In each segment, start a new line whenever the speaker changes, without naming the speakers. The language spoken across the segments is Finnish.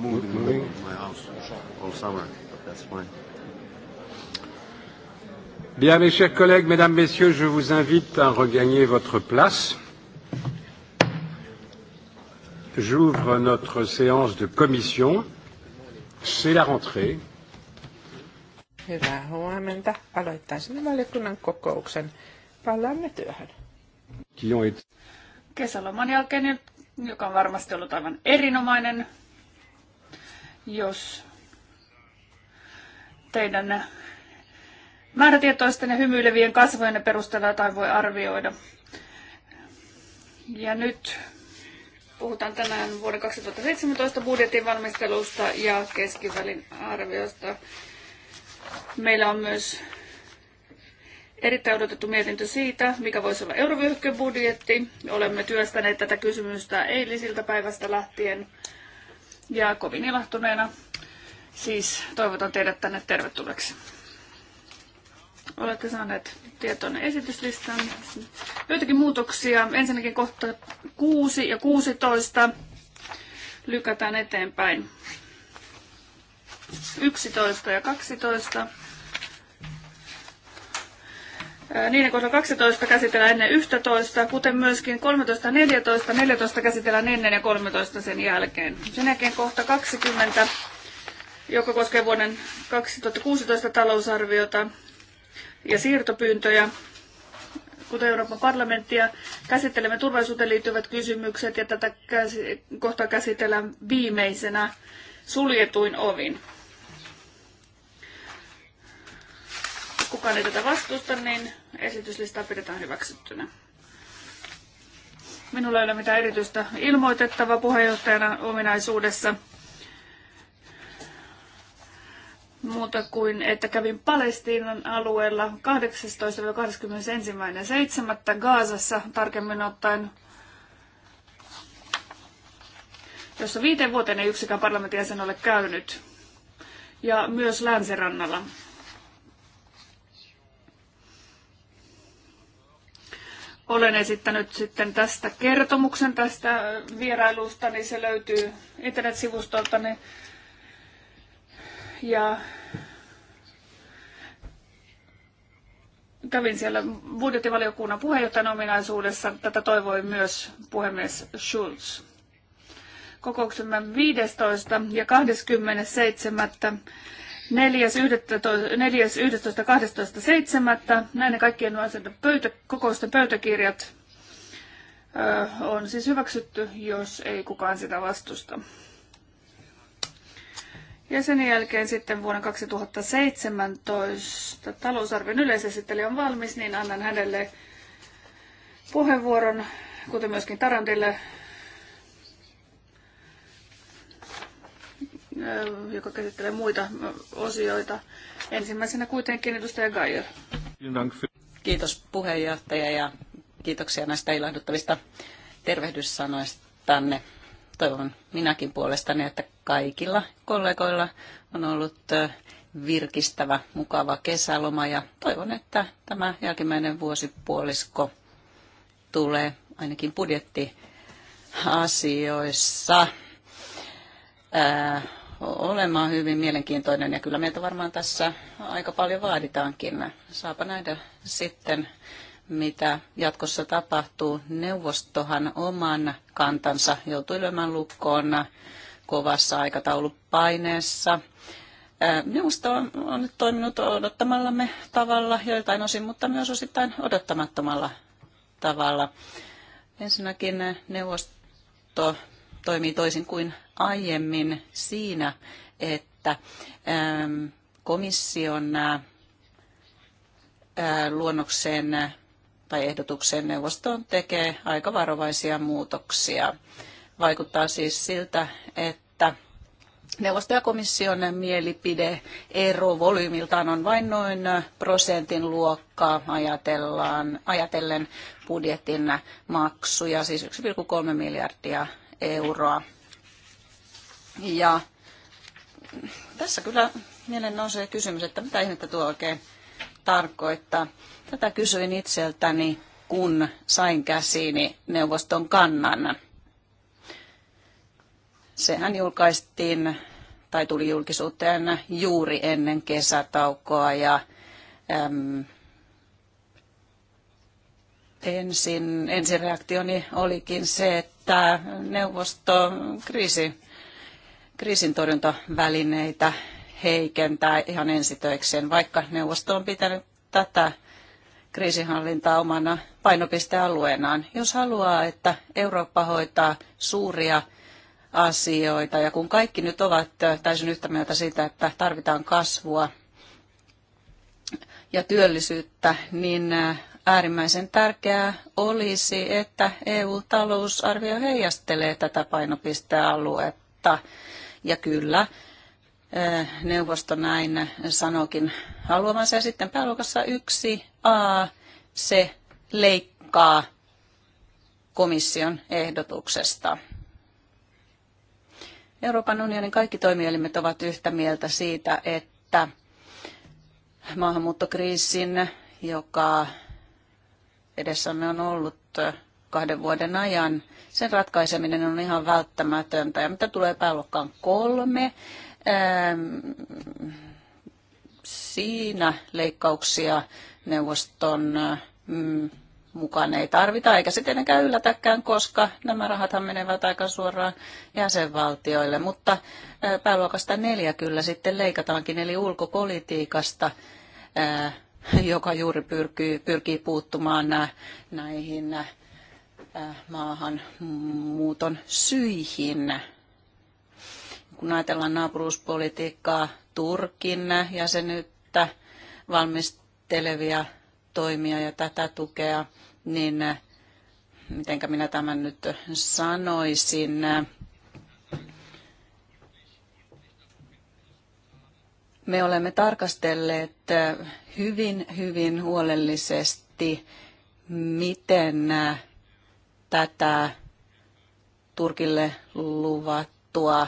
moving, moving. my house all summer, but that's fine. Bien, mes chers collègues, mesdames, messieurs, je vous invite à regagner votre place. J'ouvre notre séance de commission. C'est la rentrée.
Hyvää huomenta. Aloittaisin valiokunnan kokouksen. Palaamme työhön.
Kesäloman jälkeen, joka on varmasti ollut aivan erinomainen, jos teidän määrätietoisten ja hymyilevien kasvojenne perusteella jotain voi arvioida. Ja nyt puhutaan tänään vuoden 2017 budjetin valmistelusta ja keskivälin arviosta. Meillä on myös erittäin odotettu mietintö siitä, mikä voisi olla budjetti. Olemme työstäneet tätä kysymystä eilisiltä päivästä lähtien. Ja kovin ilahtuneena siis toivotan teidät tänne tervetulleeksi. Olette saaneet tietoinen esityslistan. Joitakin muutoksia. Ensinnäkin kohta 6 ja 16 lykätään eteenpäin. 11 ja 12 niiden kohdalla 12 käsitellään ennen 11, kuten myöskin 13, 14, 14 käsitellään ennen ja 13 sen jälkeen. Sen jälkeen kohta 20, joka koskee vuoden 2016 talousarviota ja siirtopyyntöjä, kuten Euroopan parlamenttia. Käsittelemme turvallisuuteen liittyvät kysymykset ja tätä kohtaa käsitellään viimeisenä suljetuin ovin. kukaan ei tätä vastusta, niin Esityslistaa pidetään hyväksyttynä. Minulla ei ole mitään erityistä ilmoitettavaa puheenjohtajana ominaisuudessa. Muuta kuin, että kävin Palestiinan alueella 18-21.7. Gaasassa tarkemmin ottaen, jossa viiteen vuoteen ei yksikään parlamentin jäsen ole käynyt. Ja myös länsirannalla. Olen esittänyt sitten tästä kertomuksen tästä vierailusta, niin se löytyy internetsivustolta. Ja kävin siellä budjettivaliokunnan puheenjohtajan ominaisuudessa. Tätä toivoi myös puhemies Schulz. Kokouksemme 15. ja 27. 4.11.12.7. ne kaikkien asioiden pöytä, kokousten pöytäkirjat ö, on siis hyväksytty, jos ei kukaan sitä vastusta. Ja sen jälkeen sitten vuonna 2017 talousarvion yleisesittelijä on valmis, niin annan hänelle puheenvuoron, kuten myöskin tarantille. joka käsittelee muita osioita. Ensimmäisenä kuitenkin edustaja Geier. Kiitos puheenjohtaja ja kiitoksia näistä
ilahduttavista tänne. Toivon minäkin puolestani, että kaikilla kollegoilla on ollut virkistävä, mukava kesäloma ja toivon, että tämä jälkimmäinen vuosipuolisko tulee ainakin budjettiasioissa ää, olemaan hyvin mielenkiintoinen ja kyllä meiltä varmaan tässä aika paljon vaaditaankin. Saapa nähdä sitten, mitä jatkossa tapahtuu. Neuvostohan oman kantansa joutui lyömään lukkoon kovassa aikataulupaineessa. Neuvosto on nyt toiminut odottamallamme tavalla joiltain osin, mutta myös osittain odottamattomalla tavalla. Ensinnäkin neuvosto toimii toisin kuin aiemmin siinä, että ähm, komission äh, luonnokseen tai ehdotukseen neuvostoon tekee aika varovaisia muutoksia. Vaikuttaa siis siltä, että neuvosto- ja komission mielipideero volyymiltaan on vain noin prosentin luokkaa ajatellaan, ajatellen budjetin maksuja, siis 1,3 miljardia euroa ja tässä kyllä mieleen nousee kysymys, että mitä ihmettä tuo oikein tarkoittaa. Tätä kysyin itseltäni, kun sain käsiini neuvoston kannan. Sehän julkaistiin tai tuli julkisuuteen juuri ennen kesätaukoa ja äm, ensin, reaktioni olikin se, että neuvosto kriisi kriisintorjuntavälineitä heikentää ihan ensitöikseen, vaikka neuvosto on pitänyt tätä kriisinhallintaa omana painopistealueenaan. Jos haluaa, että Eurooppa hoitaa suuria asioita ja kun kaikki nyt ovat täysin yhtä mieltä siitä, että tarvitaan kasvua ja työllisyyttä, niin äärimmäisen tärkeää olisi, että EU-talousarvio heijastelee tätä painopistealuetta. Ja kyllä, neuvosto näin sanokin haluamansa. Ja sitten pääluokassa 1a se leikkaa komission ehdotuksesta. Euroopan unionin kaikki toimielimet ovat yhtä mieltä siitä, että maahanmuuttokriisin, joka edessämme on ollut kahden vuoden ajan, sen ratkaiseminen on ihan välttämätöntä. Ja mitä tulee pääluokkaan kolme, ähm, siinä leikkauksia neuvoston äh, mukaan ei tarvita, eikä se tietenkään yllätäkään, koska nämä rahathan menevät aika suoraan jäsenvaltioille. Mutta äh, pääluokasta neljä kyllä sitten leikataankin, eli ulkopolitiikasta, äh, joka juuri pyrkii, pyrkii puuttumaan näihin maahan muuton syihin. Kun ajatellaan naapuruuspolitiikkaa, Turkin jäsenyyttä, valmistelevia toimia ja tätä tukea, niin mitenkä minä tämän nyt sanoisin, me olemme tarkastelleet hyvin, hyvin huolellisesti, miten tätä Turkille luvattua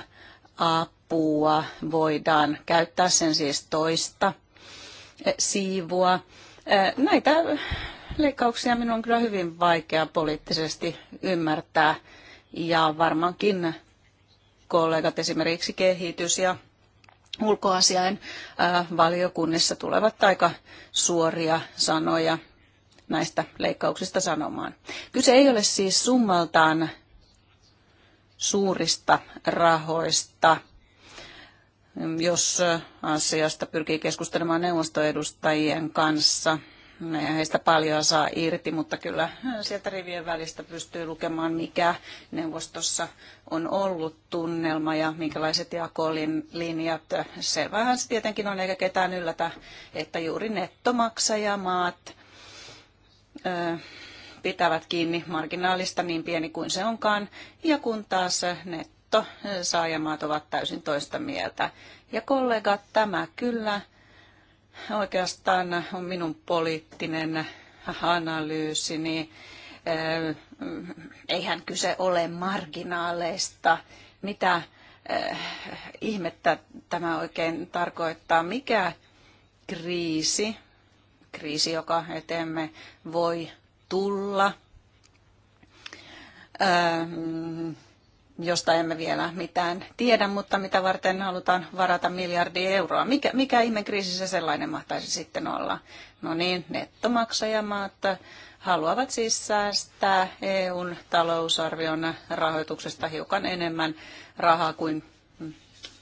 apua voidaan käyttää sen siis toista eh, siivua. Eh, näitä leikkauksia minun on kyllä hyvin vaikea poliittisesti ymmärtää ja varmaankin kollegat esimerkiksi kehitys ja ulkoasiain eh, valiokunnissa tulevat aika suoria sanoja näistä leikkauksista sanomaan. Kyse ei ole siis summaltaan suurista rahoista. Jos asiasta pyrkii keskustelemaan neuvostoedustajien kanssa, heistä paljon saa irti, mutta kyllä sieltä rivien välistä pystyy lukemaan, mikä neuvostossa on ollut tunnelma ja minkälaiset jakolinjat. Selvähän se tietenkin on, eikä ketään yllätä, että juuri nettomaksajamaat pitävät kiinni marginaalista niin pieni kuin se onkaan, ja kun taas netto saajamaat ovat täysin toista mieltä. Ja kollegat, tämä kyllä oikeastaan on minun poliittinen analyysini. Eihän kyse ole marginaaleista. Mitä ihmettä tämä oikein tarkoittaa? Mikä kriisi kriisi, joka eteemme voi tulla, ähm, josta emme vielä mitään tiedä, mutta mitä varten halutaan varata miljardi euroa. Mikä, mikä ihme kriisi se sellainen mahtaisi sitten olla? No niin, nettomaksajamaat haluavat siis säästää EUn talousarvion rahoituksesta hiukan enemmän rahaa kuin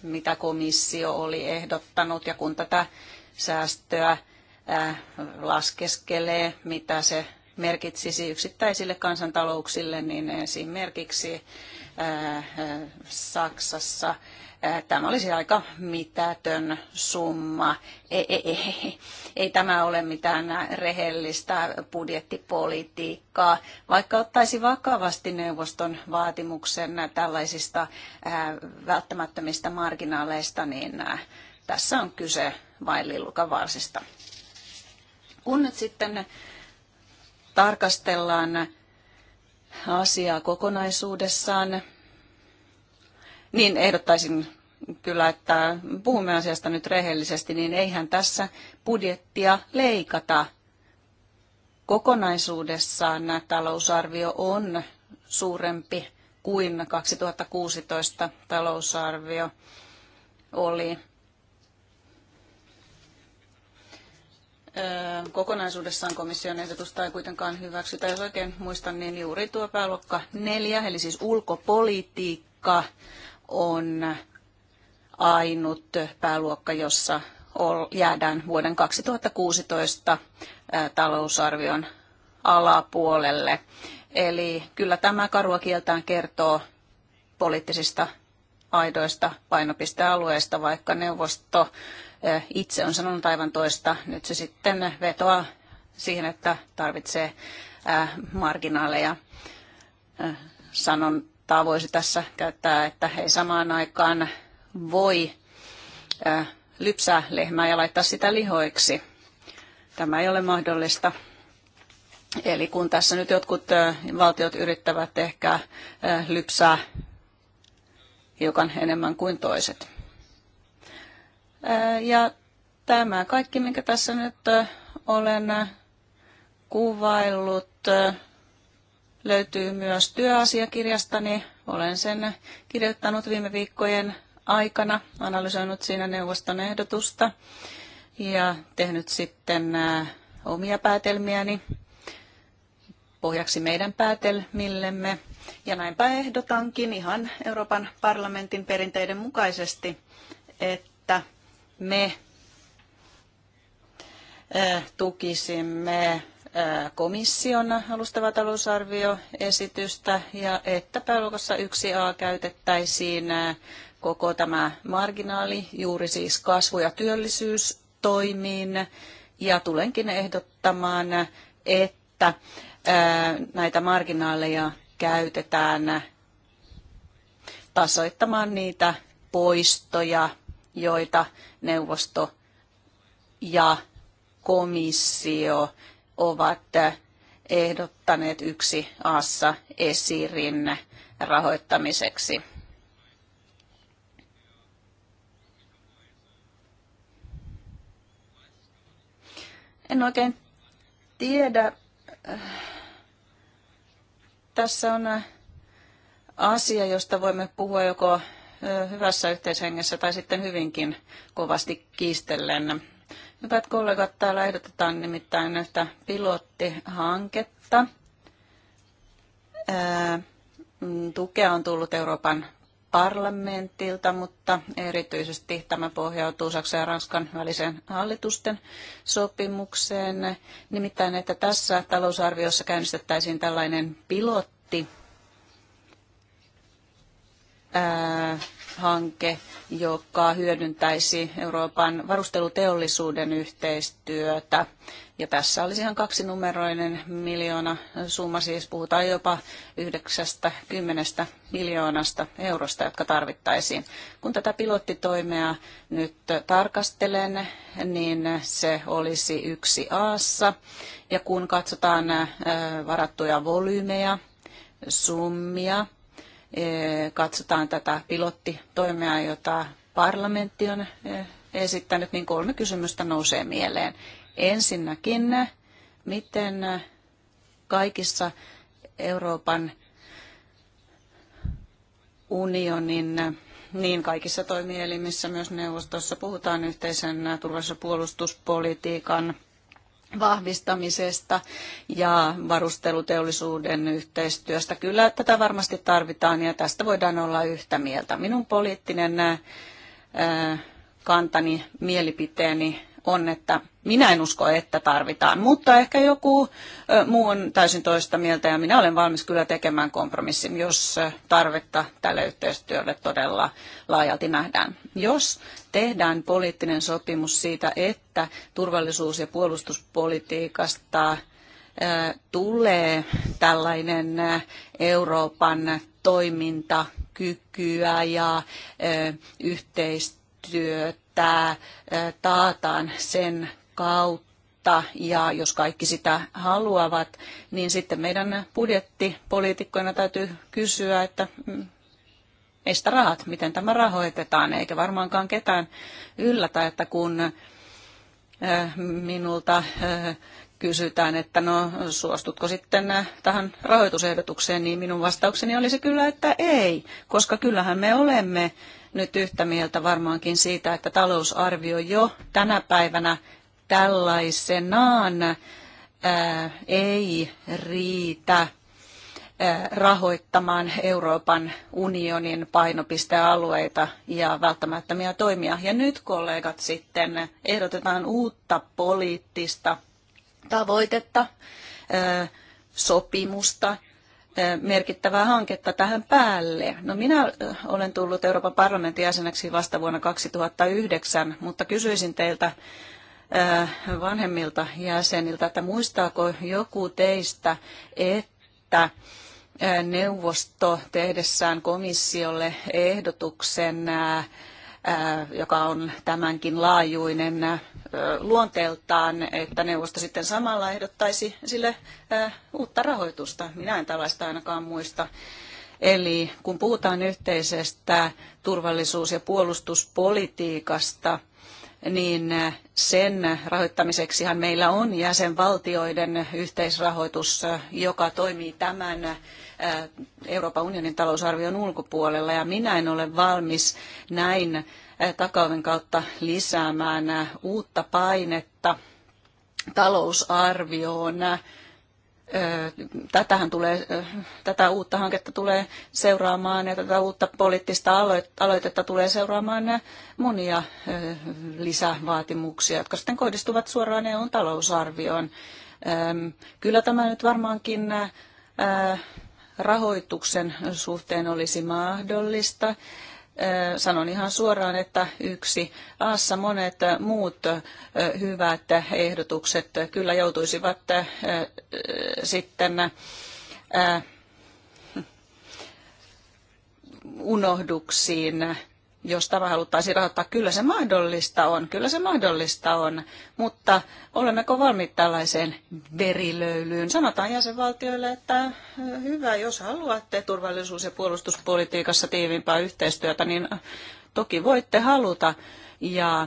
mitä komissio oli ehdottanut. Ja kun tätä säästöä laskeskelee, mitä se merkitsisi yksittäisille kansantalouksille, niin esimerkiksi Saksassa tämä olisi aika mitätön summa. Ei, ei, ei, ei tämä ole mitään rehellistä budjettipolitiikkaa. Vaikka ottaisi vakavasti neuvoston vaatimuksen tällaisista välttämättömistä marginaaleista, niin tässä on kyse vain lillukavarsista. Kun nyt sitten tarkastellaan asiaa kokonaisuudessaan, niin ehdottaisin kyllä, että puhumme asiasta nyt rehellisesti, niin eihän tässä budjettia leikata. Kokonaisuudessaan talousarvio on suurempi kuin 2016 talousarvio oli. kokonaisuudessaan komission ehdotusta ei kuitenkaan hyväksytä. Jos oikein muistan, niin juuri tuo pääluokka neljä, eli siis ulkopolitiikka on ainut pääluokka, jossa jäädään vuoden 2016 talousarvion alapuolelle. Eli kyllä tämä karua kieltään kertoo poliittisista aidoista painopistealueista, vaikka neuvosto itse on sanonut aivan toista. Nyt se sitten vetoaa siihen, että tarvitsee marginaaleja. Sanontaa voisi tässä käyttää, että ei samaan aikaan voi lypsää lehmää ja laittaa sitä lihoiksi. Tämä ei ole mahdollista. Eli kun tässä nyt jotkut valtiot yrittävät ehkä lypsää hiukan enemmän kuin toiset. Ja tämä kaikki, minkä tässä nyt olen kuvaillut, löytyy myös työasiakirjastani. Olen sen kirjoittanut viime viikkojen aikana, analysoinut siinä neuvoston ehdotusta ja tehnyt sitten omia päätelmiäni pohjaksi meidän päätelmillemme. Ja näinpä ehdotankin ihan Euroopan parlamentin perinteiden mukaisesti, että me tukisimme komission alustavaa talousarvioesitystä ja että pääluokassa 1a käytettäisiin koko tämä marginaali juuri siis kasvu- ja työllisyystoimiin ja tulenkin ehdottamaan, että näitä marginaaleja käytetään tasoittamaan niitä poistoja, joita neuvosto ja komissio ovat ehdottaneet yksi aassa esirin rahoittamiseksi. En oikein tiedä. Tässä on asia, josta voimme puhua joko hyvässä yhteishengessä tai sitten hyvinkin kovasti kiistellen. Hyvät kollegat, täällä ehdotetaan nimittäin yhtä pilottihanketta. Mm, tukea on tullut Euroopan parlamentilta, mutta erityisesti tämä pohjautuu Saksan ja Ranskan väliseen hallitusten sopimukseen. Nimittäin, että tässä talousarviossa käynnistettäisiin tällainen pilotti hanke, joka hyödyntäisi Euroopan varusteluteollisuuden yhteistyötä. Ja tässä olisi ihan kaksinumeroinen miljoona summa, siis puhutaan jopa 90 miljoonasta eurosta, jotka tarvittaisiin. Kun tätä pilottitoimea nyt tarkastelen, niin se olisi yksi aassa. Ja kun katsotaan varattuja volyymeja, summia, Eh, katsotaan tätä pilottitoimea, jota parlamentti on eh, esittänyt, niin kolme kysymystä nousee mieleen. Ensinnäkin, miten kaikissa Euroopan unionin niin kaikissa toimielimissä, myös neuvostossa, puhutaan yhteisen turvallisuus- ja puolustuspolitiikan vahvistamisesta ja varusteluteollisuuden yhteistyöstä. Kyllä tätä varmasti tarvitaan ja tästä voidaan olla yhtä mieltä. Minun poliittinen kantani, mielipiteeni on, että minä en usko, että tarvitaan, mutta ehkä joku muu on täysin toista mieltä ja minä olen valmis kyllä tekemään kompromissin, jos tarvetta tälle yhteistyölle todella laajalti nähdään. Jos tehdään poliittinen sopimus siitä, että turvallisuus- ja puolustuspolitiikasta tulee tällainen Euroopan toimintakykyä ja yhteistyötä, että taataan sen kautta ja jos kaikki sitä haluavat, niin sitten meidän budjettipoliitikkoina täytyy kysyä, että mm, meistä rahat, miten tämä rahoitetaan, eikä varmaankaan ketään yllätä, että kun minulta kysytään, että no suostutko sitten tähän rahoitusehdotukseen, niin minun vastaukseni olisi kyllä, että ei, koska kyllähän me olemme nyt yhtä mieltä varmaankin siitä, että talousarvio jo tänä päivänä tällaisenaan ää, ei riitä rahoittamaan Euroopan unionin painopistealueita ja välttämättömiä toimia. Ja nyt kollegat sitten ehdotetaan uutta poliittista tavoitetta, sopimusta, merkittävää hanketta tähän päälle. No minä olen tullut Euroopan parlamentin jäseneksi vasta vuonna 2009, mutta kysyisin teiltä vanhemmilta jäseniltä, että muistaako joku teistä, että neuvosto tehdessään komissiolle ehdotuksen Äh, joka on tämänkin laajuinen äh, luonteeltaan, että neuvosto sitten samalla ehdottaisi sille äh, uutta rahoitusta. Minä en tällaista ainakaan muista. Eli kun puhutaan yhteisestä turvallisuus- ja puolustuspolitiikasta, niin äh, sen rahoittamiseksihan meillä on jäsenvaltioiden yhteisrahoitus, äh, joka toimii tämän äh, Euroopan unionin talousarvion ulkopuolella. Ja minä en ole valmis näin takauden kautta lisäämään uutta painetta talousarvioon tätähän tulee, tätä uutta hanketta tulee seuraamaan ja tätä uutta poliittista aloitetta tulee seuraamaan monia lisävaatimuksia, jotka sitten kohdistuvat suoraan eu talousarvioon. Kyllä tämä nyt varmaankin rahoituksen suhteen olisi mahdollista sanon ihan suoraan, että yksi aassa monet muut hyvät ehdotukset kyllä joutuisivat sitten unohduksiin jos tämä haluttaisiin rahoittaa. Kyllä se mahdollista on, kyllä se mahdollista on, mutta olemmeko valmiit tällaiseen verilöylyyn? Sanotaan jäsenvaltioille, että hyvä, jos haluatte turvallisuus- ja puolustuspolitiikassa tiiviimpää yhteistyötä, niin toki voitte haluta. Ja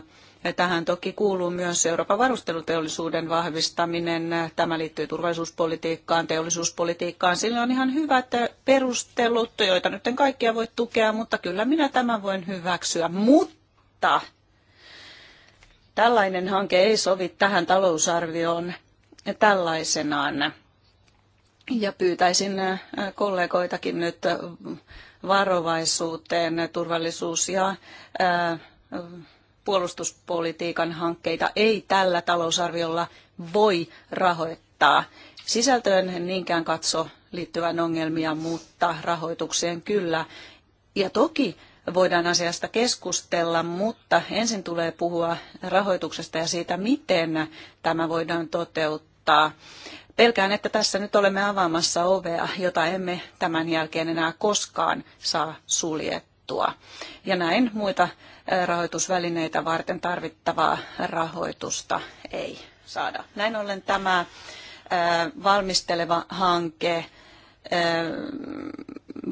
Tähän toki kuuluu myös Euroopan varusteluteollisuuden vahvistaminen. Tämä liittyy turvallisuuspolitiikkaan, teollisuuspolitiikkaan. Sillä on ihan hyvät perustelut, joita nyt en kaikkia voi tukea, mutta kyllä minä tämän voin hyväksyä. Mutta tällainen hanke ei sovi tähän talousarvioon tällaisenaan. Ja pyytäisin äh, kollegoitakin nyt varovaisuuteen turvallisuus- ja äh, puolustuspolitiikan hankkeita ei tällä talousarviolla voi rahoittaa. Sisältöön en niinkään katso liittyvän ongelmia, mutta rahoitukseen kyllä. Ja toki voidaan asiasta keskustella, mutta ensin tulee puhua rahoituksesta ja siitä, miten tämä voidaan toteuttaa. Pelkään, että tässä nyt olemme avaamassa ovea, jota emme tämän jälkeen enää koskaan saa suljettua. Ja näin muita rahoitusvälineitä varten tarvittavaa rahoitusta ei saada. Näin ollen tämä valmisteleva hanke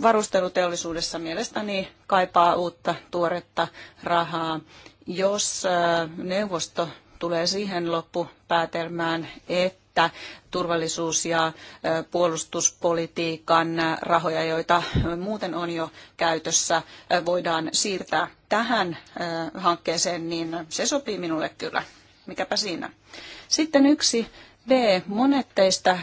varusteluteollisuudessa mielestäni kaipaa uutta tuoretta rahaa. Jos neuvosto tulee siihen loppupäätelmään, että että turvallisuus- ja puolustuspolitiikan rahoja, joita muuten on jo käytössä, voidaan siirtää tähän hankkeeseen, niin se sopii minulle kyllä. Mikäpä siinä. Sitten yksi B. Monet teistä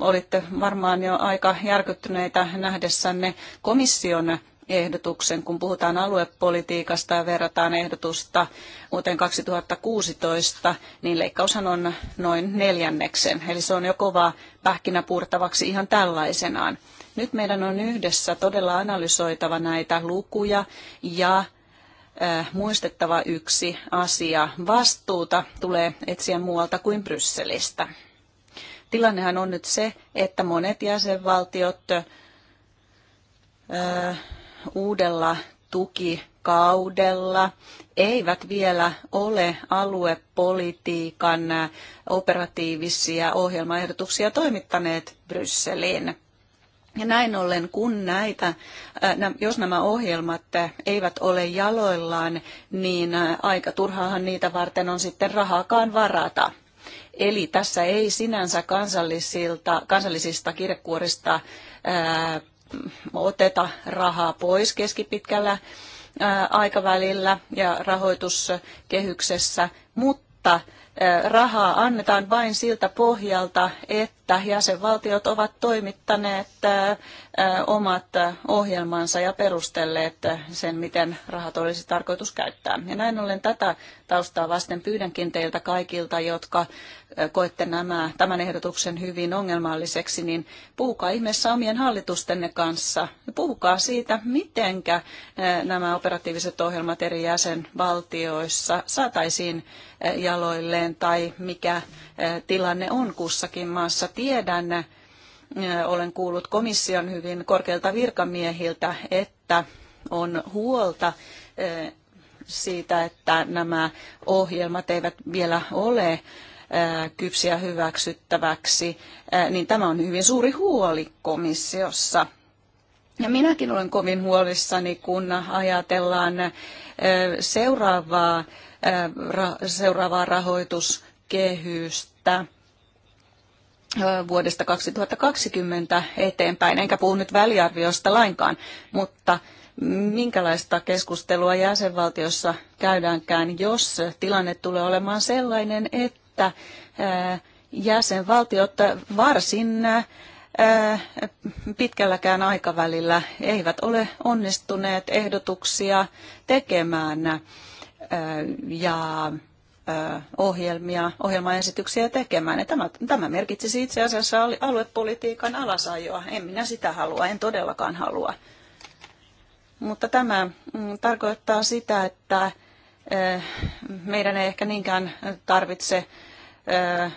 olitte varmaan jo aika järkyttyneitä nähdessänne komission ehdotuksen, kun puhutaan aluepolitiikasta ja verrataan ehdotusta vuoteen 2016, niin leikkaushan on noin neljänneksen. Eli se on jo kova pähkinä purtavaksi ihan tällaisenaan. Nyt meidän on yhdessä todella analysoitava näitä lukuja ja muistettava yksi asia. Vastuuta tulee etsiä muualta kuin Brysselistä. Tilannehan on nyt se, että monet jäsenvaltiot uudella tukikaudella eivät vielä ole aluepolitiikan operatiivisia ohjelmaehdotuksia toimittaneet Brysseliin. Ja näin ollen, kun näitä, äh, jos nämä ohjelmat eivät ole jaloillaan, niin äh, aika turhaahan niitä varten on sitten rahaakaan varata. Eli tässä ei sinänsä kansallisilta, kansallisista kirjekuorista äh, oteta rahaa pois keskipitkällä aikavälillä ja rahoituskehyksessä, mutta rahaa annetaan vain siltä pohjalta, että jäsenvaltiot ovat toimittaneet omat ohjelmansa ja perustelleet sen, miten rahat olisi tarkoitus käyttää. Ja näin ollen tätä taustaa vasten pyydänkin teiltä kaikilta, jotka koette nämä, tämän ehdotuksen hyvin ongelmalliseksi, niin puhukaa ihmeessä omien hallitustenne kanssa. Puhukaa siitä, mitenkä nämä operatiiviset ohjelmat eri jäsenvaltioissa saataisiin jaloilleen tai mikä tilanne on kussakin maassa. Tiedän, olen kuullut komission hyvin korkeilta virkamiehiltä, että on huolta siitä, että nämä ohjelmat eivät vielä ole Äh, kypsiä hyväksyttäväksi, äh, niin tämä on hyvin suuri huoli komissiossa. Ja minäkin olen kovin huolissani, kun ajatellaan äh, seuraavaa, seuraavaa rahoituskehystä vuodesta 2020 eteenpäin. Enkä puhu nyt väliarviosta lainkaan, mutta minkälaista keskustelua jäsenvaltiossa käydäänkään, jos tilanne tulee olemaan sellainen, että että jäsenvaltiot varsin pitkälläkään aikavälillä eivät ole onnistuneet ehdotuksia tekemään ja ohjelmia, ohjelmaesityksiä tekemään. Ja tämä, tämä merkitsisi itse asiassa aluepolitiikan alasajoa. En minä sitä halua, en todellakaan halua. Mutta tämä mm, tarkoittaa sitä, että Eh, meidän ei ehkä niinkään tarvitse eh,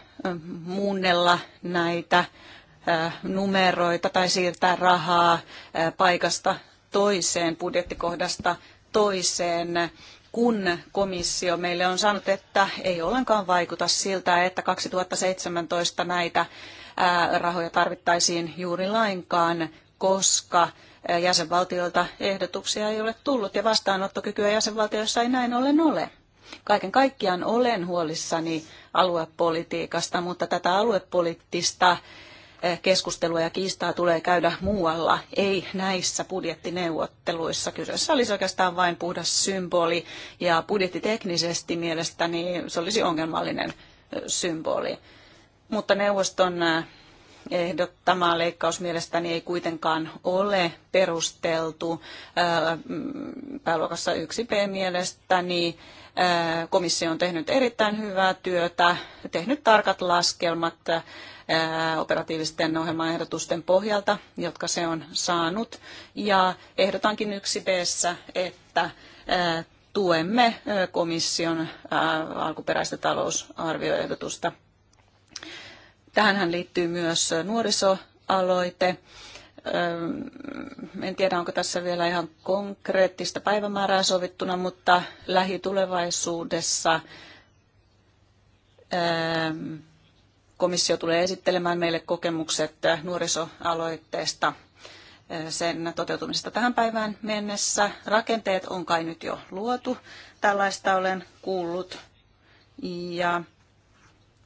muunnella näitä eh, numeroita tai siirtää rahaa paikasta toiseen, budjettikohdasta toiseen, kun komissio meille on sanonut, että ei ollenkaan vaikuta siltä, että 2017 näitä rahoja tarvittaisiin juuri lainkaan koska jäsenvaltioilta ehdotuksia ei ole tullut ja vastaanottokykyä jäsenvaltioissa ei näin ollen ole. Kaiken kaikkiaan olen huolissani aluepolitiikasta, mutta tätä aluepoliittista keskustelua ja kiistaa tulee käydä muualla, ei näissä budjettineuvotteluissa. Kyseessä olisi oikeastaan vain puhdas symboli ja budjettiteknisesti mielestäni se olisi ongelmallinen symboli. Mutta neuvoston ehdottama leikkaus mielestäni ei kuitenkaan ole perusteltu. Pääluokassa 1b mielestäni komissio on tehnyt erittäin hyvää työtä, tehnyt tarkat laskelmat operatiivisten ohjelmaehdotusten pohjalta, jotka se on saanut. Ja ehdotankin yksi b että tuemme komission alkuperäistä talousarvioehdotusta Tähänhän liittyy myös nuorisoaloite. En tiedä, onko tässä vielä ihan konkreettista päivämäärää sovittuna, mutta lähitulevaisuudessa komissio tulee esittelemään meille kokemukset nuorisoaloitteesta sen toteutumisesta tähän päivään mennessä. Rakenteet on kai nyt jo luotu, tällaista olen kuullut. Ja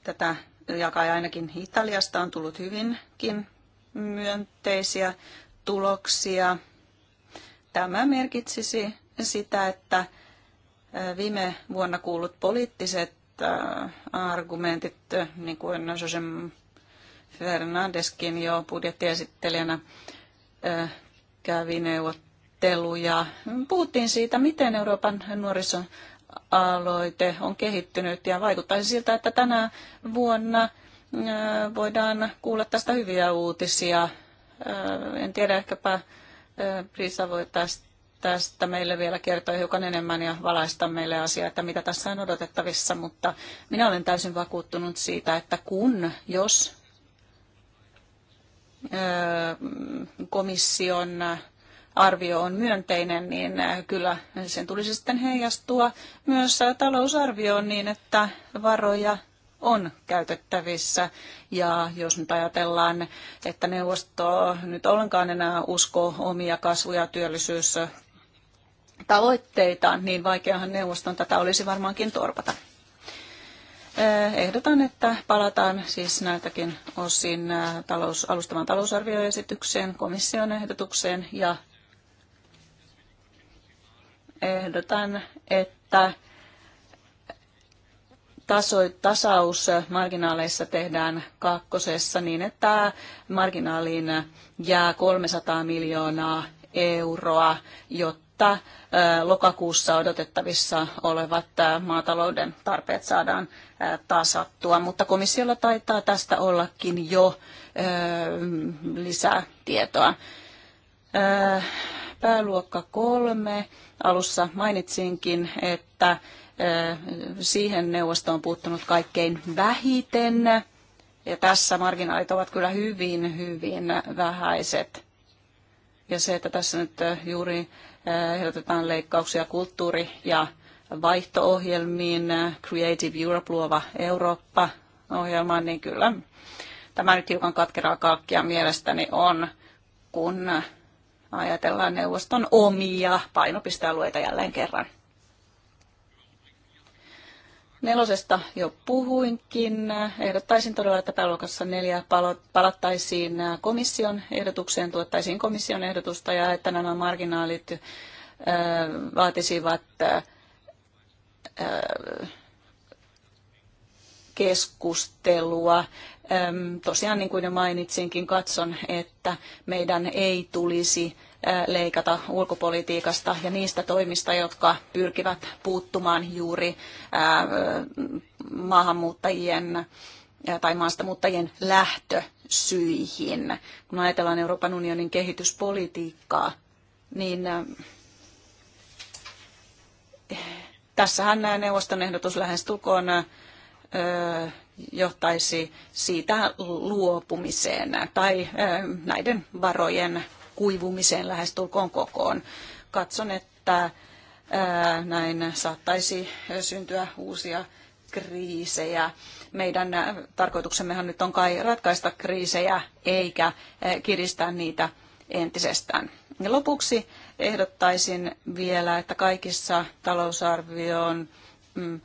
tätä ja kai ainakin Italiasta on tullut hyvinkin myönteisiä tuloksia. Tämä merkitsisi sitä, että viime vuonna kuullut poliittiset argumentit, niin kuin Jose Fernandeskin jo budjettiesittelijänä kävi neuvotteluja. Puhuttiin siitä, miten Euroopan nuorison aloite on kehittynyt ja vaikuttaisi siltä, että tänä vuonna voidaan kuulla tästä hyviä uutisia. En tiedä, ehkäpä Prisa voi tästä meille vielä kertoa hiukan enemmän ja valaista meille asiaa, että mitä tässä on odotettavissa, mutta minä olen täysin vakuuttunut siitä, että kun, jos komission arvio on myönteinen, niin äh, kyllä sen tulisi sitten heijastua myös äh, talousarvioon niin, että varoja on käytettävissä. Ja jos nyt ajatellaan, että neuvosto nyt ollenkaan enää usko omia kasvu- ja työllisyys tavoitteitaan, niin vaikeahan neuvoston tätä olisi varmaankin torpata. Äh, ehdotan, että palataan siis näiltäkin osin talous, alustavan talousarvioesitykseen, komission ehdotukseen ja ehdotan, että taso, tasaus marginaaleissa tehdään kakkosessa niin, että marginaaliin jää 300 miljoonaa euroa, jotta lokakuussa odotettavissa olevat maatalouden tarpeet saadaan tasattua. Mutta komissiolla taitaa tästä ollakin jo lisää tietoa. Pääluokka kolme. Alussa mainitsinkin, että siihen neuvosto on puuttunut kaikkein vähiten. Ja tässä marginaalit ovat kyllä hyvin, hyvin vähäiset. Ja se, että tässä nyt juuri ehdotetaan leikkauksia kulttuuri- ja vaihtoohjelmiin Creative Europe, luova Eurooppa-ohjelmaan, niin kyllä tämä nyt hiukan katkeraa kalkkia mielestäni on, kun ajatellaan neuvoston omia painopistealueita jälleen kerran. Nelosesta jo puhuinkin. Ehdottaisin todella, että pääluokassa neljä palattaisiin komission ehdotukseen, tuottaisiin komission ehdotusta ja että nämä marginaalit vaatisivat keskustelua. Tosiaan niin kuin jo mainitsinkin, katson, että meidän ei tulisi leikata ulkopolitiikasta ja niistä toimista, jotka pyrkivät puuttumaan juuri maahanmuuttajien tai maastamuuttajien lähtösyihin. Kun ajatellaan Euroopan unionin kehityspolitiikkaa, niin tässähän neuvoston ehdotus lähestulkoon johtaisi siitä luopumiseen tai näiden varojen kuivumiseen lähestulkoon kokoon. Katson, että näin saattaisi syntyä uusia kriisejä. Meidän tarkoituksemmehan nyt on kai ratkaista kriisejä eikä kiristää niitä entisestään. Ja lopuksi ehdottaisin vielä, että kaikissa talousarvioon mm,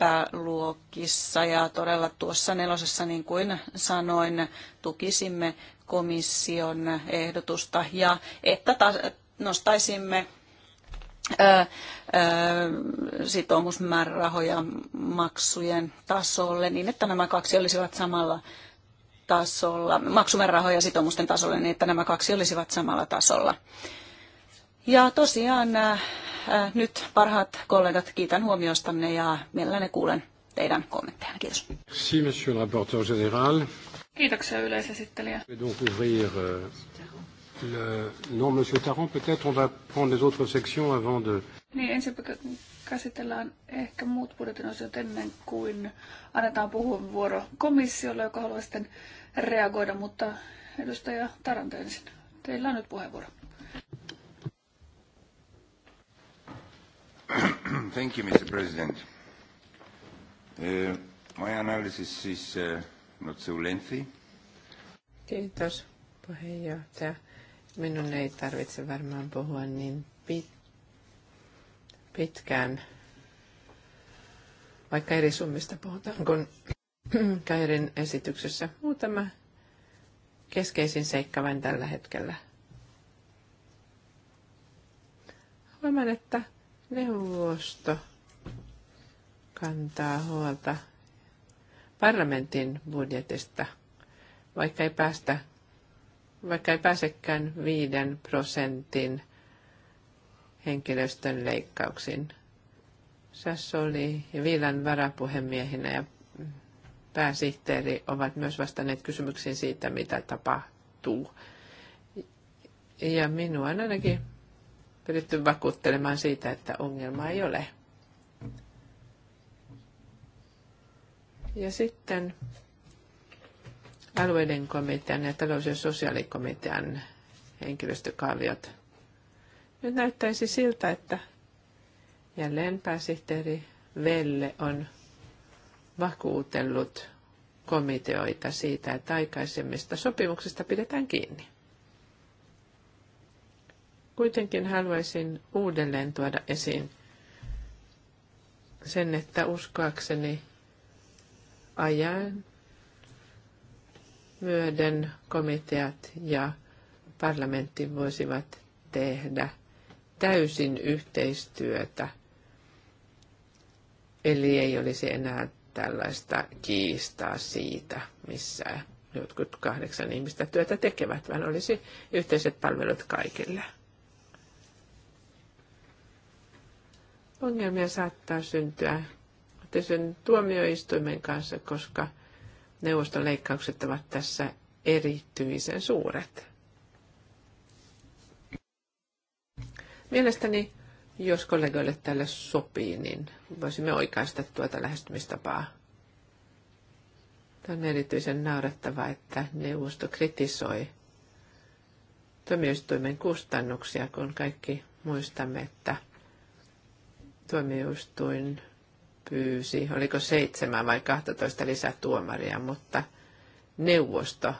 pääluokissa ja todella tuossa nelosessa, niin kuin sanoin, tukisimme komission ehdotusta ja että nostaisimme sitoumusmäärärahoja maksujen tasolle niin, että nämä kaksi olisivat samalla tasolla, maksumäärärahoja sitoumusten tasolle niin, että nämä kaksi olisivat samalla tasolla. Ja tosiaan Äh, nyt parhaat kollegat, kiitän huomiostanne ja mielelläni kuulen teidän kommenttejanne. Kiitos.
Si, monsieur rapporteur général.
Kiitoksia yleisesittelijä.
Donc ouvrir, euh, le... Non, monsieur Taron, peut-être on va prendre les autres sections avant de...
Niin, ensin käsitellään ehkä muut budjetin osiot ennen kuin annetaan puheenvuoro komissiolle, joka haluaa sitten reagoida, mutta edustaja Taranta ensin. Teillä on nyt puheenvuoro.
Thank you, Mr. President. Uh, my analysis is uh, not so lengthy.
Kiitos, puheenjohtaja. Minun ei tarvitse varmaan puhua niin pitkään, vaikka eri summista puhutaan, kuin Kairin esityksessä muutama keskeisin seikka vain tällä hetkellä. Huomaan, että Neuvosto kantaa huolta parlamentin budjetista, vaikka ei, päästä, vaikka ei pääsekään viiden prosentin henkilöstön leikkauksiin. Sassoli ja Viilan varapuhemiehinä ja pääsihteeri ovat myös vastanneet kysymyksiin siitä, mitä tapahtuu. Ja minua ainakin pyritty vakuuttelemaan siitä, että ongelma ei ole. Ja sitten alueiden komitean ja talous- ja sosiaalikomitean henkilöstökaaviot. Nyt näyttäisi siltä, että jälleen pääsihteeri Velle on vakuutellut komiteoita siitä, että aikaisemmista sopimuksista pidetään kiinni. Kuitenkin haluaisin uudelleen tuoda esiin sen, että uskoakseni ajan myöden komiteat ja parlamentti voisivat tehdä täysin yhteistyötä. Eli ei olisi enää tällaista kiistaa siitä, missä jotkut kahdeksan ihmistä työtä tekevät, vaan olisi yhteiset palvelut kaikille. Ongelmia saattaa syntyä sen tuomioistuimen kanssa, koska neuvoston leikkaukset ovat tässä erityisen suuret. Mielestäni, jos kollegoille tälle sopii, niin voisimme oikaista tuota lähestymistapaa. Tämä on erityisen naurettava, että neuvosto kritisoi tuomioistuimen kustannuksia, kun kaikki muistamme, että – Tuomioistuin pyysi, oliko seitsemän vai 12 lisätuomaria, mutta neuvosto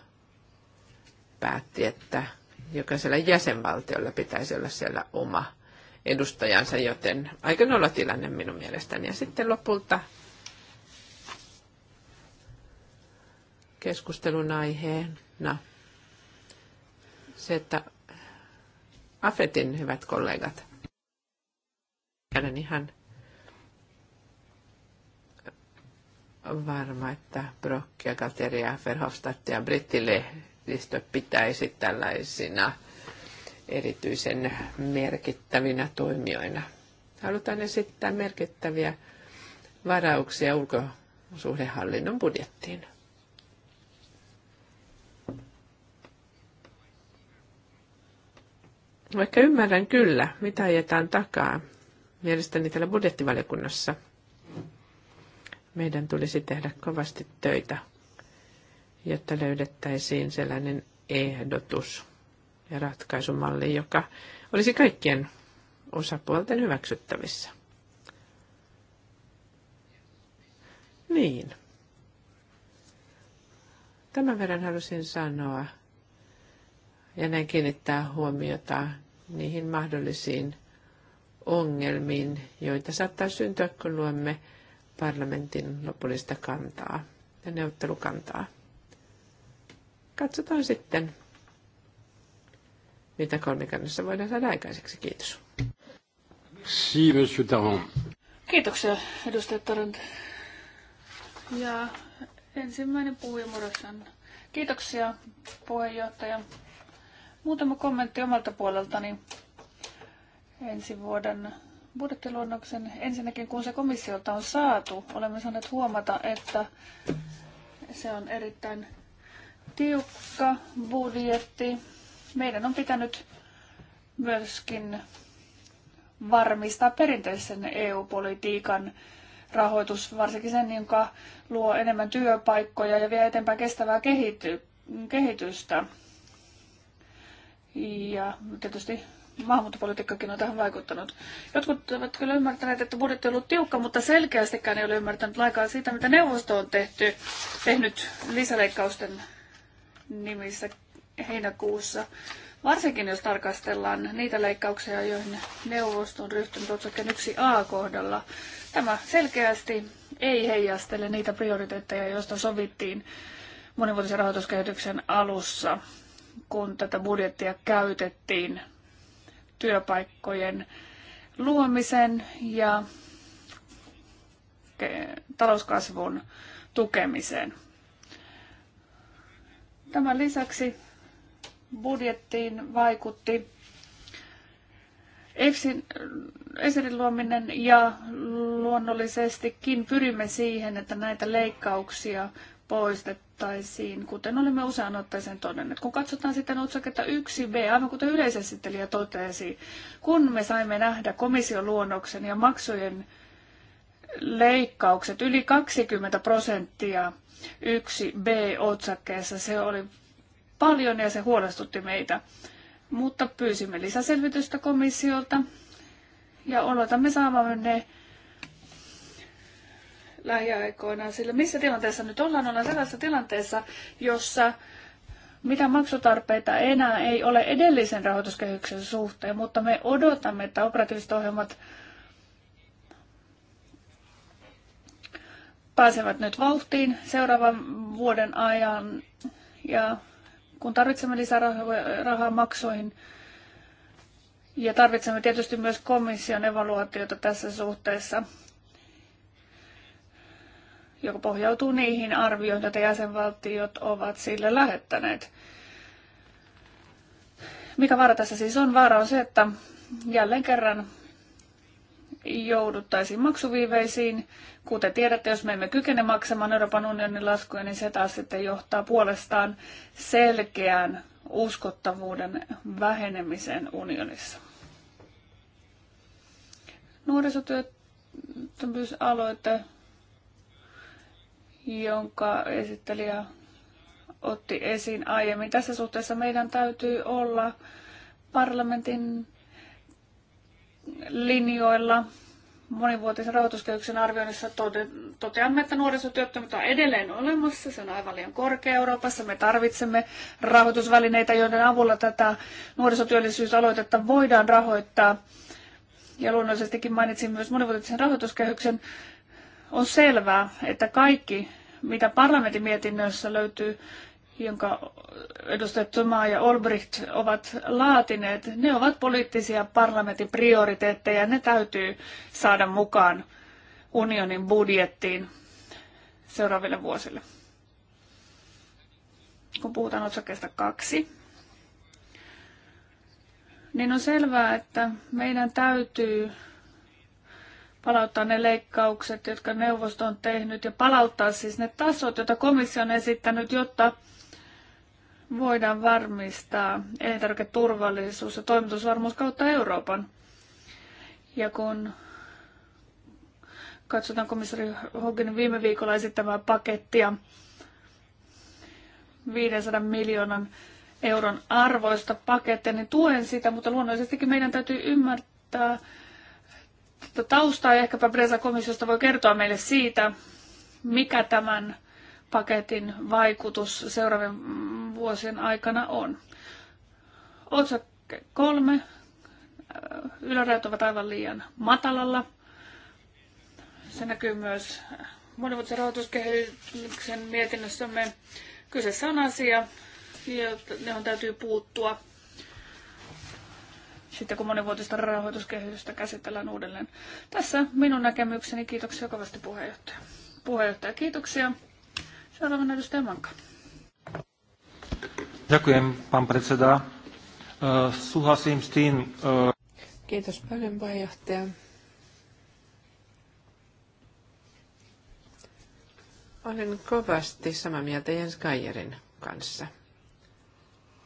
päätti, että jokaisella jäsenvaltiolla pitäisi olla siellä oma edustajansa, joten aika nolla tilanne minun mielestäni. Ja sitten lopulta keskustelun aiheena se, että Afetin hyvät kollegat olen ihan varma, että Brock ja Kateria Verhofstadt ja brittilehdistö pitäisi tällaisina erityisen merkittävinä toimijoina. Halutaan esittää merkittäviä varauksia ulkosuhdehallinnon budjettiin. Vaikka ymmärrän kyllä, mitä ajetaan takaa, Mielestäni täällä budjettivaliokunnassa meidän tulisi tehdä kovasti töitä, jotta löydettäisiin sellainen ehdotus ja ratkaisumalli, joka olisi kaikkien osapuolten hyväksyttävissä. Niin. Tämän verran halusin sanoa ja näin kiinnittää huomiota niihin mahdollisiin ongelmiin, joita saattaa syntyä, kun luemme parlamentin lopullista kantaa ja neuvottelukantaa. Katsotaan sitten, mitä kolmikannassa voidaan saada aikaiseksi. Kiitos.
Si, monsieur
Kiitoksia, edustaja Tarant. Ja ensimmäinen puhuja Morosan. Kiitoksia, puheenjohtaja. Muutama kommentti omalta puoleltani ensi vuoden budjettiluonnoksen. Ensinnäkin kun se komissiolta on saatu, olemme saaneet huomata, että se on erittäin tiukka budjetti. Meidän on pitänyt myöskin varmistaa perinteisen EU-politiikan rahoitus, varsinkin sen, joka luo enemmän työpaikkoja ja vie eteenpäin kestävää kehity- kehitystä. Ja tietysti maahanmuuttopolitiikkakin on tähän vaikuttanut. Jotkut ovat kyllä ymmärtäneet, että budjetti on ollut tiukka, mutta selkeästikään ei ole ymmärtänyt lainkaan siitä, mitä neuvosto on tehty, tehnyt lisäleikkausten nimissä heinäkuussa. Varsinkin jos tarkastellaan niitä leikkauksia, joihin neuvosto on ryhtynyt otsakkeen 1a-kohdalla. Tämä selkeästi ei heijastele niitä prioriteetteja, joista sovittiin monivuotisen rahoituskehityksen alussa, kun tätä budjettia käytettiin työpaikkojen luomisen ja talouskasvun tukemiseen. Tämän lisäksi budjettiin vaikutti Eserin luominen ja luonnollisestikin pyrimme siihen, että näitä leikkauksia poistet, todettaisiin, kuten olemme usean otteeseen todenneet. Kun katsotaan sitten otsaketta 1b, aivan kuten yleisesittelijä totesi, kun me saimme nähdä komission luonnoksen ja maksujen leikkaukset yli 20 prosenttia 1b-otsakkeessa, se oli paljon ja se huolestutti meitä. Mutta pyysimme lisäselvitystä komissiolta ja odotamme saavamme ne lähiaikoina, sillä missä tilanteessa nyt ollaan? Ollaan sellaisessa tilanteessa, jossa mitä maksutarpeita enää ei ole edellisen rahoituskehyksen suhteen, mutta me odotamme, että operatiiviset ohjelmat pääsevät nyt vauhtiin seuraavan vuoden ajan. Ja kun tarvitsemme lisää rahaa maksoihin, ja tarvitsemme tietysti myös komission evaluaatiota tässä suhteessa joka pohjautuu niihin arvioihin, joita jäsenvaltiot ovat sille lähettäneet. Mikä vaara tässä siis on? Vaara on se, että jälleen kerran jouduttaisiin maksuviiveisiin. Kuten tiedätte, jos me emme kykene maksamaan Euroopan unionin laskuja, niin se taas sitten johtaa puolestaan selkeään uskottavuuden vähenemiseen unionissa. Nuorisotyöttömyysaloite jonka esittelijä otti esiin aiemmin. Tässä suhteessa meidän täytyy olla parlamentin linjoilla monivuotisen rahoituskehyksen arvioinnissa toteamme, että nuorisotyöttömyyttä on edelleen olemassa. Se on aivan liian korkea Euroopassa. Me tarvitsemme rahoitusvälineitä, joiden avulla tätä nuorisotyöllisyysaloitetta voidaan rahoittaa. Ja luonnollisestikin mainitsin myös monivuotisen rahoituskehyksen. On selvää, että kaikki mitä parlamentin mietinnössä löytyy, jonka edustajat Tomaa ja Olbricht ovat laatineet, ne ovat poliittisia parlamentin prioriteetteja. Ne täytyy saada mukaan unionin budjettiin seuraaville vuosille. Kun puhutaan otsakkeesta kaksi, niin on selvää, että meidän täytyy palauttaa ne leikkaukset, jotka neuvosto on tehnyt ja palauttaa siis ne tasot, joita komissio on esittänyt, jotta voidaan varmistaa elintarviketurvallisuus ja toimitusvarmuus kautta Euroopan. Ja kun katsotaan komissari Hoganin viime viikolla esittämää pakettia 500 miljoonan euron arvoista pakettia, niin tuen sitä, mutta luonnollisestikin meidän täytyy ymmärtää, tätä taustaa ja ehkäpä Bresa komissiosta voi kertoa meille siitä, mikä tämän paketin vaikutus seuraavien vuosien aikana on. Otsakke kolme. Ylärajat ovat aivan liian matalalla. Se näkyy myös monivuotisen rahoituskehityksen mietinnössämme. Kyseessä on asia, johon täytyy puuttua sitten kun monivuotista rahoituskehitystä käsitellään uudelleen. Tässä minun näkemykseni. Kiitoksia kovasti puheenjohtaja. Puheenjohtaja, kiitoksia. Seuraavana edustaja Manka.
Ďakujem, pán predseda. E, súhlasím s e,
Kiitos paljon, puheenjohtaja. Olen kovasti samaa mieltä Jens Kajerin kanssa.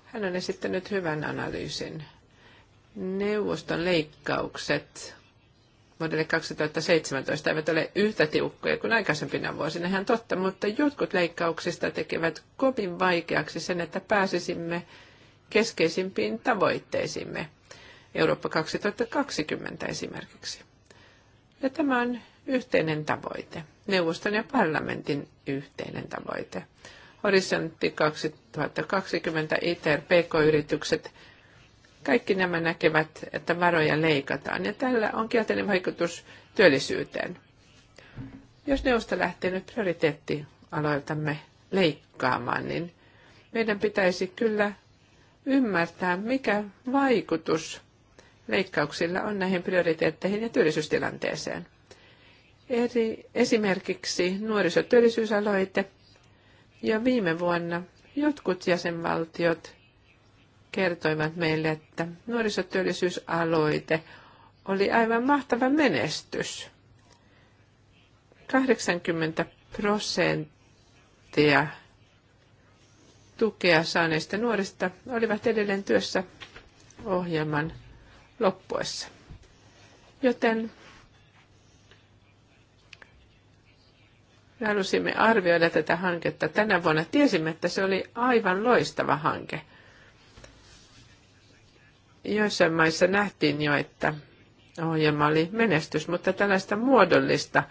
Hän on esittänyt hyvän analyysin Neuvoston leikkaukset vuodelle 2017 eivät ole yhtä tiukkoja kuin aikaisempina vuosina, ihan totta, mutta jotkut leikkauksista tekevät kovin vaikeaksi sen, että pääsisimme keskeisimpiin tavoitteisimme, Eurooppa 2020 esimerkiksi. Ja tämä on yhteinen tavoite, neuvoston ja parlamentin yhteinen tavoite. Horisontti 2020, ITER, PK-yritykset, kaikki nämä näkevät, että varoja leikataan ja tällä on kielteinen vaikutus työllisyyteen. Jos neuvosto lähtee nyt prioriteettialoiltamme leikkaamaan, niin meidän pitäisi kyllä ymmärtää, mikä vaikutus leikkauksilla on näihin prioriteetteihin ja työllisyystilanteeseen. Eri, esimerkiksi nuorisotyöllisyysaloite ja viime vuonna jotkut jäsenvaltiot kertoivat meille, että nuorisotyöllisyysaloite oli aivan mahtava menestys. 80 prosenttia tukea saaneista nuorista olivat edelleen työssä ohjelman loppuessa. Joten halusimme arvioida tätä hanketta tänä vuonna. Tiesimme, että se oli aivan loistava hanke – joissain maissa nähtiin jo, että ohjelma oli menestys, mutta tällaista muodollista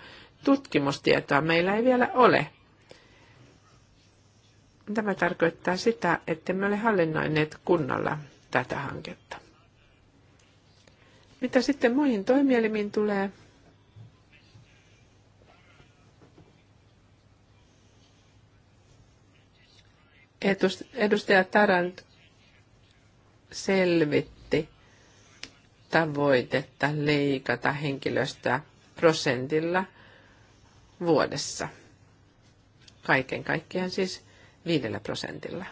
tutkimustietoa meillä ei vielä ole. Tämä tarkoittaa sitä, että me ole hallinnoineet kunnolla tätä hanketta. Mitä sitten muihin toimielimiin tulee? Edustaja Tarant selvitti tavoitetta leikata henkilöstöä prosentilla vuodessa. Kaiken kaikkiaan siis viidellä prosentilla.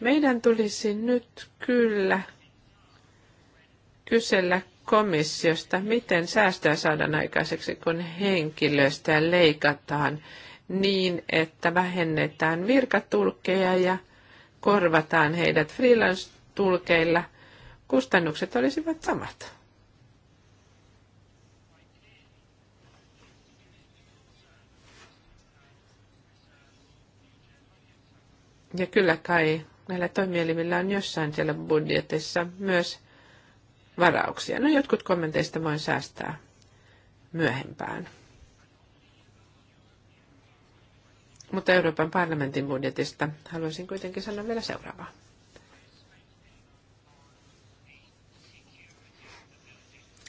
Meidän tulisi nyt kyllä kysellä komissiosta, miten säästöä saadaan aikaiseksi, kun henkilöstöä leikataan niin, että vähennetään virkatulkkeja ja – korvataan heidät freelance-tulkeilla, kustannukset olisivat samat. Ja kyllä kai näillä toimielimillä on jossain siellä budjetissa myös varauksia. No jotkut kommenteista voin säästää myöhempään. Mutta Euroopan parlamentin budjetista haluaisin kuitenkin sanoa vielä seuraavaa.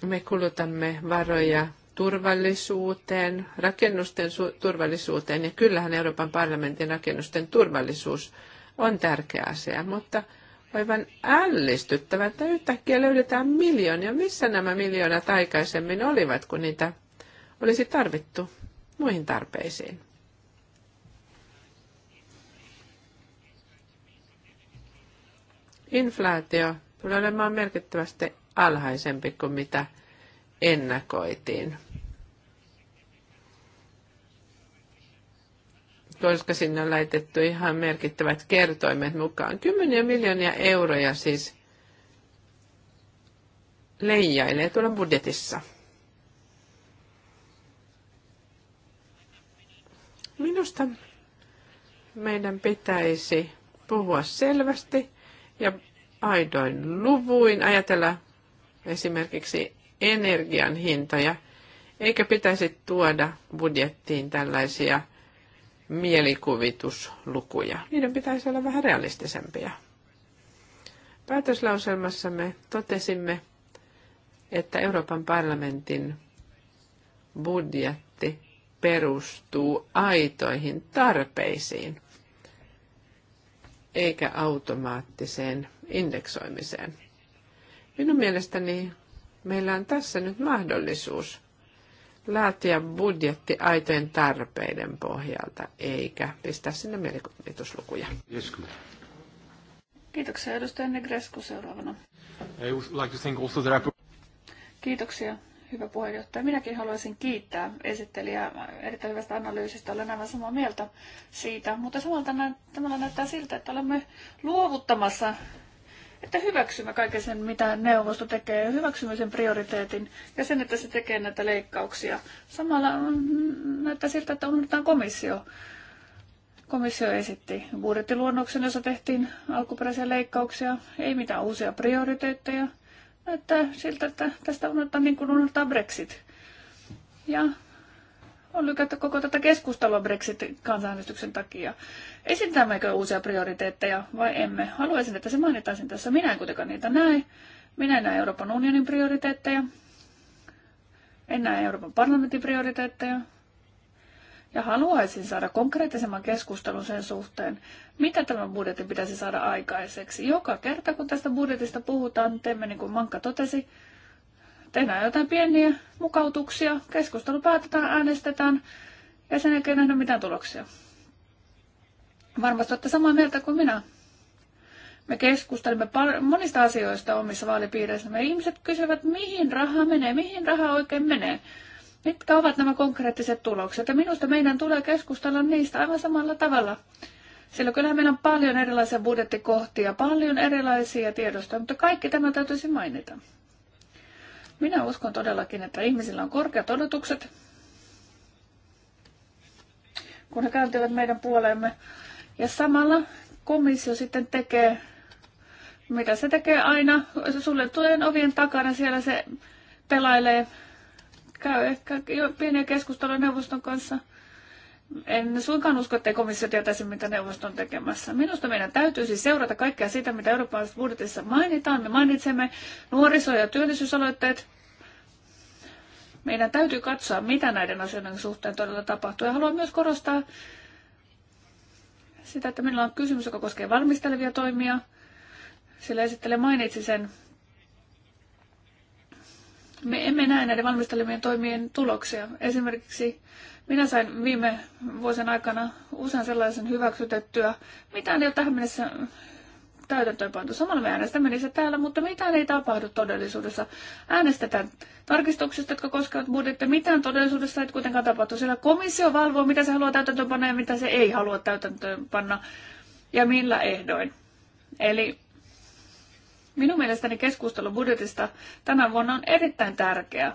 Me kulutamme varoja turvallisuuteen, rakennusten turvallisuuteen, ja kyllähän Euroopan parlamentin rakennusten turvallisuus on tärkeä asia, mutta aivan ällistyttävä, että yhtäkkiä löydetään miljoonia. Missä nämä miljoonat aikaisemmin olivat, kun niitä olisi tarvittu muihin tarpeisiin? inflaatio tulee olemaan merkittävästi alhaisempi kuin mitä ennakoitiin. koska sinne on laitettu ihan merkittävät kertoimet mukaan. Kymmeniä miljoonia euroja siis leijailee tuolla budjetissa. Minusta meidän pitäisi puhua selvästi ja aidoin luvuin ajatella esimerkiksi energian hintoja, eikä pitäisi tuoda budjettiin tällaisia mielikuvituslukuja. Niiden pitäisi olla vähän realistisempia. Päätöslauselmassamme totesimme, että Euroopan parlamentin budjetti perustuu aitoihin tarpeisiin eikä automaattiseen indeksoimiseen. Minun mielestäni meillä on tässä nyt mahdollisuus laatia budjetti aitojen tarpeiden pohjalta, eikä pistää sinne mielikuvituslukuja.
Kiitoksia edustaja Negresku seuraavana. Kiitoksia hyvä puheenjohtaja. Minäkin haluaisin kiittää esittelijää erittäin hyvästä analyysistä. Olen aivan samaa mieltä siitä, mutta samalla tämä näyttää siltä, että olemme luovuttamassa että hyväksymme kaiken sen, mitä neuvosto tekee, hyväksymme sen prioriteetin ja sen, että se tekee näitä leikkauksia. Samalla näyttää siltä, että unohdetaan komissio. Komissio esitti budjettiluonnoksen, jossa tehtiin alkuperäisiä leikkauksia, ei mitään uusia prioriteetteja – näyttää siltä, että tästä unohtaa niin kuin unohtaa Brexit. Ja on lykätty koko tätä keskustelua Brexit-kansanäänestyksen takia. Esitämmekö uusia prioriteetteja vai emme? Haluaisin, että se mainitaisin tässä. Minä en kuitenkaan niitä näe. Minä en näe Euroopan unionin prioriteetteja. En näe Euroopan parlamentin prioriteetteja ja haluaisin saada konkreettisemman keskustelun sen suhteen, mitä tämän budjetin pitäisi saada aikaiseksi. Joka kerta, kun tästä budjetista puhutaan, teemme niin kuin Mankka totesi, tehdään jotain pieniä mukautuksia, keskustelu päätetään, äänestetään ja sen jälkeen nähdä mitään tuloksia. Varmasti olette samaa mieltä kuin minä. Me keskustelimme monista asioista omissa vaalipiireissä. Me ihmiset kysyvät, mihin raha menee, mihin raha oikein menee. Mitkä ovat nämä konkreettiset tulokset? Ja minusta meidän tulee keskustella niistä aivan samalla tavalla. Sillä kyllä meillä on paljon erilaisia budjettikohtia, paljon erilaisia tiedostoja, mutta kaikki tämä täytyisi mainita. Minä uskon todellakin, että ihmisillä on korkeat odotukset, kun he kääntyvät meidän puoleemme. Ja samalla komissio sitten tekee, mitä se tekee aina, suljettujen ovien takana siellä se pelailee käy ehkä pieniä keskusteluja neuvoston kanssa. En suinkaan usko, että komissio tietäisi, mitä neuvosto on tekemässä. Minusta meidän täytyy siis seurata kaikkea sitä, mitä Euroopan budjetissa mainitaan. Me mainitsemme nuoriso- ja työllisyysaloitteet. Meidän täytyy katsoa, mitä näiden asioiden suhteen todella tapahtuu. Ja haluan myös korostaa sitä, että meillä on kysymys, joka koskee valmistelevia toimia. Sillä esittele mainitsi sen me emme näe näiden valmistelemien toimien tuloksia. Esimerkiksi minä sain viime vuosien aikana usean sellaisen hyväksytettyä, mitään ei ole tähän mennessä täytäntöön pantu. Samalla me äänestämme niissä täällä, mutta mitään ei tapahdu todellisuudessa. Äänestetään tarkistuksista, jotka koskevat budjettia. Mitään todellisuudessa ei kuitenkaan tapahdu. sillä komissio valvoo, mitä se haluaa täytäntöön panna ja mitä se ei halua täytäntöön panna ja millä ehdoin. Eli Minun mielestäni keskustelu budjetista tänä vuonna on erittäin tärkeä.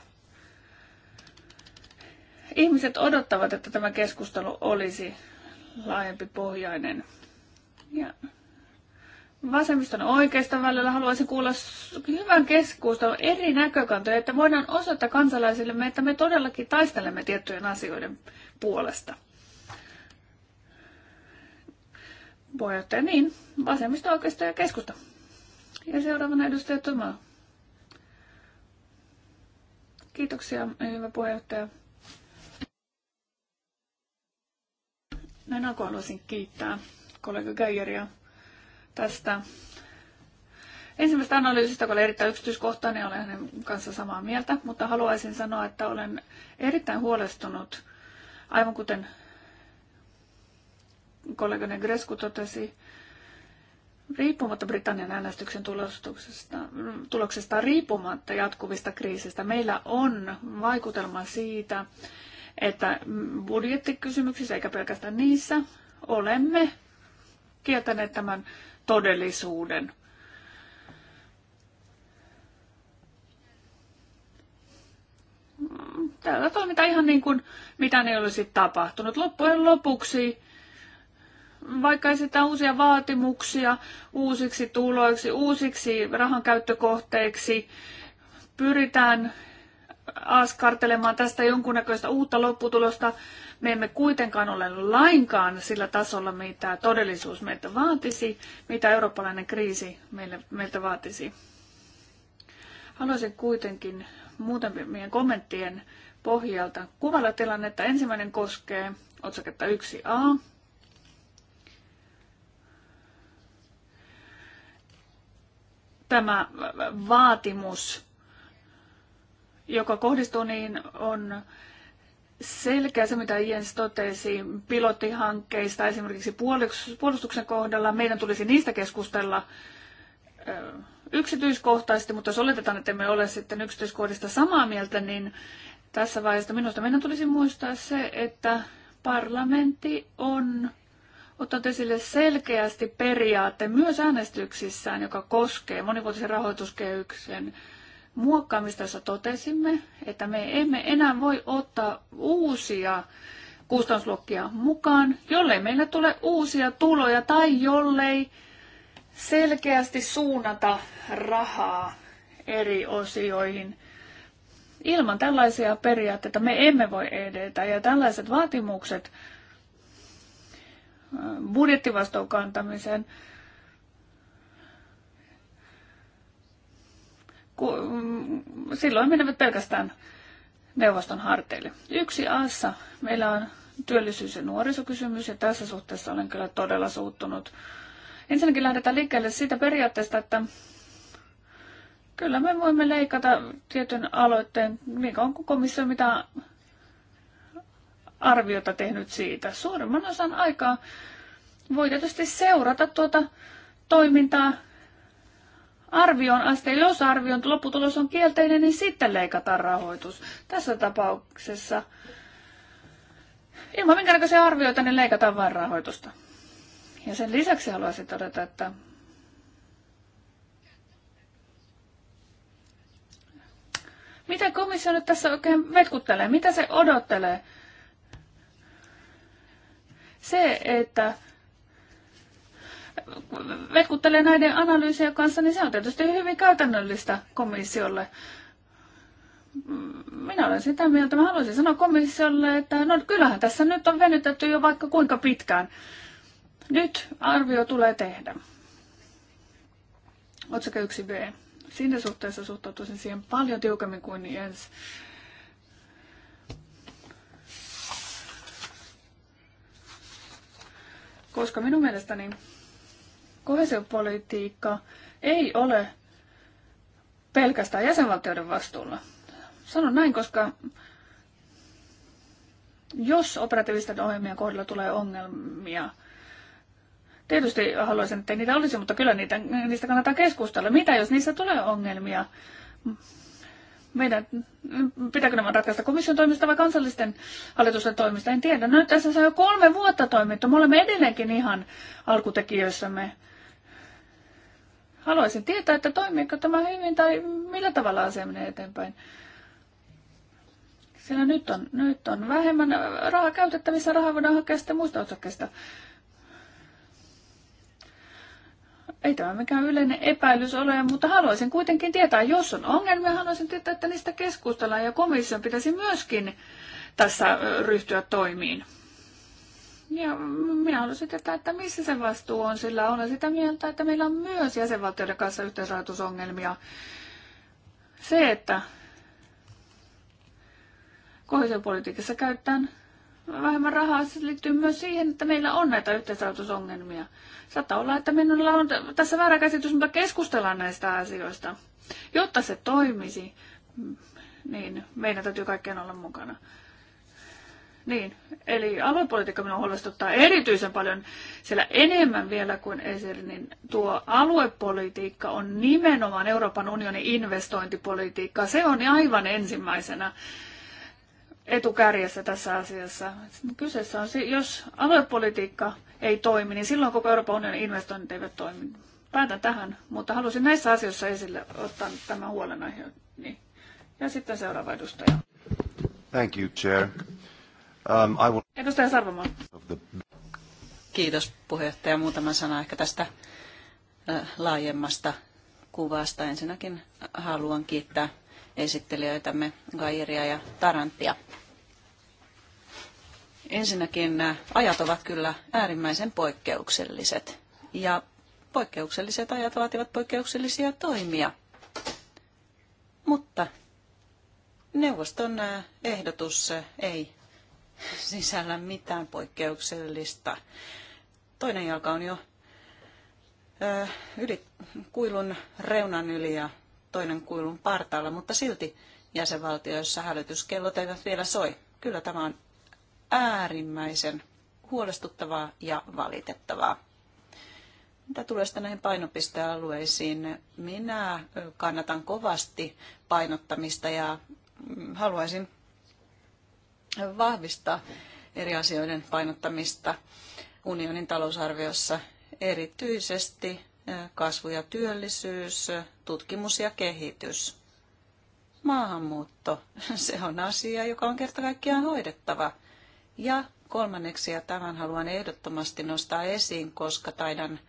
Ihmiset odottavat, että tämä keskustelu olisi laajempi pohjainen. Ja vasemmiston oikeista välillä haluaisin kuulla hyvän keskustelun eri näkökantoja, että voidaan osoittaa kansalaisillemme, että me todellakin taistelemme tiettyjen asioiden puolesta. Puheenjohtaja niin, vasemmisto, oikeisto ja keskusta. Ja seuraavana edustaja Toma. Kiitoksia, hyvä puheenjohtaja. Näin alkuun haluaisin kiittää kollega Geijeriä tästä ensimmäistä analyysistä, joka oli erittäin yksityiskohtainen, olen hänen kanssa samaa mieltä, mutta haluaisin sanoa, että olen erittäin huolestunut, aivan kuten kollega Gresku totesi, riippumatta Britannian äänestyksen tuloksesta, tuloksesta riippumatta jatkuvista kriisistä, meillä on vaikutelma siitä, että budjettikysymyksissä eikä pelkästään niissä olemme kieltäneet tämän todellisuuden. Täällä toimitaan ihan niin kuin mitä ei olisi tapahtunut. Loppujen lopuksi vaikka esitetään uusia vaatimuksia uusiksi tuloiksi, uusiksi rahankäyttökohteiksi, pyritään askartelemaan tästä jonkunnäköistä uutta lopputulosta. Me emme kuitenkaan ole lainkaan sillä tasolla, mitä todellisuus meiltä vaatisi, mitä eurooppalainen kriisi meiltä vaatisi. Haluaisin kuitenkin muutamien kommenttien pohjalta kuvailla tilannetta. Ensimmäinen koskee otsaketta 1a, tämä vaatimus, joka kohdistuu, niin on selkeä se, mitä Jens totesi pilottihankkeista esimerkiksi puolustuksen kohdalla. Meidän tulisi niistä keskustella yksityiskohtaisesti, mutta jos oletetaan, että me ole sitten yksityiskohdista samaa mieltä, niin tässä vaiheessa minusta meidän tulisi muistaa se, että parlamentti on ottanut esille selkeästi periaatteen myös äänestyksissään, joka koskee monivuotisen rahoituskehyksen muokkaamista, jossa totesimme, että me emme enää voi ottaa uusia kustannusluokkia mukaan, jollei meillä tule uusia tuloja tai jollei selkeästi suunnata rahaa eri osioihin. Ilman tällaisia periaatteita me emme voi edetä ja tällaiset vaatimukset budjettivastuun kantamisen. Mm, silloin menevät pelkästään neuvoston harteille. Yksi aassa meillä on työllisyys- ja nuorisokysymys, ja tässä suhteessa olen kyllä todella suuttunut. Ensinnäkin lähdetään liikkeelle siitä periaatteesta, että kyllä me voimme leikata tietyn aloitteen, niin kauan kuin komissio mitä arviota tehnyt siitä. Suurimman osan aikaa voi tietysti seurata tuota toimintaa arvion asti. Jos arvion lopputulos on kielteinen, niin sitten leikataan rahoitus. Tässä tapauksessa ilman minkäännäköisiä arvioita, niin leikataan vain rahoitusta. Ja sen lisäksi haluaisin todeta, että mitä komissio nyt tässä oikein vetkuttelee? Mitä se odottelee? Se, että vetkuttelee näiden analyysien kanssa, niin se on tietysti hyvin käytännöllistä komissiolle. Minä olen sitä mieltä, mä haluaisin sanoa komissiolle, että no kyllähän tässä nyt on venytetty jo vaikka kuinka pitkään. Nyt arvio tulee tehdä. Otsake 1b. Siinä suhteessa suhtautuisin siihen paljon tiukemmin kuin Jens koska minun mielestäni kohesiopolitiikka ei ole pelkästään jäsenvaltioiden vastuulla. Sanon näin, koska jos operatiivisten ohjelmien kohdalla tulee ongelmia, tietysti haluaisin, että niitä olisi, mutta kyllä niitä, niistä kannattaa keskustella. Mitä jos niissä tulee ongelmia? Meidän, pitääkö nämä ratkaista komission toimista vai kansallisten hallitusten toimista? En tiedä. no tässä on jo kolme vuotta toimittu. Me olemme edelleenkin ihan alkutekijöissämme. Haluaisin tietää, että toimiiko tämä hyvin tai millä tavalla asia menee eteenpäin. Sillä nyt on, nyt on vähemmän rahaa käytettävissä, rahaa voidaan hakea sitten muista otsakkeista. Ei tämä mikään yleinen epäilys ole, mutta haluaisin kuitenkin tietää, jos on ongelmia, haluaisin tietää, että niistä keskustellaan ja komission pitäisi myöskin tässä ryhtyä toimiin. Ja minä haluaisin tietää, että missä se vastuu on, sillä olen sitä mieltä, että meillä on myös jäsenvaltioiden kanssa yhteisrahoitusongelmia. Se, että kohesiopolitiikassa käytetään vähemmän rahaa, se liittyy myös siihen, että meillä on näitä yhteisrahoitusongelmia. Saattaa olla, että minulla on tässä väärä käsitys, mutta keskustellaan näistä asioista. Jotta se toimisi, niin meidän täytyy kaikkien olla mukana. Niin, eli aluepolitiikka minua huolestuttaa erityisen paljon, sillä enemmän vielä kuin ESIR, niin tuo aluepolitiikka on nimenomaan Euroopan unionin investointipolitiikka. Se on aivan ensimmäisenä etukärjessä tässä asiassa. Kyseessä on, jos aluepolitiikka ei toimi, niin silloin koko Euroopan unionin investoinnit eivät toimi. Päätän tähän, mutta halusin näissä asioissa esille ottaa tämän huolenaihe. Ja sitten seuraava edustaja. Thank you, Chair. Um, I will... Edustaja Sarvamaa.
Kiitos puheenjohtaja. Muutama sana ehkä tästä äh, laajemmasta kuvasta. Ensinnäkin haluan kiittää esittelijöitämme Gairia ja Taranttia. Ensinnäkin nämä äh, ajat ovat kyllä äärimmäisen poikkeukselliset ja poikkeukselliset ajat vaativat poikkeuksellisia toimia. Mutta neuvoston äh, ehdotus äh, ei sisällä mitään poikkeuksellista. Toinen jalka on jo yli kuilun reunan yli ja toinen kuilun partaalla, mutta silti jäsenvaltioissa hälytyskellot eivät vielä soi. Kyllä tämä on äärimmäisen huolestuttavaa ja valitettavaa. Mitä tulee sitten näihin painopistealueisiin, minä kannatan kovasti painottamista ja mm, haluaisin vahvistaa eri asioiden painottamista unionin talousarviossa erityisesti kasvu ja työllisyys, tutkimus ja kehitys. Maahanmuutto, se on asia, joka on kerta kaikkiaan hoidettava. Ja kolmanneksi, ja tämän haluan ehdottomasti nostaa esiin, koska taidan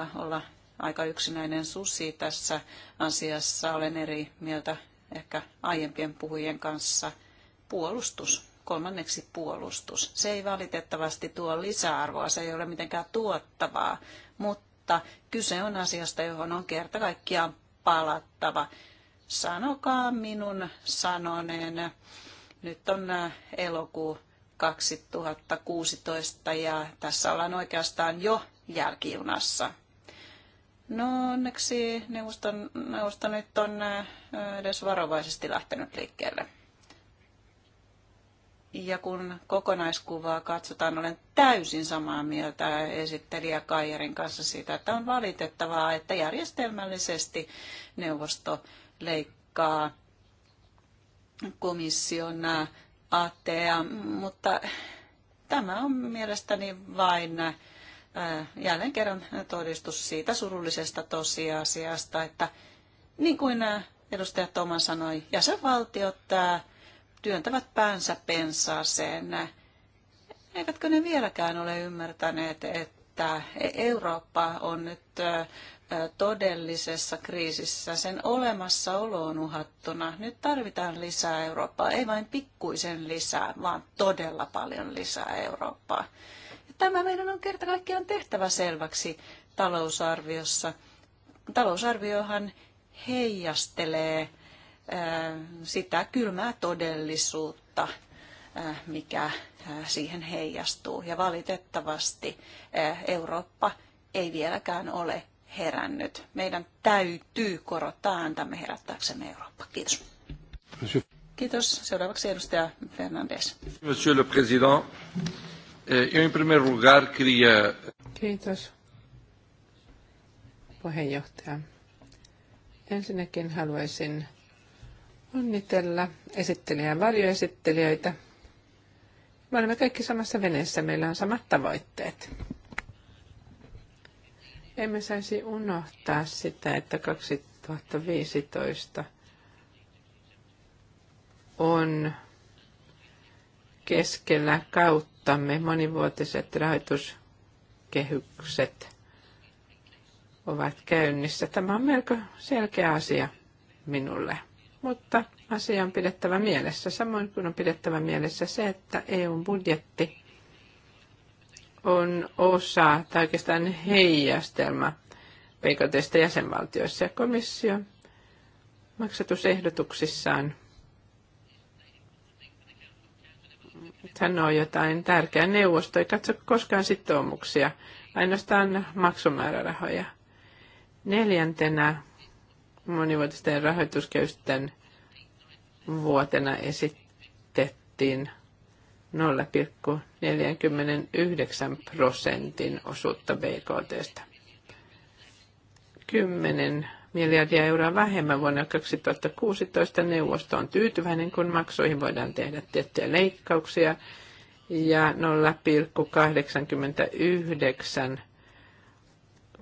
äh, olla aika yksinäinen susi tässä asiassa. Olen eri mieltä ehkä aiempien puhujien kanssa. Puolustus, kolmanneksi puolustus. Se ei valitettavasti tuo lisäarvoa, se ei ole mitenkään tuottavaa, mutta mutta kyse on asiasta, johon on kerta kaikkiaan palattava. Sanokaa minun sanoneen. Nyt on äh, elokuu 2016 ja tässä ollaan oikeastaan jo jälkijunassa. No onneksi neuvosto, neuvosto nyt on äh, edes varovaisesti lähtenyt liikkeelle. Ja kun kokonaiskuvaa katsotaan, olen täysin samaa mieltä esittelijä Kaijerin kanssa siitä, että on valitettavaa, että järjestelmällisesti neuvosto leikkaa komission ATEA, mutta tämä on mielestäni vain jälleen kerran todistus siitä surullisesta tosiasiasta, että niin kuin edustaja Toma sanoi, jäsenvaltiot työntävät päänsä pensaaseen. Eivätkö ne vieläkään ole ymmärtäneet, että Eurooppa on nyt todellisessa kriisissä, sen olemassaolo on uhattuna. Nyt tarvitaan lisää Eurooppaa, ei vain pikkuisen lisää, vaan todella paljon lisää Eurooppaa. Ja tämä meidän on kerta kaikkiaan tehtävä selväksi talousarviossa. Talousarviohan heijastelee sitä kylmää todellisuutta, mikä siihen heijastuu. Ja valitettavasti Eurooppa ei vieläkään ole herännyt. Meidän täytyy korottaa ääntämme herättääksemme Eurooppa. Kiitos. Kiitos. Seuraavaksi edustaja Fernandes.
Monsieur le Président, eh, en primer lugar quería...
Kiitos, puheenjohtaja. Ensinnäkin haluaisin onnitella esittelijä, ja varjoesittelijöitä. Me olemme kaikki samassa veneessä, meillä on samat tavoitteet. Emme saisi unohtaa sitä, että 2015 on keskellä kauttamme monivuotiset rahoituskehykset ovat käynnissä. Tämä on melko selkeä asia minulle mutta asia on pidettävä mielessä, samoin kuin on pidettävä mielessä se, että EUn budjetti on osa tai oikeastaan heijastelma peikoteista jäsenvaltioissa ja komissio maksatusehdotuksissaan sanoo jotain tärkeää. Neuvosto ei katso koskaan sitoumuksia, ainoastaan maksumäärärahoja. Neljäntenä monivuotisten rahoituskäysten vuotena esitettiin 0,49 prosentin osuutta BKT. 10 miljardia euroa vähemmän vuonna 2016 neuvosto on tyytyväinen, kun maksuihin voidaan tehdä tiettyjä leikkauksia ja 0,89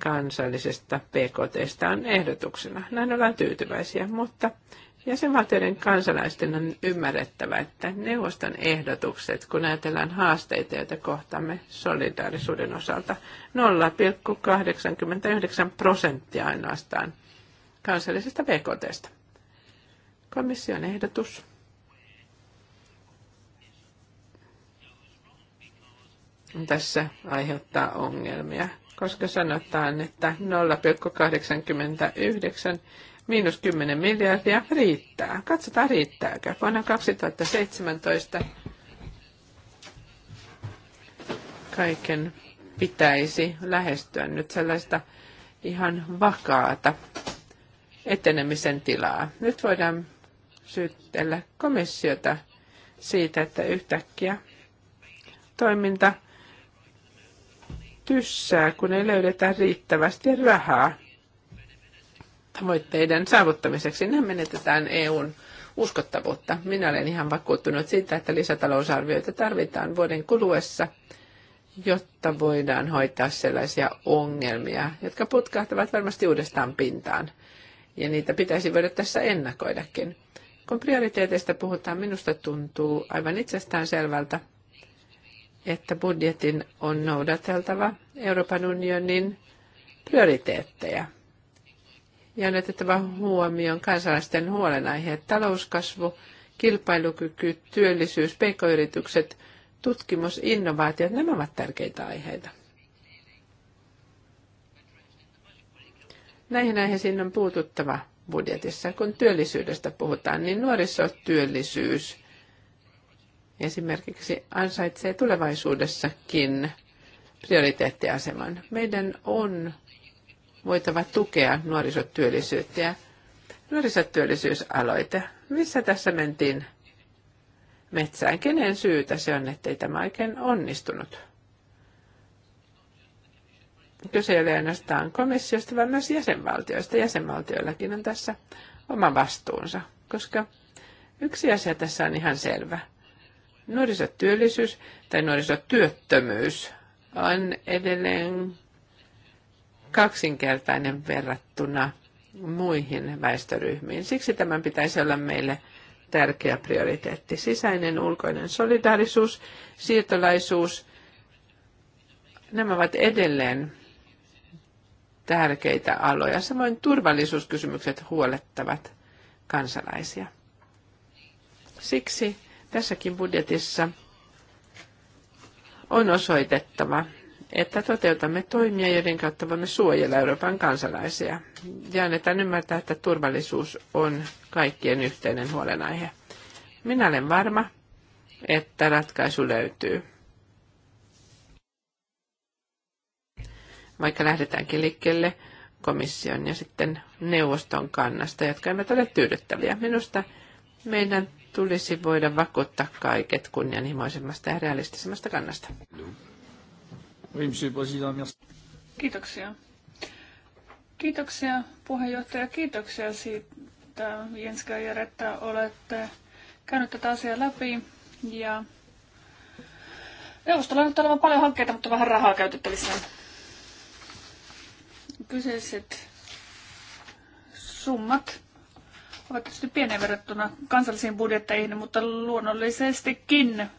kansallisesta PKTstä on ehdotuksena. Näin ollaan tyytyväisiä, mutta jäsenvaltioiden kansalaisten on ymmärrettävä, että neuvoston ehdotukset, kun ajatellaan haasteita, joita kohtaamme solidaarisuuden osalta, 0,89 prosenttia ainoastaan kansallisesta BKTstä. Komission ehdotus. Tässä aiheuttaa ongelmia koska sanotaan, että 0,89 miinus 10 miljardia riittää. Katsotaan riittääkö. Vuonna 2017 kaiken pitäisi lähestyä nyt sellaista ihan vakaata etenemisen tilaa. Nyt voidaan syyttellä komissiota siitä, että yhtäkkiä toiminta tyssää, kun ei löydetä riittävästi rahaa tavoitteiden saavuttamiseksi. Nämä menetetään EUn uskottavuutta. Minä olen ihan vakuuttunut siitä, että lisätalousarvioita tarvitaan vuoden kuluessa, jotta voidaan hoitaa sellaisia ongelmia, jotka putkahtavat varmasti uudestaan pintaan. Ja niitä pitäisi voida tässä ennakoidakin. Kun prioriteeteista puhutaan, minusta tuntuu aivan itsestään selvältä, että budjetin on noudateltava Euroopan unionin prioriteetteja ja on otettava huomioon kansalaisten huolenaiheet, talouskasvu, kilpailukyky, työllisyys, pk-yritykset, tutkimus, innovaatiot, nämä ovat tärkeitä aiheita. Näihin aiheisiin on puututtava budjetissa. Kun työllisyydestä puhutaan, niin nuorisotyöllisyys esimerkiksi ansaitsee tulevaisuudessakin prioriteettiaseman. Meidän on voitava tukea nuorisotyöllisyyttä ja nuorisotyöllisyysaloite. Missä tässä mentiin metsään? Kenen syytä se on, ettei tämä oikein onnistunut? Kyse ei ole ainoastaan komissiosta, vaan myös jäsenvaltioista. Jäsenvaltioillakin on tässä oma vastuunsa, koska yksi asia tässä on ihan selvä – Nuorisotyöllisyys tai nuorisotyöttömyys on edelleen kaksinkertainen verrattuna muihin väestöryhmiin. Siksi tämän pitäisi olla meille tärkeä prioriteetti. Sisäinen ulkoinen solidaarisuus, siirtolaisuus, nämä ovat edelleen tärkeitä aloja. Samoin turvallisuuskysymykset huolettavat kansalaisia. Siksi Tässäkin budjetissa on osoitettava, että toteutamme toimia, joiden kautta voimme suojella Euroopan kansalaisia. Ja annetaan ymmärtää, että turvallisuus on kaikkien yhteinen huolenaihe. Minä olen varma, että ratkaisu löytyy. Vaikka lähdetäänkin liikkeelle komission ja sitten neuvoston kannasta, jotka eivät ole tyydyttäviä. Minusta meidän tulisi voida vakuuttaa kaiket kunnianhimoisemmasta ja realistisemmasta kannasta.
Kiitoksia. Kiitoksia puheenjohtaja, kiitoksia siitä Jens Geijer, että olette käynyt tätä asiaa läpi. Ja neuvostolla on nyt olevan paljon hankkeita, mutta vähän rahaa käytettävissä. Kyseiset summat ovat tietysti pieniä verrattuna kansallisiin budjetteihin, mutta luonnollisestikin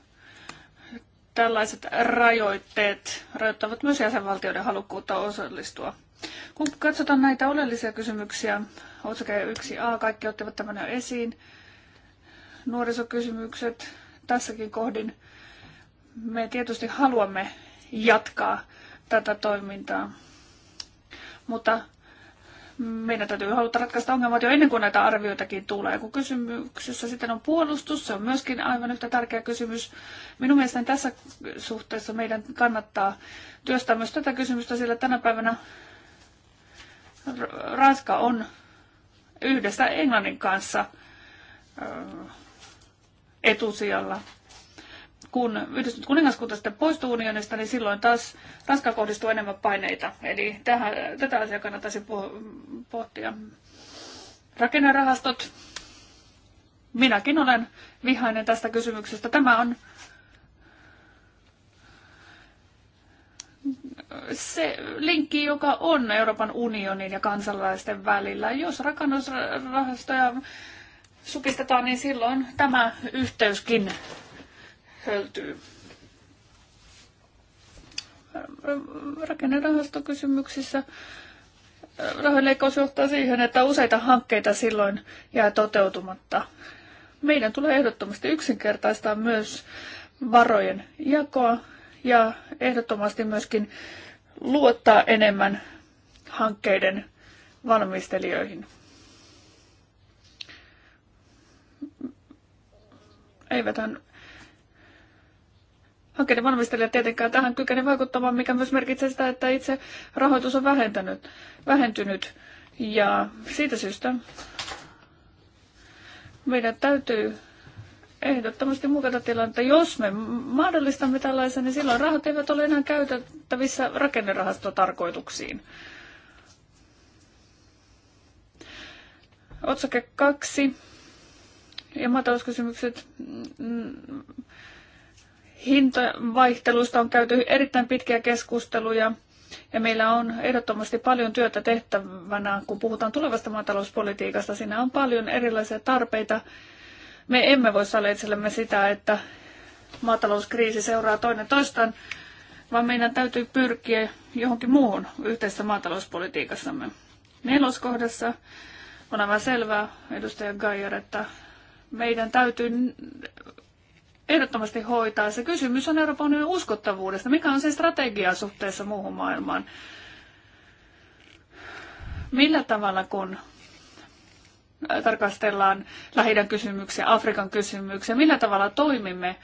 tällaiset rajoitteet rajoittavat myös jäsenvaltioiden halukkuutta osallistua. Kun katsotaan näitä oleellisia kysymyksiä, otsake 1a, kaikki ottivat tämän jo esiin, nuorisokysymykset tässäkin kohdin. Me tietysti haluamme jatkaa tätä toimintaa, mutta meidän täytyy haluta ratkaista ongelmat jo ennen kuin näitä arvioitakin tulee. Kun kysymyksessä sitten on puolustus, se on myöskin aivan yhtä tärkeä kysymys. Minun mielestäni tässä suhteessa meidän kannattaa työstää myös tätä kysymystä, sillä tänä päivänä Ranska on yhdessä Englannin kanssa etusijalla kun yhdistynyt kuningaskunta sitten poistuu unionista, niin silloin taas Ranska kohdistuu enemmän paineita. Eli tähän, tätä asiaa kannattaisi pohtia. Rakennerahastot. Minäkin olen vihainen tästä kysymyksestä. Tämä on se linkki, joka on Euroopan unionin ja kansalaisten välillä. Jos rakennusrahastoja supistetaan, niin silloin tämä yhteyskin höltyy. Rakennerahastokysymyksissä äh, rahoileikkaus johtaa siihen, että useita hankkeita silloin jää toteutumatta. Meidän tulee ehdottomasti yksinkertaistaa myös varojen jakoa ja ehdottomasti myöskin luottaa enemmän hankkeiden valmistelijoihin. Eiväthän Hankkeiden valmistelijat tietenkään tähän kykene vaikuttamaan, mikä myös merkitsee sitä, että itse rahoitus on vähentänyt, vähentynyt. Ja siitä syystä meidän täytyy ehdottomasti mukata tilannetta. Jos me mahdollistamme tällaisen, niin silloin rahat eivät ole enää käytettävissä rakennerahastotarkoituksiin. Otsake kaksi ja maatalouskysymykset. Mm, hintavaihtelusta on käyty erittäin pitkiä keskusteluja ja meillä on ehdottomasti paljon työtä tehtävänä, kun puhutaan tulevasta maatalouspolitiikasta. Siinä on paljon erilaisia tarpeita. Me emme voi saada itsellemme sitä, että maatalouskriisi seuraa toinen toistaan, vaan meidän täytyy pyrkiä johonkin muuhun yhteisessä maatalouspolitiikassamme. Neloskohdassa on aivan selvää, edustaja Gajar, että meidän täytyy ehdottomasti hoitaa. Se kysymys on Euroopan unionin uskottavuudesta. Mikä on se strategia suhteessa muuhun maailmaan? Millä tavalla, kun äh, tarkastellaan lähi kysymyksiä, Afrikan kysymyksiä, millä tavalla toimimme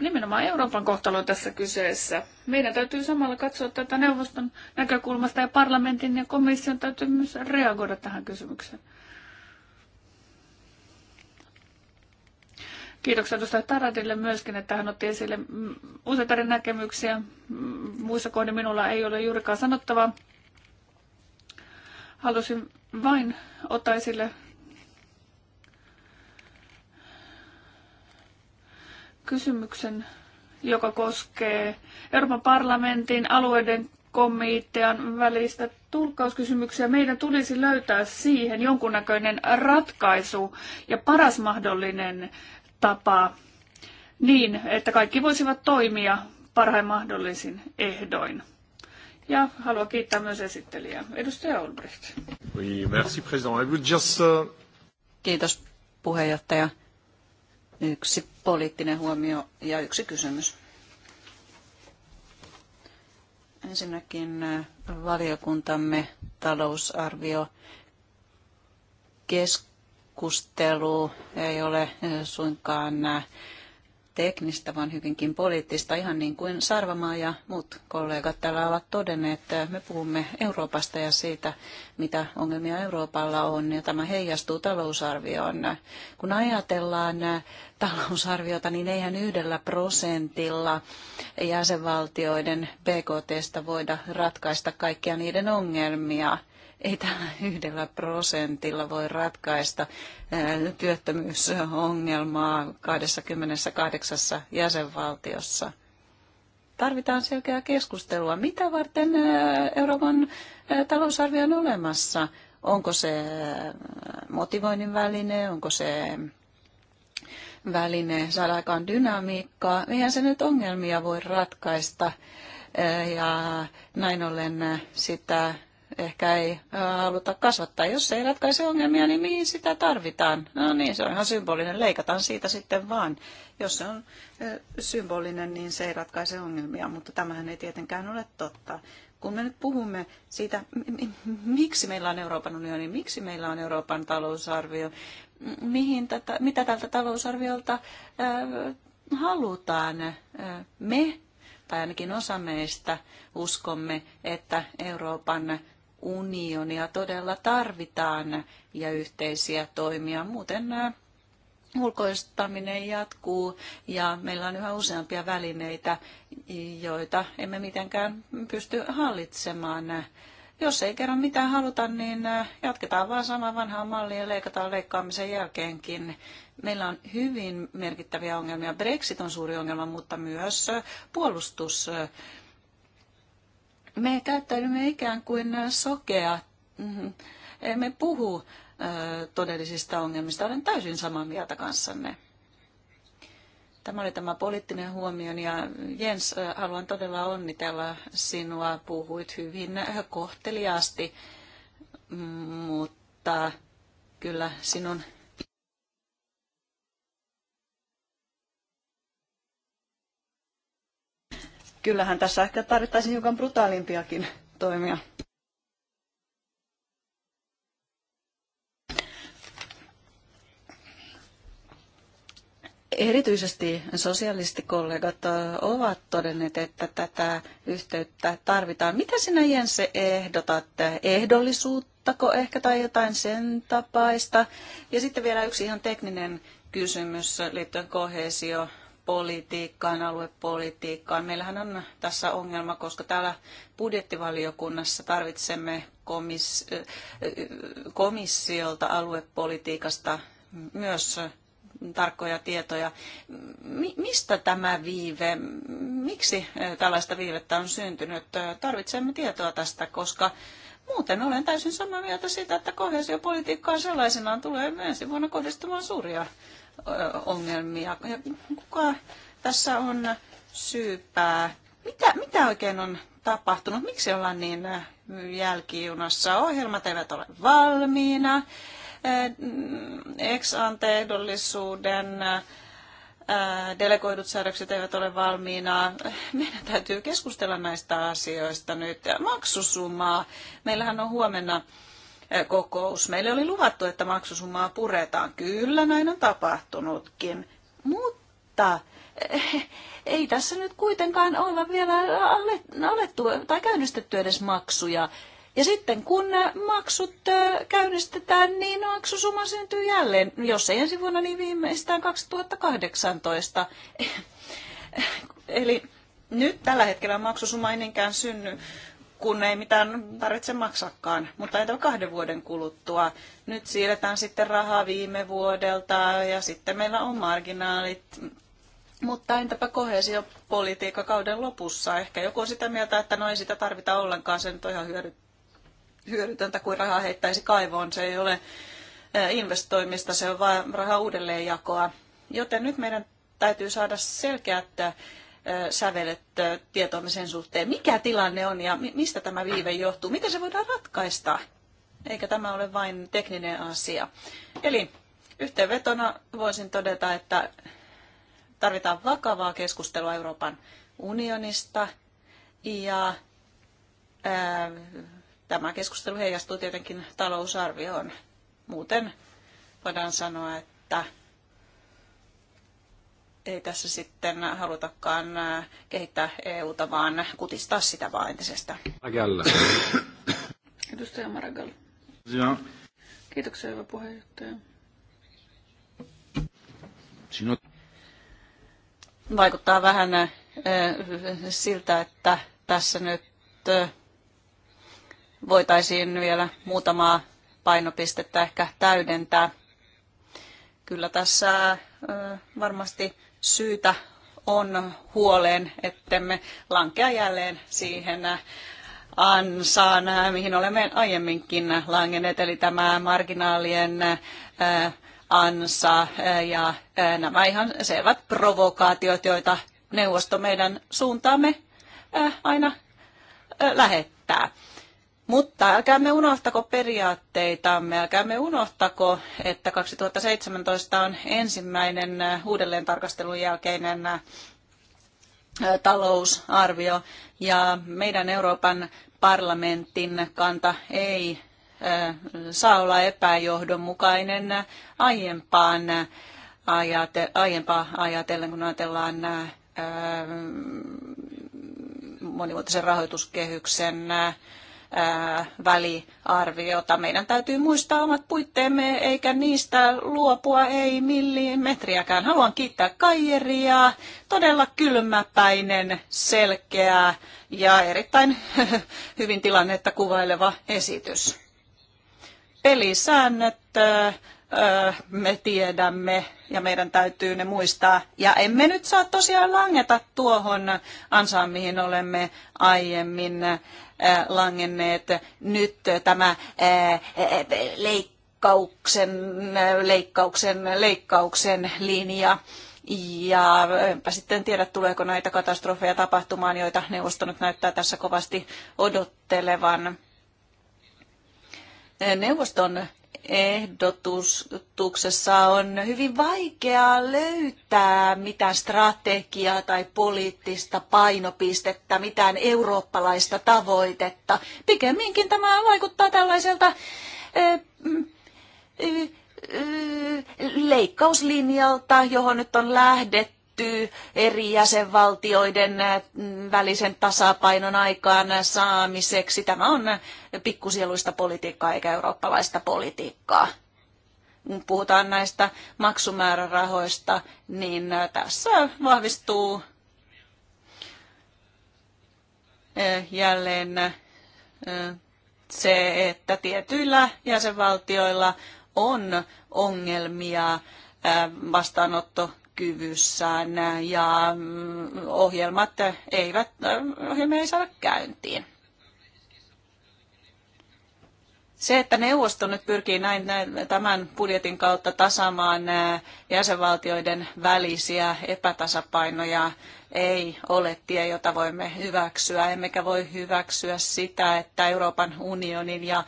nimenomaan Euroopan kohtalo on tässä kyseessä. Meidän täytyy samalla katsoa tätä neuvoston näkökulmasta ja parlamentin ja komission täytyy myös reagoida tähän kysymykseen. Kiitoksia tuosta Taradille myöskin, että hän otti esille mm, useita näkemyksiä. Mm, muissa kohdin minulla ei ole juurikaan sanottavaa. Halusin vain ottaa esille kysymyksen, joka koskee Euroopan parlamentin alueiden komitean välistä tulkkauskysymyksiä. Meidän tulisi löytää siihen jonkunnäköinen ratkaisu ja paras mahdollinen tapaa niin, että kaikki voisivat toimia parhain mahdollisin ehdoin. Ja haluan kiittää myös esittelijää. Edustaja Olbricht.
Oui, merci, president. I just, uh...
Kiitos puheenjohtaja. Yksi poliittinen huomio ja yksi kysymys. Ensinnäkin uh, valiokuntamme talousarvio kesk- keskustelu ei ole eh, suinkaan eh, teknistä, vaan hyvinkin poliittista, ihan niin kuin Sarvamaa ja muut kollegat täällä ovat todenneet. että eh, Me puhumme Euroopasta ja siitä, mitä ongelmia Euroopalla on, ja tämä heijastuu talousarvioon. Kun ajatellaan talousarviota, niin eihän yhdellä prosentilla jäsenvaltioiden BKTstä voida ratkaista kaikkia niiden ongelmia – ei tällä yhdellä prosentilla voi ratkaista työttömyysongelmaa 28 jäsenvaltiossa. Tarvitaan selkeää keskustelua. Mitä varten Euroopan talousarvio on olemassa? Onko se motivoinnin väline? Onko se väline saada aikaan dynamiikkaa? Eihän se nyt ongelmia voi ratkaista ja näin ollen sitä ehkä ei haluta kasvattaa. Jos ei ratkaise ongelmia, niin mihin sitä tarvitaan? No niin, se on ihan symbolinen. Leikataan siitä sitten vaan. Jos se on symbolinen, niin se ei ratkaise ongelmia, mutta tämähän ei tietenkään ole totta. Kun me nyt puhumme siitä, miksi meillä on Euroopan unioni, miksi meillä on Euroopan talousarvio, mihin tätä, mitä tältä talousarviolta halutaan. Me tai ainakin osa meistä uskomme, että Euroopan unionia todella tarvitaan ja yhteisiä toimia. Muuten äh, ulkoistaminen jatkuu ja meillä on yhä useampia välineitä, joita emme mitenkään pysty hallitsemaan. Jos ei kerran mitään haluta, niin äh, jatketaan vaan samaa vanhaa mallia, ja leikataan leikkaamisen jälkeenkin. Meillä on hyvin merkittäviä ongelmia. Brexit on suuri ongelma, mutta myös äh, puolustus me käyttäydymme ikään kuin sokea. Mm-hmm. Emme puhu todellisista ongelmista. Olen täysin samaa mieltä kanssanne. Tämä oli tämä poliittinen huomio ja Jens, haluan todella onnitella sinua. Puhuit hyvin kohteliaasti, mm, mutta kyllä sinun kyllähän tässä ehkä tarvittaisiin hiukan brutaalimpiakin toimia. Erityisesti sosialistikollegat ovat todenneet, että tätä yhteyttä tarvitaan. Mitä sinä Jense ehdotat? Ehdollisuuttako ehkä tai jotain sen tapaista? Ja sitten vielä yksi ihan tekninen kysymys liittyen kohesio politiikkaan, aluepolitiikkaan. Meillähän on tässä ongelma, koska täällä budjettivaliokunnassa tarvitsemme komissiolta aluepolitiikasta myös tarkkoja tietoja. mistä tämä viive, miksi tällaista viivettä on syntynyt? Tarvitsemme tietoa tästä, koska Muuten olen täysin samaa mieltä siitä, että kohesiopolitiikkaan sellaisenaan tulee ensi vuonna kohdistumaan suuria ongelmia. kuka tässä on syypää? Mitä, mitä oikein on tapahtunut? Miksi ollaan niin äh, jälkijunassa? Ohjelmat eivät ole valmiina. Äh, Ex-anteehdollisuuden äh, delegoidut säädökset eivät ole valmiina. Meidän täytyy keskustella näistä asioista nyt. Maksusummaa. Meillähän on huomenna kokous. Meille oli luvattu, että maksusummaa puretaan. Kyllä, näin on tapahtunutkin. Mutta eh, ei tässä nyt kuitenkaan olla vielä alettu tai käynnistetty edes maksuja. Ja sitten kun maksut käynnistetään, niin maksusumma syntyy jälleen, jos ei ensi vuonna, niin viimeistään 2018. Eli nyt tällä hetkellä maksusumma ei niinkään synny, kun ei mitään tarvitse maksakaan. Mutta entä kahden vuoden kuluttua? Nyt siirretään sitten rahaa viime vuodelta ja sitten meillä on marginaalit. Mutta entäpä kohesiopolitiikka kauden lopussa? Ehkä joku on sitä mieltä, että no ei sitä tarvita ollenkaan, se nyt on ihan hyödy- hyödytöntä kuin rahaa heittäisi kaivoon. Se ei ole eh, investoimista, se on vain rahaa uudelleenjakoa. Joten nyt meidän täytyy saada selkeät eh, sävelet tietoamme sen suhteen, mikä tilanne on ja mistä tämä viive johtuu, miten se voidaan ratkaista, eikä tämä ole vain tekninen asia. Eli yhteenvetona voisin todeta, että tarvitaan vakavaa keskustelua Euroopan unionista ja ää, tämä keskustelu heijastuu tietenkin talousarvioon. Muuten voidaan sanoa, että ei tässä sitten halutakaan äh, kehittää EUta, vaan kutistaa sitä vaan entisestä. Edustaja Maragall. Ja. Kiitoksia, hyvä puheenjohtaja. Sinut. Vaikuttaa vähän äh, siltä, että tässä nyt äh, voitaisiin vielä muutamaa painopistettä ehkä täydentää. Kyllä tässä varmasti syytä on huoleen, ettemme lankea jälleen siihen ansaan, mihin olemme aiemminkin langenneet, eli tämä marginaalien äh, ansa äh, ja äh, nämä ihan selvät provokaatiot, joita neuvosto meidän suuntaamme aina lähettää. Mutta älkäämme unohtako periaatteitamme, älkäämme unohtako, että 2017 on ensimmäinen äh, uudelleen tarkastelun jälkeinen äh, talousarvio ja meidän Euroopan parlamentin kanta ei äh, saa olla epäjohdonmukainen aiempaan ajate, aiempaa ajatellen, kun ajatellaan monivuotisen rahoituskehyksen väliarviota. Meidän täytyy muistaa omat puitteemme, eikä niistä luopua ei millimetriäkään. Haluan kiittää Kaijeria, todella kylmäpäinen, selkeä ja erittäin hyvin tilannetta kuvaileva esitys. Pelisäännöt me tiedämme ja meidän täytyy ne muistaa. Ja emme nyt saa tosiaan langeta tuohon ansaan, mihin olemme aiemmin langenneet. Nyt tämä leikkauksen, leikkauksen, leikkauksen linja. Ja enpä sitten tiedä, tuleeko näitä katastrofeja tapahtumaan, joita neuvosto nyt näyttää tässä kovasti odottelevan. Neuvoston ehdotuksessa on hyvin vaikeaa löytää mitään strategiaa tai poliittista painopistettä, mitään eurooppalaista tavoitetta. Pikemminkin tämä vaikuttaa tällaiselta eh, mm, eh, eh, leikkauslinjalta, johon nyt on lähdetty liittyy eri jäsenvaltioiden välisen tasapainon aikaan saamiseksi. Tämä on pikkusieluista politiikkaa eikä eurooppalaista politiikkaa. Kun puhutaan näistä maksumäärärahoista, niin tässä vahvistuu jälleen se, että tietyillä jäsenvaltioilla on ongelmia vastaanotto kyvyssään ja mm, ohjelmat eivät, ohjelmia ei saada käyntiin. Se, että neuvosto nyt pyrkii näin tämän budjetin kautta tasaamaan jäsenvaltioiden välisiä epätasapainoja, ei ole tie, jota voimme hyväksyä. Emmekä voi hyväksyä sitä, että Euroopan unionin ja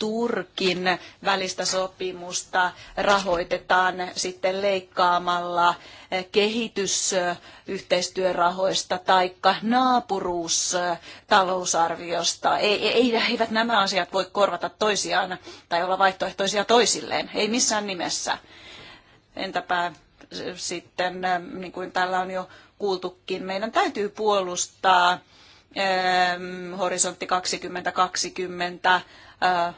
Turkin välistä sopimusta rahoitetaan sitten leikkaamalla eh, kehitysyhteistyörahoista tai naapuruustalousarviosta. Ei, ei, eivät nämä asiat voi korvata toisiaan tai olla vaihtoehtoisia toisilleen, ei missään nimessä. Entäpä sitten, eh, niin kuin täällä on jo kuultukin, meidän täytyy puolustaa eh, Horisontti 2020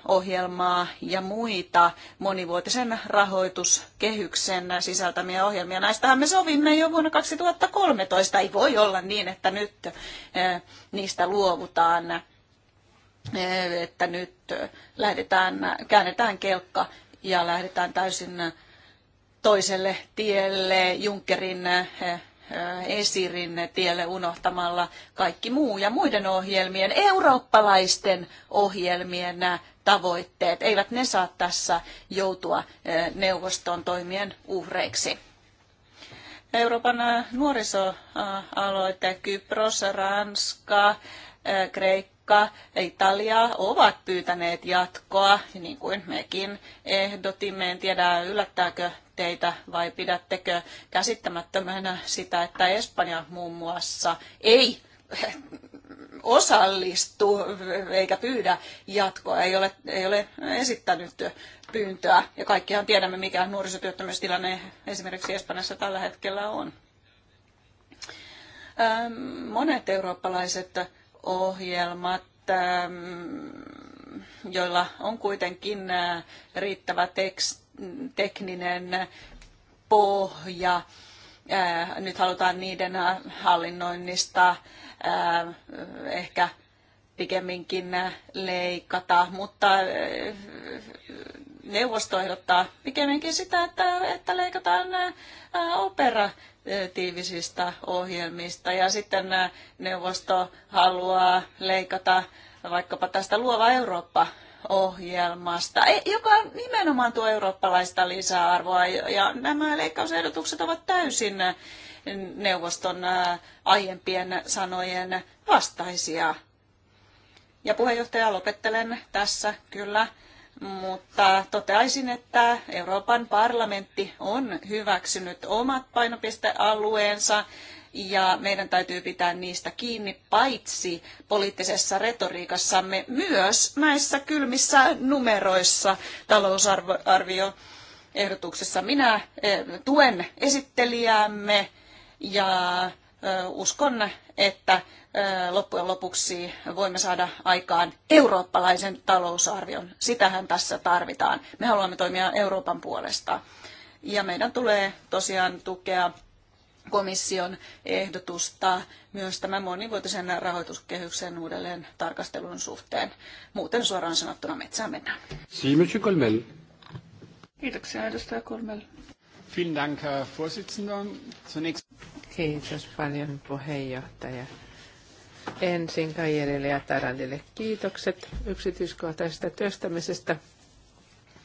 ohjelmaa ja muita monivuotisen rahoituskehyksen sisältämiä ohjelmia. Näistähän me sovimme jo vuonna 2013. Ei voi olla niin, että nyt niistä luovutaan, että nyt lähdetään, käännetään kelkka ja lähdetään täysin toiselle tielle Junckerin Äh, Esirin tielle unohtamalla kaikki muu ja muiden ohjelmien, eurooppalaisten ohjelmien nämä äh, tavoitteet. Eivät ne saa tässä joutua äh, neuvoston toimien uhreiksi. Euroopan nuorisoaloite, Kypros, Ranska, Kreikka, Kreikka, Italia ovat pyytäneet jatkoa, niin kuin mekin ehdotimme. En tiedä, yllättääkö teitä vai pidättekö käsittämättömänä sitä, että Espanja muun muassa ei osallistu eikä pyydä jatkoa, ei ole, ei ole esittänyt pyyntöä. Ja kaikkihan tiedämme, mikä nuorisotyöttömyystilanne esimerkiksi Espanjassa tällä hetkellä on. Monet eurooppalaiset ohjelmat, ähm, joilla on kuitenkin äh, riittävä tekst, tekninen pohja. Äh, nyt halutaan niiden äh, hallinnoinnista ehkä pikemminkin leikata, mutta neuvosto ehdottaa pikemminkin sitä, että, että leikataan opera operatiivisista ohjelmista ja sitten neuvosto haluaa leikata vaikkapa tästä Luova Eurooppa ohjelmasta, e, joka nimenomaan tuo eurooppalaista lisäarvoa. Ja nämä leikkausehdotukset ovat täysin neuvoston aiempien sanojen vastaisia. Ja puheenjohtaja, lopettelen tässä kyllä mutta toteaisin, että Euroopan parlamentti on hyväksynyt omat painopistealueensa ja meidän täytyy pitää niistä kiinni paitsi poliittisessa retoriikassamme myös näissä kylmissä numeroissa talousarvioehdotuksessa. Minä eh, tuen esittelijäämme ja uskon, että loppujen lopuksi voimme saada aikaan eurooppalaisen talousarvion. Sitähän tässä tarvitaan. Me haluamme toimia Euroopan puolesta. Ja meidän tulee tosiaan tukea komission ehdotusta myös tämän monivuotisen rahoituskehyksen uudelleen tarkastelun suhteen. Muuten suoraan sanottuna metsään mennään.
Si, Kolmel.
Kiitoksia, edustaja Kolmel. Vielen Dank, Herr Vorsitzender. Zunächst... Kiitos paljon puheenjohtaja. Ensin Kajerille ja Tarandille kiitokset yksityiskohtaisesta työstämisestä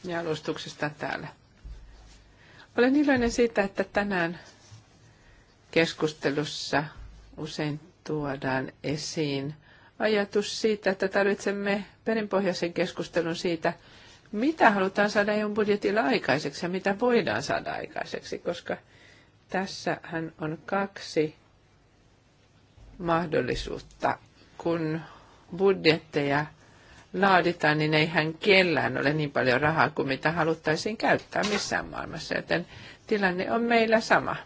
ja alustuksesta täällä. Olen iloinen siitä, että tänään keskustelussa usein tuodaan esiin ajatus siitä, että tarvitsemme perinpohjaisen keskustelun siitä, mitä halutaan saada eu budjetilla aikaiseksi ja mitä voidaan saada aikaiseksi, koska – tässä hän on kaksi mahdollisuutta. Kun budjetteja laaditaan, niin ei hän kellään ole niin paljon rahaa kuin mitä haluttaisiin käyttää missään maailmassa, joten tilanne on meillä sama.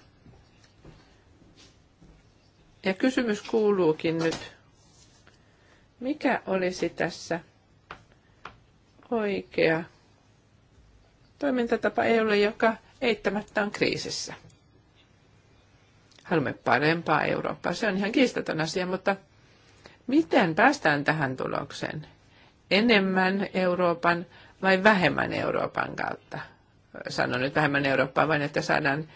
Ja kysymys kuuluukin nyt, mikä olisi tässä oikea toimintatapa EUlle, joka eittämättä on kriisissä? Haluamme parempaa Eurooppaa. Se on ihan kiistaton asia, mutta miten päästään tähän tulokseen? Enemmän Euroopan vai vähemmän Euroopan kautta? Sanon nyt vähemmän Eurooppaa, vain että saadaan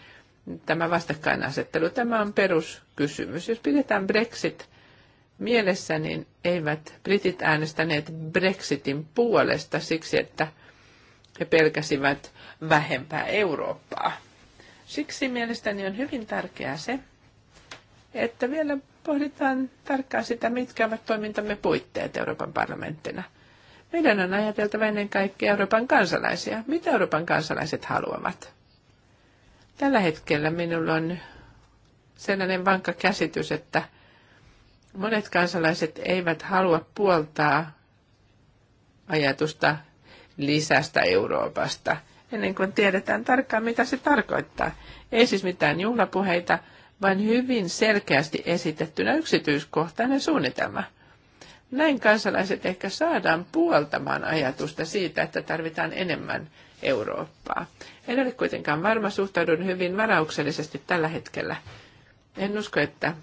tämä vastakkainasettelu. Tämä on peruskysymys. Jos pidetään Brexit mielessä, niin eivät britit äänestäneet Brexitin puolesta siksi, että he pelkäsivät vähempää Eurooppaa. Siksi mielestäni on hyvin tärkeää se, että vielä pohditaan tarkkaan sitä, mitkä ovat toimintamme puitteet Euroopan parlamenttina. Meidän on ajateltava ennen kaikkea Euroopan kansalaisia. Mitä Euroopan kansalaiset haluavat? Tällä hetkellä minulla on sellainen vankka käsitys, että monet kansalaiset eivät halua puoltaa ajatusta lisästä Euroopasta – ennen kuin tiedetään tarkkaan, mitä se tarkoittaa. Ei siis mitään juhlapuheita, vaan hyvin selkeästi esitettynä yksityiskohtainen suunnitelma. Näin kansalaiset ehkä saadaan puoltamaan ajatusta siitä, että tarvitaan enemmän Eurooppaa. En ole kuitenkaan varma, suhtaudun hyvin varauksellisesti tällä hetkellä. En usko, että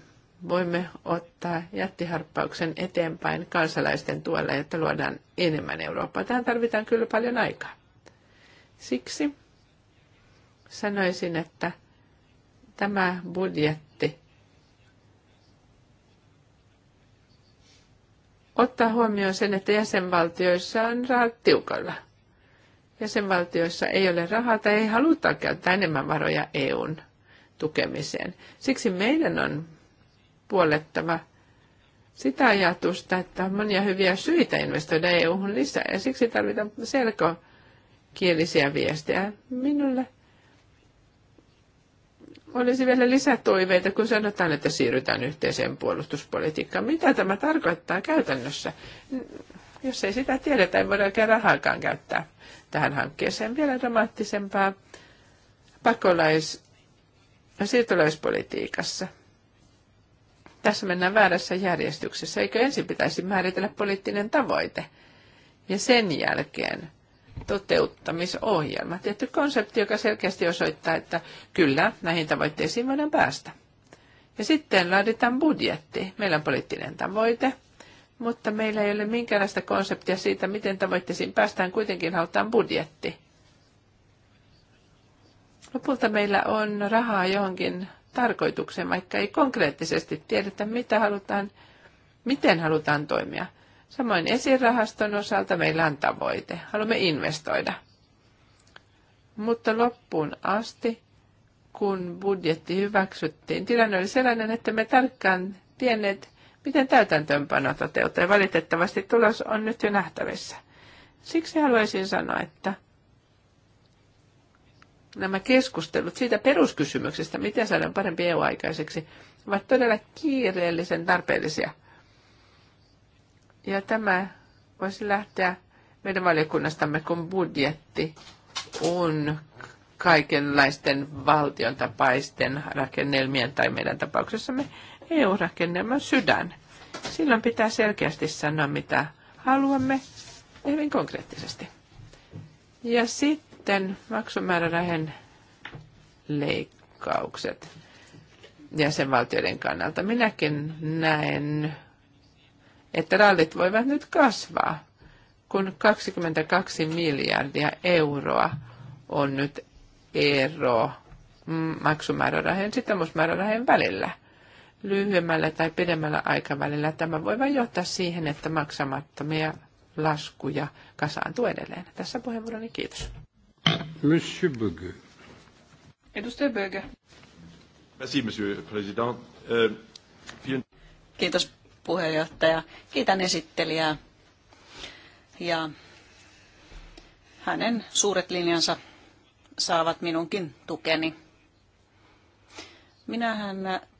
voimme ottaa jättiharppauksen eteenpäin kansalaisten tuella, että luodaan enemmän Eurooppaa. Tähän tarvitaan kyllä paljon aikaa. Siksi sanoisin, että tämä budjetti ottaa huomioon sen, että jäsenvaltioissa on rahat tiukalla. Jäsenvaltioissa ei ole rahaa tai ei haluta käyttää enemmän varoja EUn tukemiseen. Siksi meidän on puolettava sitä ajatusta, että on monia hyviä syitä investoida EU:hun lisää ja siksi tarvitaan selkoa kielisiä viestejä. Minulle olisi vielä lisätoiveita, kun sanotaan, että siirrytään yhteiseen puolustuspolitiikkaan. Mitä tämä tarkoittaa käytännössä? Jos ei sitä tiedetä, ei voida oikein rahaakaan käyttää tähän hankkeeseen. Vielä dramaattisempaa pakolais- ja siirtolaispolitiikassa. Tässä mennään väärässä järjestyksessä. Eikö ensin pitäisi määritellä poliittinen tavoite ja sen jälkeen – toteuttamisohjelma. Tietty konsepti, joka selkeästi osoittaa, että kyllä näihin tavoitteisiin voidaan päästä. Ja sitten laaditaan budjetti. Meillä on poliittinen tavoite, mutta meillä ei ole minkäänlaista konseptia siitä, miten tavoitteisiin päästään. Kuitenkin halutaan budjetti. Lopulta meillä on rahaa johonkin tarkoitukseen, vaikka ei konkreettisesti tiedetä, mitä halutaan, miten halutaan toimia – Samoin esirahaston osalta meillä on tavoite. Haluamme investoida. Mutta loppuun asti, kun budjetti hyväksyttiin, tilanne oli sellainen, että me tarkkaan tienneet, miten täytäntöönpano toteutuu. Ja valitettavasti tulos on nyt jo nähtävissä. Siksi haluaisin sanoa, että nämä keskustelut siitä peruskysymyksestä, miten saadaan parempi EU aikaiseksi, ovat todella kiireellisen tarpeellisia – ja tämä voisi lähteä meidän valiokunnastamme, kun budjetti on kaikenlaisten valtion tapaisten rakennelmien tai meidän tapauksessamme EU-rakennelman sydän. Silloin pitää selkeästi sanoa, mitä haluamme hyvin konkreettisesti. Ja sitten maksumäärärahen leikkaukset jäsenvaltioiden kannalta. Minäkin näen että rallit voivat nyt kasvaa, kun 22 miljardia euroa on nyt ero maksumäärärahojen sitomusmäärärahojen välillä. Lyhyemmällä tai pidemmällä aikavälillä tämä voi vain johtaa siihen, että maksamattomia laskuja kasaantuu edelleen. Tässä puheenvuoroni kiitos.
Monsieur Böge.
Edustaja Böge. Merci, monsieur président. Euh, kiitos
puheenjohtaja. Kiitän esittelijää ja hänen suuret linjansa saavat minunkin tukeni. Minähän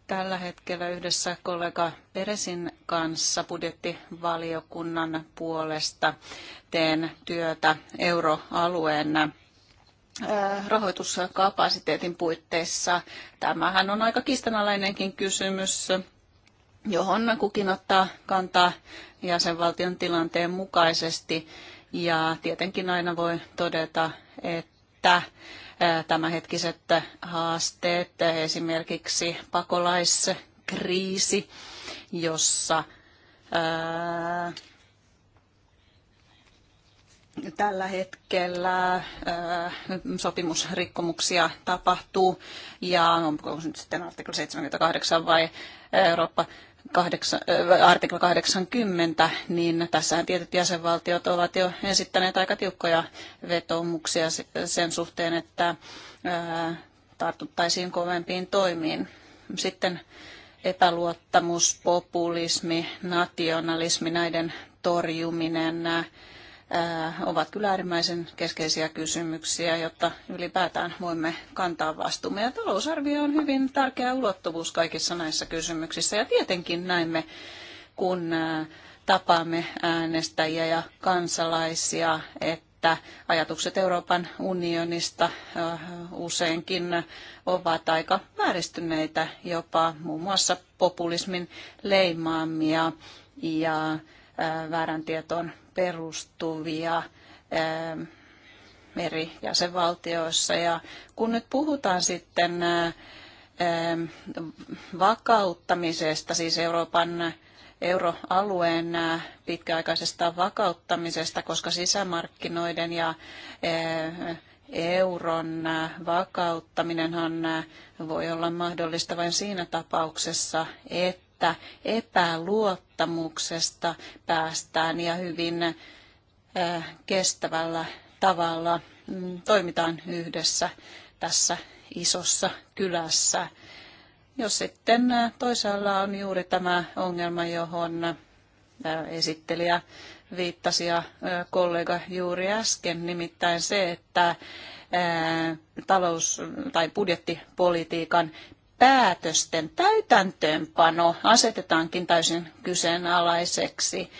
tällä hetkellä yhdessä kollega Peresin kanssa budjettivaliokunnan puolesta teen työtä euroalueen äh, rahoituskapasiteetin puitteissa. Tämähän on aika kiistanalainenkin kysymys johon kukin ottaa kantaa jäsenvaltion tilanteen mukaisesti. Ja tietenkin aina voi todeta, että tämänhetkiset haasteet, esimerkiksi pakolaiskriisi, jossa tällä hetkellä sopimusrikkomuksia tapahtuu, ja onko nyt sitten artikla 78 vai Eurooppa 8, äh, artikla 80, niin tässähän tietyt jäsenvaltiot ovat jo esittäneet aika tiukkoja vetoomuksia sen suhteen, että äh, tartuttaisiin kovempiin toimiin. Sitten epäluottamus, populismi, nationalismi, näiden torjuminen, äh, Äh, ovat kyllä äärimmäisen keskeisiä kysymyksiä, jotta ylipäätään voimme kantaa vastuumme. Ja talousarvio on hyvin tärkeä ulottuvuus kaikissa näissä kysymyksissä. Ja tietenkin näemme, kun äh, tapaamme äänestäjiä ja kansalaisia, että ajatukset Euroopan unionista äh, useinkin ovat aika vääristyneitä, jopa muun muassa populismin leimaamia ja väärän tietoon perustuvia ähm, eri jäsenvaltioissa. Ja kun nyt puhutaan sitten ähm, vakauttamisesta, siis Euroopan euroalueen äh, pitkäaikaisesta vakauttamisesta, koska sisämarkkinoiden ja äh, euron äh, vakauttaminenhan voi olla mahdollista vain siinä tapauksessa, että että epäluottamuksesta päästään ja hyvin eh, kestävällä tavalla mm, toimitaan yhdessä tässä isossa kylässä. Jos sitten eh, toisaalla on juuri tämä ongelma, johon eh, esittelijä viittasi ja kollega juuri äsken, nimittäin se, että talous- tai budjettipolitiikan päätösten täytäntöönpano asetetaankin täysin kyseenalaiseksi.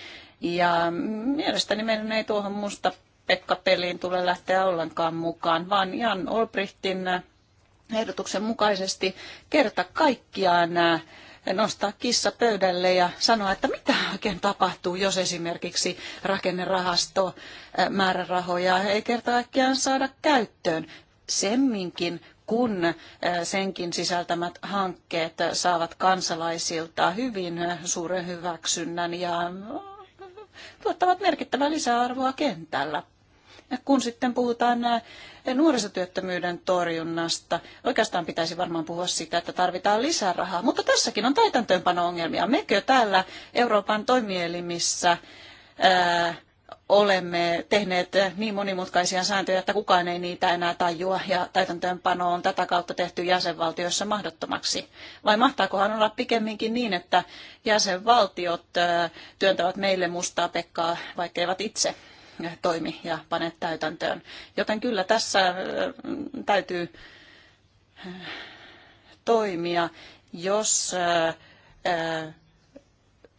Ja mielestäni meidän ei tuohon musta Pekka-peliin tule lähteä ollenkaan mukaan, vaan Jan Olbrichtin ehdotuksen mukaisesti kerta kaikkiaan äh, nostaa kissa pöydälle ja sanoa, että mitä oikein tapahtuu, jos esimerkiksi rakennerahasto äh, määrärahoja ei kerta kaikkiaan saada käyttöön. Semminkin, kun äh, senkin sisältämät hankkeet saavat kansalaisilta hyvin äh, suuren hyväksynnän ja äh, tuottavat merkittävää lisäarvoa kentällä. Ja kun sitten puhutaan nuorisotyöttömyyden torjunnasta, oikeastaan pitäisi varmaan puhua siitä, että tarvitaan lisää rahaa. Mutta tässäkin on täytäntöönpano-ongelmia. Mekö täällä Euroopan toimielimissä ää, olemme tehneet niin monimutkaisia sääntöjä, että kukaan ei niitä enää tajua ja täytäntöönpano on tätä kautta tehty jäsenvaltioissa mahdottomaksi. Vai mahtaakohan olla pikemminkin niin, että jäsenvaltiot työntävät meille mustaa pekkaa, vaikka eivät itse toimi ja pane täytäntöön. Joten kyllä tässä täytyy toimia, jos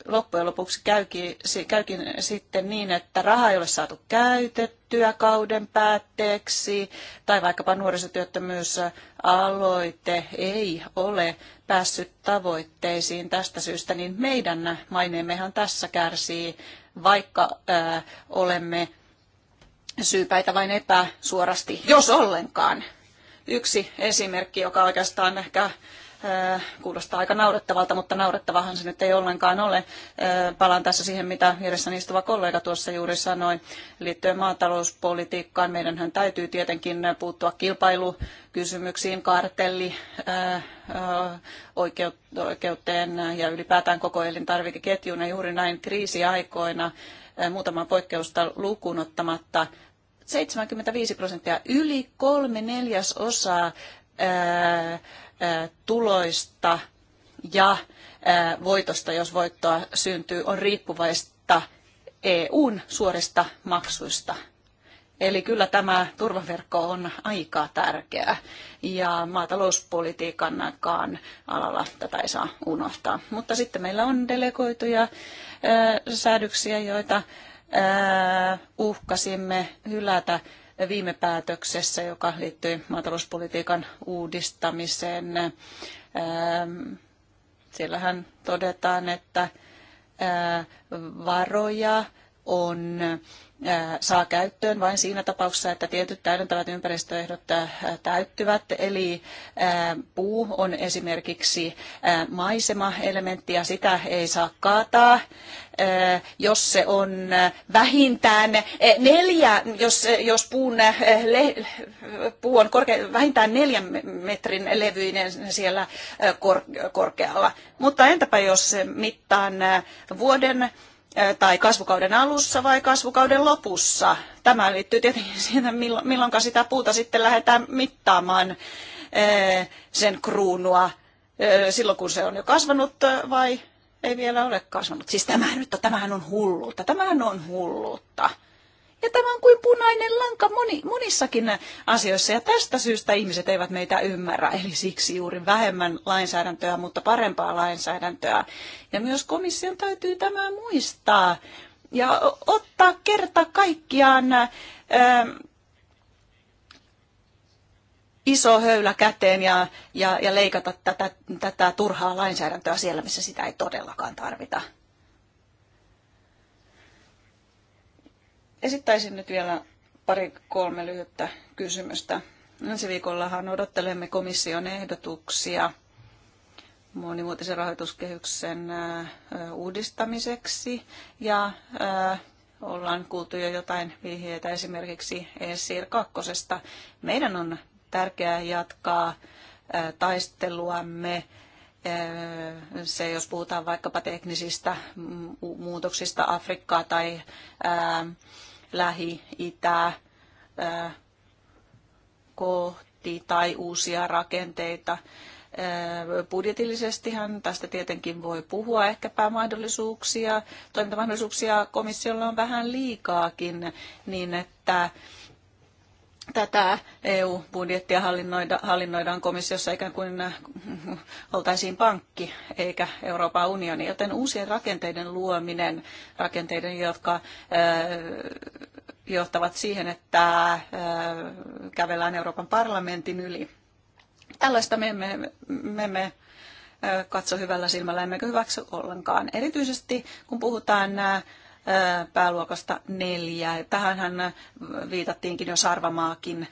loppujen lopuksi käykin, käykin sitten niin, että raha ei ole saatu käytettyä kauden päätteeksi tai vaikkapa nuorisotyöttömyysaloite ei ole päässyt tavoitteisiin tästä syystä, niin meidän maineemmehan tässä kärsii, vaikka ää, olemme syypäitä vain epäsuorasti, jos ollenkaan. Yksi esimerkki, joka oikeastaan ehkä Äh, kuulostaa aika naurettavalta, mutta naurettavahan se nyt ei ollenkaan ole. Äh, palaan tässä siihen, mitä vieressäni istuva kollega tuossa juuri sanoi liittyen maatalouspolitiikkaan. Meidänhän täytyy tietenkin puuttua kilpailukysymyksiin, kartelli, äh, oikeuteen ja ylipäätään koko elintarvikeketjuun. Ja juuri näin kriisiaikoina muutama poikkeusta lukuun ottamatta 75 prosenttia, yli kolme neljäsosaa tuloista ja voitosta, jos voittoa syntyy, on riippuvaista EUn suorista maksuista. Eli kyllä tämä turvaverkko on aika tärkeä ja maatalouspolitiikankaan alalla tätä ei saa unohtaa. Mutta sitten meillä on delegoituja säädöksiä, joita uhkasimme hylätä viime päätöksessä, joka liittyi maatalouspolitiikan uudistamiseen. Ähm, siellähän todetaan, että äh, varoja on saa käyttöön vain siinä tapauksessa, että tietyt täydentävät ympäristöehdot täyttyvät. Eli puu on esimerkiksi maisemaelementti ja sitä ei saa kaataa, jos se on vähintään neljä, jos, jos puun le, puu on korke, vähintään neljän metrin levyinen siellä kor, korkealla. Mutta entäpä jos mittaan vuoden tai kasvukauden alussa vai kasvukauden lopussa. Tämä liittyy tietenkin siihen, milloin sitä puuta sitten lähdetään mittaamaan sen kruunua silloin, kun se on jo kasvanut vai ei vielä ole kasvanut. Siis tämähän nyt on, tämähän on hulluutta, tämähän on hulluutta. Ja tämä on kuin punainen lanka moni, monissakin asioissa ja tästä syystä ihmiset eivät meitä ymmärrä. Eli siksi juuri vähemmän lainsäädäntöä, mutta parempaa lainsäädäntöä. Ja myös komission täytyy tämä muistaa ja ottaa kerta kaikkiaan ää, iso höylä käteen ja, ja, ja leikata tätä, tätä turhaa lainsäädäntöä siellä, missä sitä ei todellakaan tarvita. Esittäisin nyt vielä pari kolme lyhyttä kysymystä. Ensi viikollahan odottelemme komission ehdotuksia monivuotisen rahoituskehyksen uudistamiseksi ja ollaan kuultu jo jotain vihjeitä esimerkiksi ESIR 2. Meidän on tärkeää jatkaa taisteluamme se, jos puhutaan vaikkapa teknisistä muutoksista Afrikkaa tai Lähi-Itää kohti tai uusia rakenteita. Budjetillisestihan tästä tietenkin voi puhua ehkäpä mahdollisuuksia, toimintamahdollisuuksia komissiolla on vähän liikaakin, niin että tätä EU-budjettia hallinnoida, hallinnoidaan komissiossa ikään kuin äh, oltaisiin pankki eikä Euroopan unioni, joten uusien rakenteiden luominen, rakenteiden, jotka äh, johtavat siihen, että äh, kävellään Euroopan parlamentin yli. Tällaista me emme, me emme katso hyvällä silmällä, emmekä hyväksy ollenkaan. Erityisesti kun puhutaan pääluokasta neljä. Tähänhän viitattiinkin jo Sarvamaakin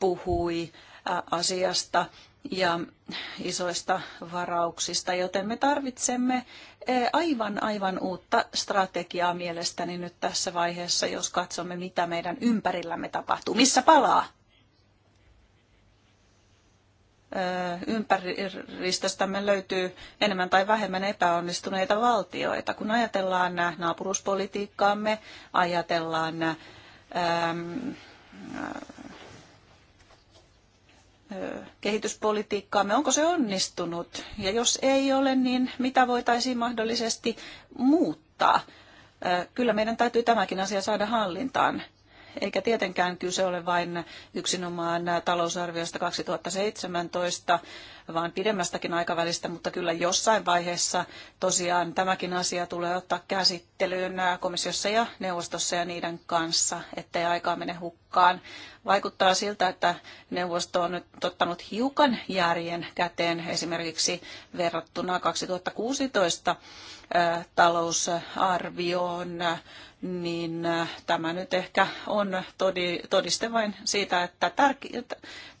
puhui asiasta ja isoista varauksista, joten me tarvitsemme aivan aivan uutta strategiaa mielestäni nyt tässä vaiheessa, jos katsomme mitä meidän ympärillämme tapahtuu, missä palaa ympäristöstämme löytyy enemmän tai vähemmän epäonnistuneita valtioita. Kun ajatellaan naapuruspolitiikkaamme, ajatellaan kehityspolitiikkaamme, onko se onnistunut? Ja jos ei ole, niin mitä voitaisiin mahdollisesti muuttaa? kyllä meidän täytyy tämäkin asia saada hallintaan eikä tietenkään kyse ole vain yksinomaan talousarviosta 2017, vaan pidemmästäkin aikavälistä, mutta kyllä jossain vaiheessa tosiaan tämäkin asia tulee ottaa käsittelyyn komissiossa ja neuvostossa ja niiden kanssa, ettei aikaa mene hukkaan. Vaikuttaa siltä, että neuvosto on nyt ottanut hiukan järjen käteen esimerkiksi verrattuna 2016 talousarvioon, niin tämä nyt ehkä on todiste vain siitä, että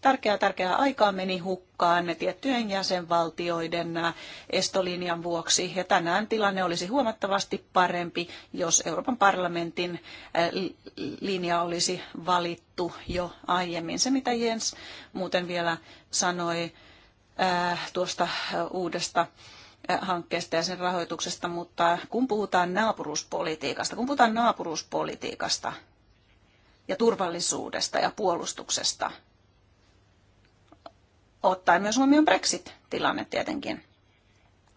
Tärkeää, tärkeää aikaa meni hukkaan tiettyjen jäsenvaltioiden äh, estolinjan vuoksi. Ja tänään tilanne olisi huomattavasti parempi, jos Euroopan parlamentin äh, linja olisi valittu jo aiemmin. Se, mitä Jens muuten vielä sanoi äh, tuosta uudesta hankkeesta ja sen rahoituksesta, mutta kun puhutaan naapuruuspolitiikasta, kun puhutaan naapuruuspolitiikasta ja turvallisuudesta ja puolustuksesta, ottaen myös huomioon Brexit-tilanne tietenkin.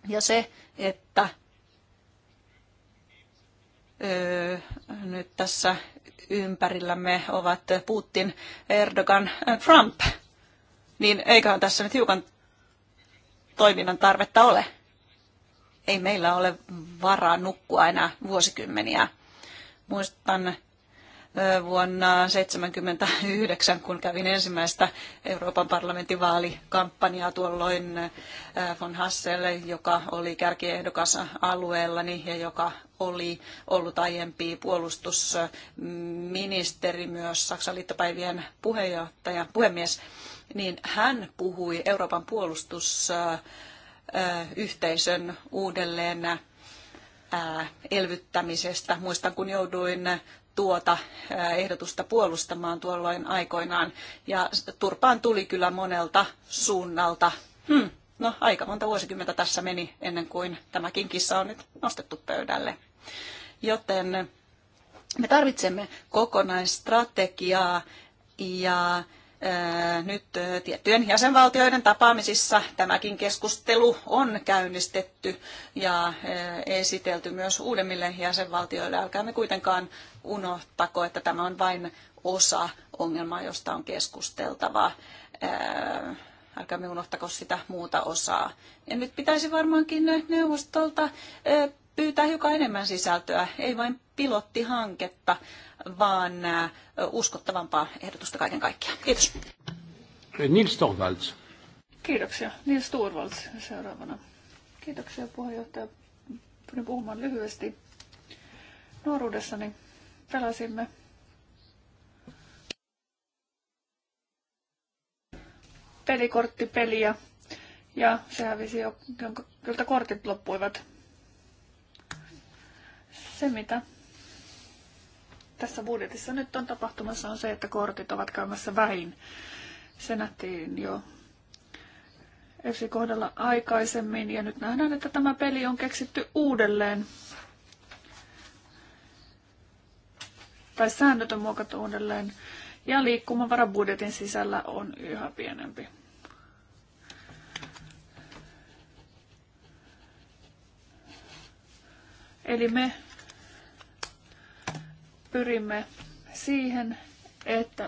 Ja se, että öö, nyt tässä ympärillämme ovat Putin, Erdogan, Trump, niin eiköhän tässä nyt hiukan toiminnan tarvetta ole. Ei meillä ole varaa nukkua enää vuosikymmeniä. Muistan vuonna 1979, kun kävin ensimmäistä Euroopan parlamentin vaalikampanjaa tuolloin von Hasselle, joka oli kärkiehdokas alueellani ja joka oli ollut aiempi puolustusministeri myös Saksan liittopäivien puheenjohtaja, puhemies, niin hän puhui Euroopan puolustusyhteisön uudelleen elvyttämisestä. Muistan, kun jouduin tuota ehdotusta puolustamaan tuolloin aikoinaan. Ja turpaan tuli kyllä monelta suunnalta. Hmm. No, aika monta vuosikymmentä tässä meni ennen kuin tämäkin kissa on nyt nostettu pöydälle. Joten me tarvitsemme kokonaisstrategiaa ja nyt tiettyjen jäsenvaltioiden tapaamisissa tämäkin keskustelu on käynnistetty ja esitelty myös uudemmille jäsenvaltioille. Älkäämme kuitenkaan unohtako, että tämä on vain osa ongelmaa, josta on keskusteltava. Älkäämme unohtako sitä muuta osaa. Ja nyt pitäisi varmaankin neuvostolta pyytää hiukan enemmän sisältöä, ei vain pilottihanketta, vaan uskottavampaa
ehdotusta kaiken kaikkiaan. Kiitos.
Nils Torvalds.
Kiitoksia. Nils Torvalds seuraavana. Kiitoksia puheenjohtaja. Pyrin puhumaan lyhyesti nuoruudessani pelasimme. pelikorttipeliä ja se hävisi, jo, jonka, jolta kortit loppuivat. Se mitä tässä budjetissa nyt on tapahtumassa on se, että kortit ovat käymässä vähin. Se nähtiin jo esikohdalla kohdalla aikaisemmin ja nyt nähdään, että tämä peli on keksitty uudelleen tai säännöt on muokattu uudelleen ja liikkumavara budjetin sisällä on yhä pienempi. Eli me pyrimme siihen, että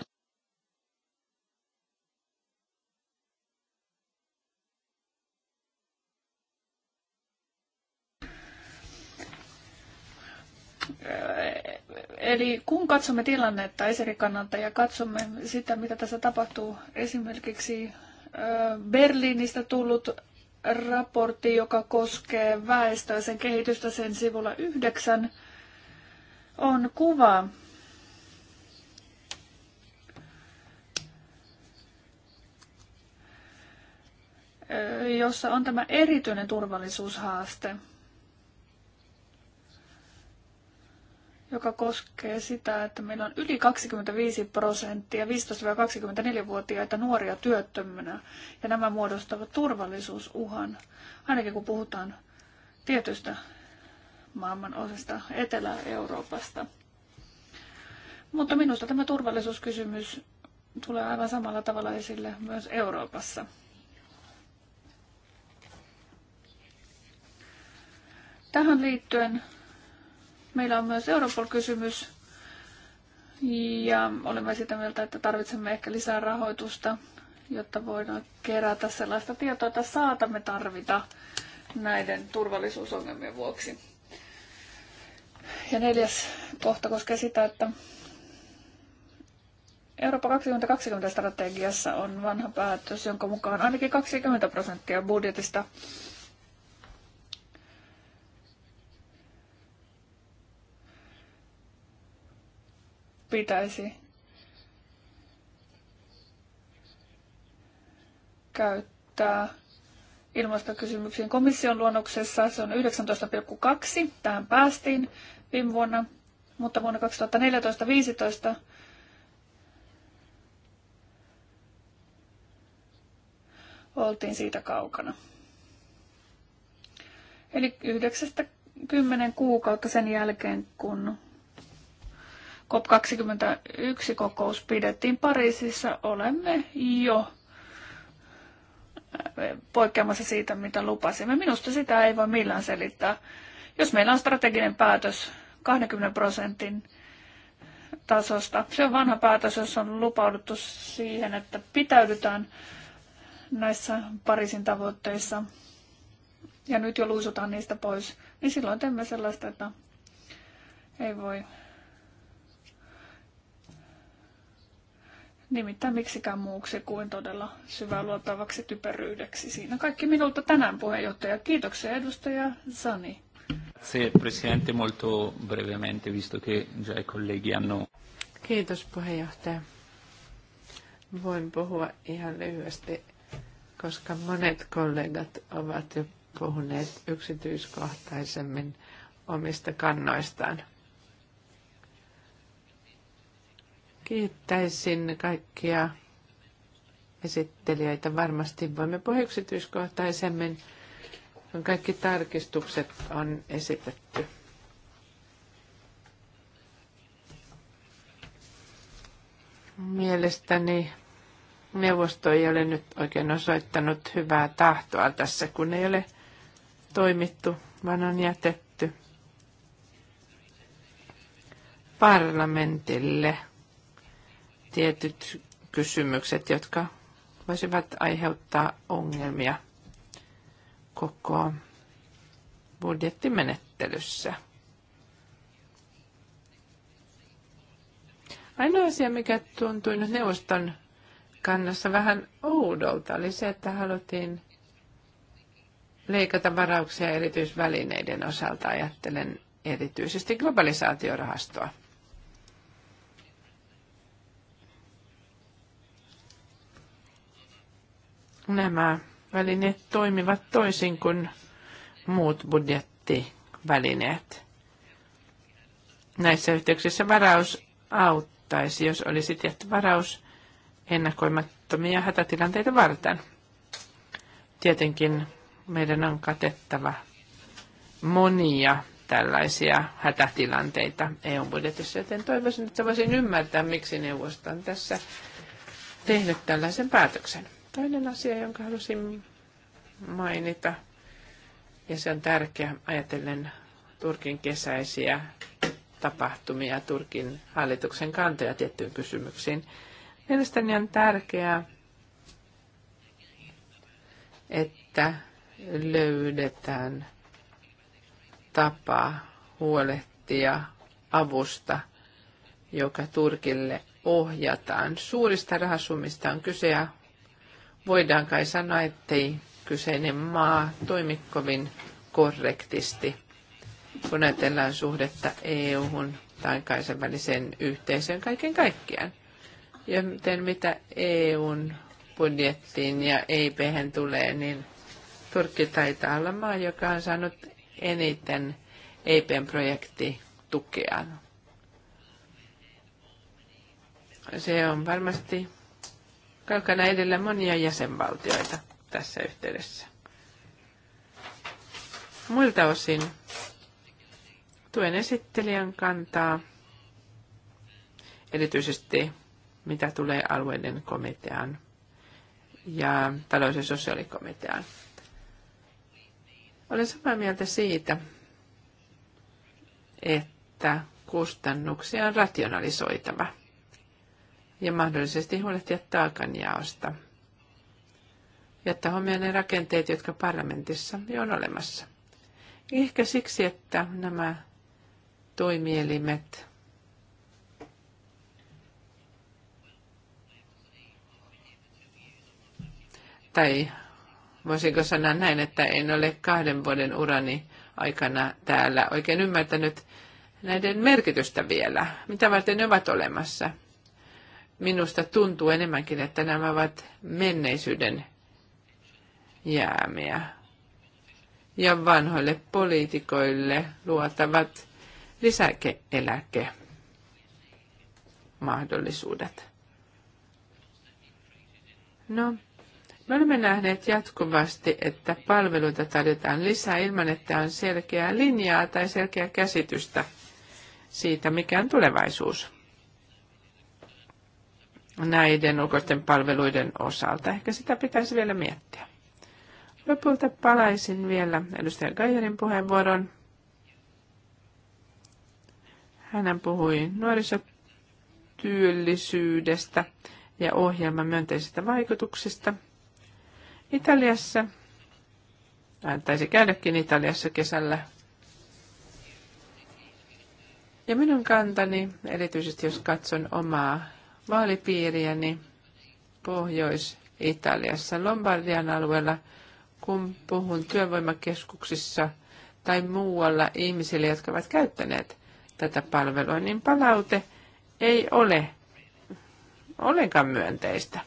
Eli kun katsomme tilannetta Eserin kannalta ja katsomme sitä, mitä tässä tapahtuu, esimerkiksi Berliinistä tullut raportti, joka koskee väestöä, sen kehitystä, sen sivulla yhdeksän, on kuva jossa on tämä erityinen turvallisuushaaste – joka koskee sitä, että meillä on yli 25 prosenttia 15-24-vuotiaita nuoria työttömänä, ja nämä muodostavat turvallisuusuhan, ainakin kun puhutaan tietystä maailman osasta Etelä-Euroopasta. Mutta minusta tämä turvallisuuskysymys tulee aivan samalla tavalla esille myös Euroopassa. Tähän liittyen Meillä on myös Europol-kysymys ja olemme sitä mieltä, että tarvitsemme ehkä lisää rahoitusta, jotta voidaan kerätä sellaista tietoa, jota saatamme tarvita näiden turvallisuusongelmien vuoksi. Ja neljäs kohta koskee sitä, että Eurooppa 2020 strategiassa on vanha päätös, jonka mukaan ainakin 20 prosenttia budjetista pitäisi käyttää ilmastokysymyksiin komission luonnoksessa. Se on 19,2. Tähän päästiin viime vuonna, mutta vuonna 2014-2015 oltiin siitä kaukana. Eli 90 kuukautta sen jälkeen, kun COP21-kokous pidettiin Pariisissa, olemme jo äh, poikkeamassa siitä, mitä lupasimme. Minusta sitä ei voi millään selittää. Jos meillä on strateginen päätös 20 prosentin tasosta, se on vanha päätös, jossa on lupauduttu siihen, että pitäydytään näissä Pariisin tavoitteissa ja nyt jo luisutaan niistä pois, niin silloin teemme sellaista, että ei voi nimittäin miksikään muuksi kuin todella syvään luottavaksi typeryydeksi. Siinä kaikki minulta tänään puheenjohtaja. Kiitoksia edustaja Sani.
Se presidente molto brevemente, visto che già i colleghi hanno... Kiitos puheenjohtaja. Voin puhua ihan lyhyesti, koska monet kollegat ovat jo puhuneet yksityiskohtaisemmin omista kannoistaan. Kiittäisin kaikkia esittelijöitä. Varmasti voimme puhua yksityiskohtaisemmin, kun kaikki tarkistukset on esitetty. Mielestäni neuvosto ei ole nyt oikein osoittanut hyvää tahtoa tässä, kun ei ole toimittu, vaan on jätetty parlamentille – tietyt kysymykset, jotka voisivat aiheuttaa ongelmia koko budjettimenettelyssä. Ainoa asia, mikä tuntui nyt neuvoston kannassa vähän oudolta, oli se, että haluttiin leikata varauksia erityisvälineiden osalta. Ajattelen erityisesti globalisaatiorahastoa. nämä välineet toimivat toisin kuin muut budjettivälineet. Näissä yhteyksissä varaus auttaisi, jos olisi tietty varaus ennakoimattomia hätätilanteita varten. Tietenkin meidän on katettava monia tällaisia hätätilanteita EU-budjetissa, joten toivoisin, että voisin ymmärtää, miksi neuvosto on tässä tehnyt tällaisen päätöksen. Toinen asia, jonka halusin mainita, ja se on tärkeä ajatellen Turkin kesäisiä tapahtumia, Turkin hallituksen kantoja tiettyyn kysymyksiin. Mielestäni on tärkeää, että löydetään tapa huolehtia avusta, joka Turkille ohjataan. Suurista rahasummista on kyse ja voidaan kai sanoa, ettei kyseinen maa toimi kovin korrektisti, kun ajatellaan suhdetta EU-hun tai kansainväliseen yhteisöön kaiken kaikkiaan. Ja miten mitä EUn budjettiin ja eip tulee, niin Turkki taitaa olla maa, joka on saanut eniten EIPn projekti tukea. Se on varmasti kaukana edellä monia jäsenvaltioita tässä yhteydessä. Muilta osin tuen esittelijän kantaa, erityisesti mitä tulee alueiden komitean ja talous- ja sosiaalikomiteaan. Olen samaa mieltä siitä, että kustannuksia on rationalisoitava – ja mahdollisesti huolehtia taakanjaosta. Jättää huomioon ne rakenteet, jotka parlamentissa jo on olemassa. Ehkä siksi, että nämä toimielimet tai voisinko sanoa näin, että en ole kahden vuoden urani aikana täällä oikein ymmärtänyt näiden merkitystä vielä. Mitä varten ne ovat olemassa? minusta tuntuu enemmänkin, että nämä ovat menneisyyden jäämiä. Ja vanhoille poliitikoille luotavat lisäkeeläke mahdollisuudet. No, me olemme nähneet jatkuvasti, että palveluita tarjotaan lisää ilman, että on selkeää linjaa tai selkeää käsitystä siitä, mikä on tulevaisuus näiden ulkoisten palveluiden osalta. Ehkä sitä pitäisi vielä miettiä. Lopulta palaisin vielä edustaja Gajerin puheenvuoron. Hän puhui nuorisotyöllisyydestä ja ohjelman myönteisistä vaikutuksista. Italiassa, äh, taisi käydäkin Italiassa kesällä. Ja minun kantani, erityisesti jos katson omaa vaalipiiriäni Pohjois-Italiassa Lombardian alueella, kun puhun työvoimakeskuksissa tai muualla ihmisille, jotka ovat käyttäneet tätä palvelua, niin palaute ei ole ollenkaan myönteistä.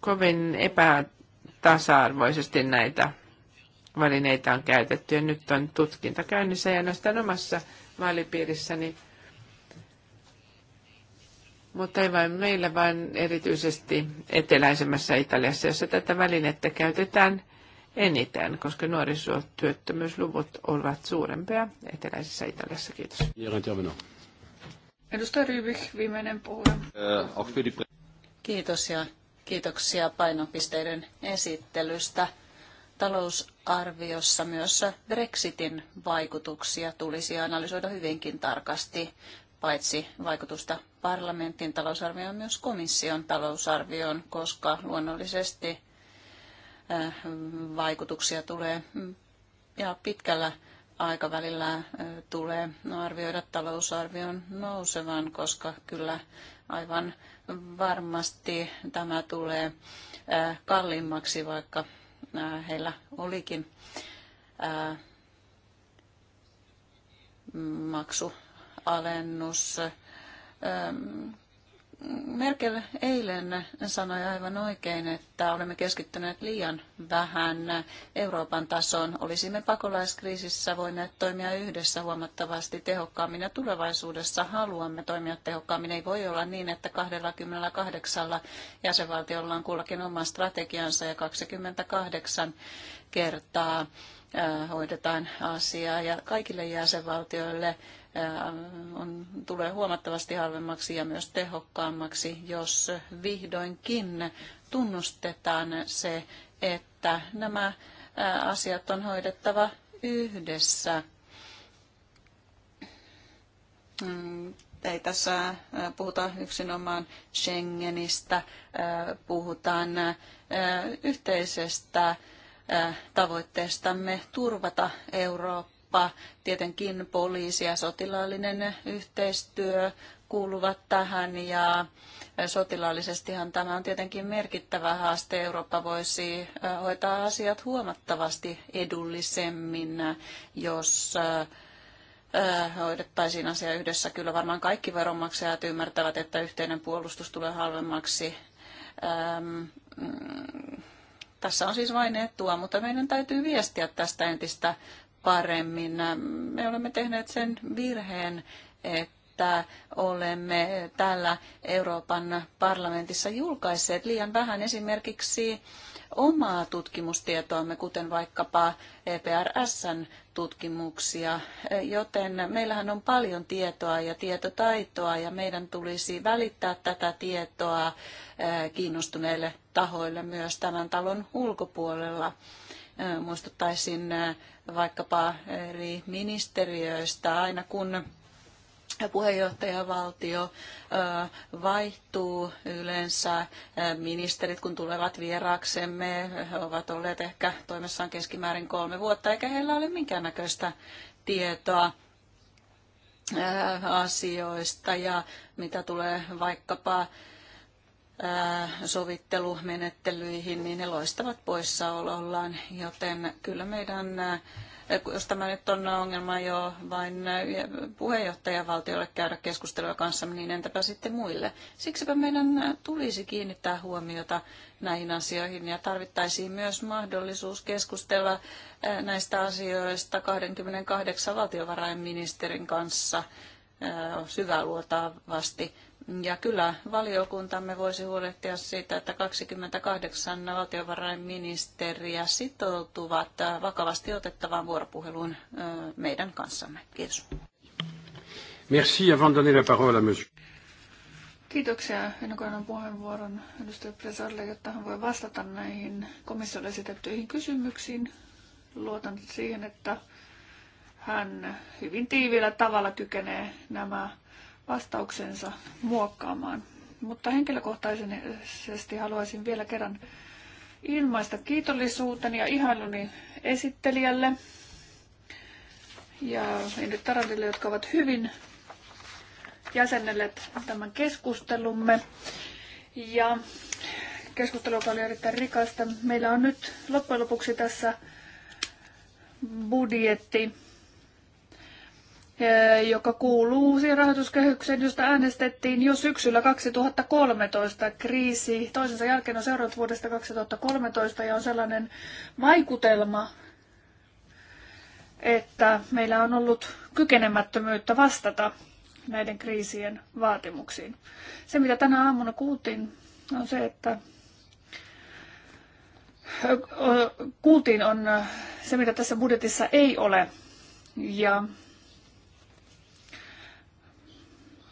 Kovin epätasa-arvoisesti näitä valineita on käytetty ja nyt on tutkinta käynnissä ja nostan omassa vaalipiirissäni niin mutta ei vain meillä, vaan erityisesti eteläisemmässä Italiassa, jossa tätä välinettä käytetään eniten, koska nuorisotyöttömyysluvut ovat suurempia eteläisessä Italiassa. Kiitos.
Edustaja Rybik, viimeinen puhuja. Eh, Kiitos ja kiitoksia
painopisteiden esittelystä. Talousarviossa myös Brexitin vaikutuksia tulisi analysoida hyvinkin tarkasti, paitsi vaikutusta parlamentin talousarvioon myös komission talousarvioon, koska luonnollisesti äh, vaikutuksia tulee mm, ja pitkällä aikavälillä äh, tulee arvioida talousarvion nousevan, koska kyllä aivan varmasti tämä tulee äh, kalliimmaksi, vaikka heillä olikin maksualennus Merkel eilen sanoi aivan oikein, että olemme keskittyneet liian vähän Euroopan tasoon. Olisimme pakolaiskriisissä voineet toimia yhdessä huomattavasti tehokkaammin ja tulevaisuudessa haluamme toimia tehokkaammin. Ei voi olla niin, että 28 jäsenvaltiolla on kullakin oma strategiansa ja 28 kertaa hoidetaan asiaa ja kaikille jäsenvaltioille on, tulee huomattavasti halvemmaksi ja myös tehokkaammaksi, jos vihdoinkin tunnustetaan se, että nämä asiat on hoidettava yhdessä. Mm, ei tässä puhuta yksinomaan Schengenistä, puhutaan yhteisestä Äh, tavoitteestamme turvata Eurooppa. Tietenkin poliisi ja sotilaallinen yhteistyö kuuluvat tähän ja äh, sotilaallisestihan tämä on tietenkin merkittävä haaste. Eurooppa voisi äh, hoitaa asiat huomattavasti edullisemmin, jos hoidettaisiin asia yhdessä. Kyllä varmaan kaikki veronmaksajat ymmärtävät, että yhteinen puolustus tulee halvemmaksi mm, tässä on siis vain etua, mutta meidän täytyy viestiä tästä entistä paremmin. Me olemme tehneet sen virheen, että olemme täällä Euroopan parlamentissa julkaisseet liian vähän esimerkiksi omaa tutkimustietoamme, kuten vaikkapa EPRSn tutkimuksia, joten meillähän on paljon tietoa ja tietotaitoa ja meidän tulisi välittää tätä tietoa eh, kiinnostuneille tahoille myös tämän talon ulkopuolella. Eh, muistuttaisin eh, vaikkapa eri ministeriöistä aina kun puheenjohtajavaltio vaihtuu yleensä. Ministerit, kun tulevat vieraaksemme, ovat olleet ehkä toimessaan keskimäärin kolme vuotta, eikä heillä ole minkäännäköistä tietoa asioista ja mitä tulee vaikkapa sovittelumenettelyihin, niin ne loistavat poissaolollaan, joten kyllä meidän jos tämä nyt on ongelma jo vain puheenjohtajavaltiolle käydä keskustelua kanssa, niin entäpä sitten muille? Siksipä meidän tulisi kiinnittää huomiota näihin asioihin ja tarvittaisiin myös mahdollisuus keskustella eh, näistä asioista 28 valtiovarainministerin kanssa eh, syväluotaavasti ja kyllä valiokuntamme voisi huolehtia siitä, että 28 valtiovarainministeriä sitoutuvat vakavasti otettavaan
vuoropuheluun meidän kanssamme. Kiitos.
Merci. Avant donner la parole à monsieur.
Kiitoksia ennen kuin annan puheenvuoron edustaja Presalle, jotta hän voi vastata näihin komissiolle esitettyihin kysymyksiin. Luotan siihen, että hän hyvin tiivillä tavalla kykenee nämä vastauksensa muokkaamaan. Mutta henkilökohtaisesti haluaisin vielä kerran ilmaista kiitollisuuteni ja ihailuni esittelijälle ja Ingrid jotka ovat hyvin jäsennelleet tämän keskustelumme. Ja keskustelu, oli erittäin rikasta. Meillä on nyt loppujen lopuksi tässä budjetti joka kuuluu siihen rahoituskehykseen, josta äänestettiin jo syksyllä 2013. Kriisi toisensa jälkeen on seurannut vuodesta 2013 ja on sellainen vaikutelma, että meillä on ollut kykenemättömyyttä vastata näiden kriisien vaatimuksiin. Se, mitä tänä aamuna kuultiin, on se, että kuultiin on se, mitä tässä budjetissa ei ole. Ja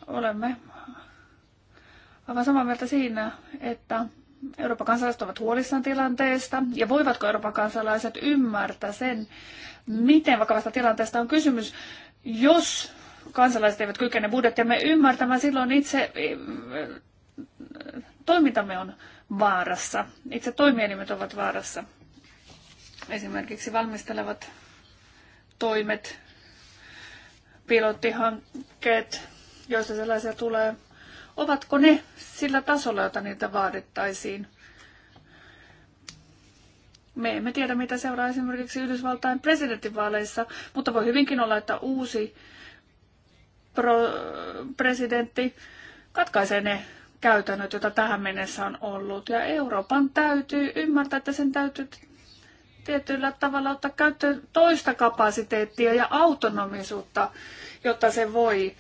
olemme aivan samaa mieltä siinä, että Euroopan kansalaiset ovat huolissaan tilanteesta ja voivatko Euroopan kansalaiset ymmärtää sen, miten vakavasta tilanteesta on kysymys, jos kansalaiset eivät kykene budjettiamme ymmärtämään, silloin itse eh, toimintamme on vaarassa. Itse toimielimet ovat vaarassa. Esimerkiksi valmistelevat toimet, pilottihankkeet, joissa sellaisia tulee, ovatko ne sillä tasolla, jota niitä vaadittaisiin? Me emme tiedä, mitä seuraa esimerkiksi Yhdysvaltain presidentinvaaleissa, mutta voi hyvinkin olla, että uusi presidentti katkaisee ne käytännöt, joita tähän mennessä on ollut. Ja Euroopan täytyy ymmärtää, että sen täytyy tietyllä tavalla ottaa käyttöön toista kapasiteettia ja autonomisuutta, jotta se voi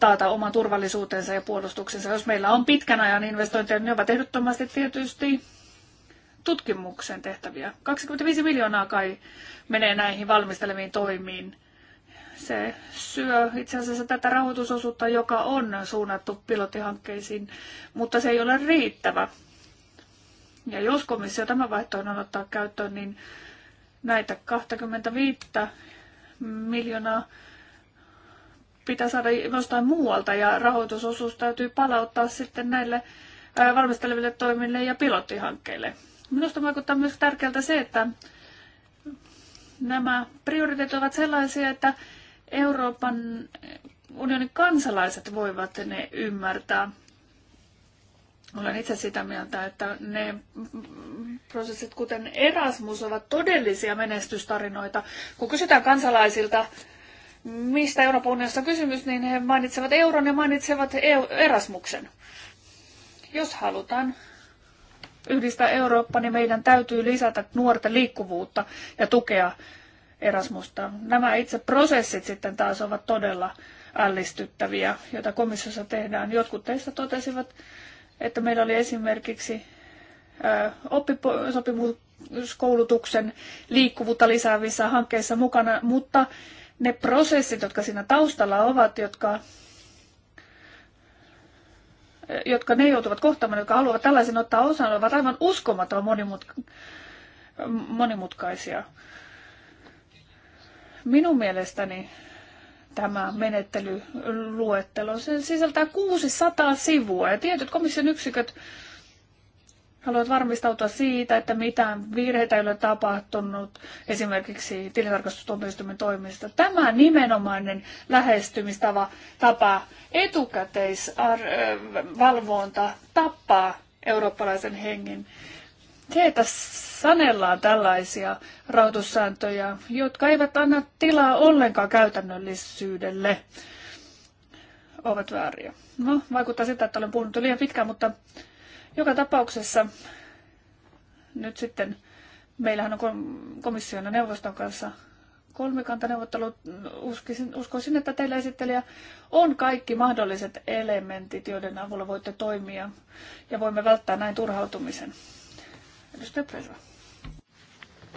taata oman turvallisuutensa ja puolustuksensa. Jos meillä on pitkän ajan investointeja, niin ne ovat ehdottomasti tietysti tutkimuksen tehtäviä. 25 miljoonaa kai menee näihin valmisteleviin toimiin. Se syö itse asiassa tätä rahoitusosuutta, joka on suunnattu pilottihankkeisiin, mutta se ei ole riittävä. Ja jos komissio tämä vaihtoehto on ottaa käyttöön, niin näitä 25 miljoonaa pitää saada jostain muualta ja rahoitusosuus täytyy palauttaa sitten näille valmisteleville toimille ja pilottihankkeille. Minusta vaikuttaa myös tärkeältä se, että nämä prioriteetit ovat sellaisia, että Euroopan unionin kansalaiset voivat ne ymmärtää. Olen itse sitä mieltä, että ne prosessit, kuten Erasmus, ovat todellisia menestystarinoita. Kun kysytään kansalaisilta, mistä Euroopan unionista on kysymys, niin he mainitsevat euron ja mainitsevat e Erasmuksen. Jos halutaan yhdistää Eurooppa, niin meidän täytyy lisätä nuorten liikkuvuutta ja tukea Erasmusta. Nämä itse prosessit sitten taas ovat todella ällistyttäviä, joita komissiossa tehdään. Jotkut teistä totesivat, että meillä oli esimerkiksi oppisopimuskoulutuksen liikkuvuutta lisäävissä hankkeissa mukana, mutta ne prosessit, jotka siinä taustalla ovat, jotka, jotka ne joutuvat kohtaamaan, jotka haluavat tällaisen ottaa osan, ovat aivan uskomattoman monimutka- monimutkaisia. Minun mielestäni tämä menettelyluettelo. Se sisältää 600 sivua ja tietyt komission yksiköt haluat varmistautua siitä, että mitään virheitä ei ole tapahtunut esimerkiksi tilintarkastustuomioistuimen toimista. Tämä nimenomainen lähestymistava tapa, etukäteisvalvonta tappaa eurooppalaisen hengen. Se, että sanellaan tällaisia rahoitussääntöjä, jotka eivät anna tilaa ollenkaan käytännöllisyydelle, ovat vääriä. No, vaikuttaa siltä, että olen puhunut liian pitkään, mutta joka tapauksessa nyt sitten meillähän on komission ja neuvoston kanssa kolmikantaneuvottelut. Uskisin, uskoisin, että teillä esittelijä on kaikki mahdolliset elementit, joiden avulla voitte toimia ja voimme välttää näin turhautumisen. Edustaja Presa.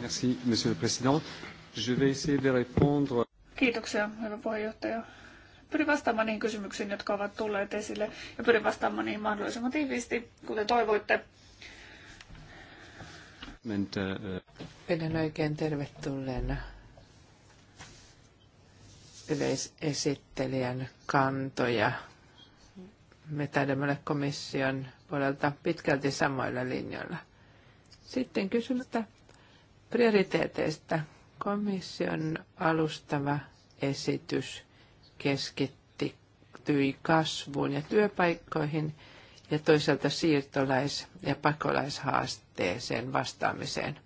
Merci, monsieur le président. Je vais essayer de répondre.
Kiitoksia, hyvä puheenjohtaja pyrin vastaamaan niihin kysymyksiin, jotka ovat tulleet esille ja pyrin vastaamaan niihin mahdollisimman tiiviisti, kuten toivoitte.
Pidän oikein tervetulleena yleisesittelijän kantoja. Me taidamme komission puolelta pitkälti samoilla linjoilla. Sitten kysymystä prioriteeteista. Komission alustava esitys keskittyi kasvuun ja työpaikkoihin ja toisaalta siirtolais- ja pakolaishaasteeseen vastaamiseen.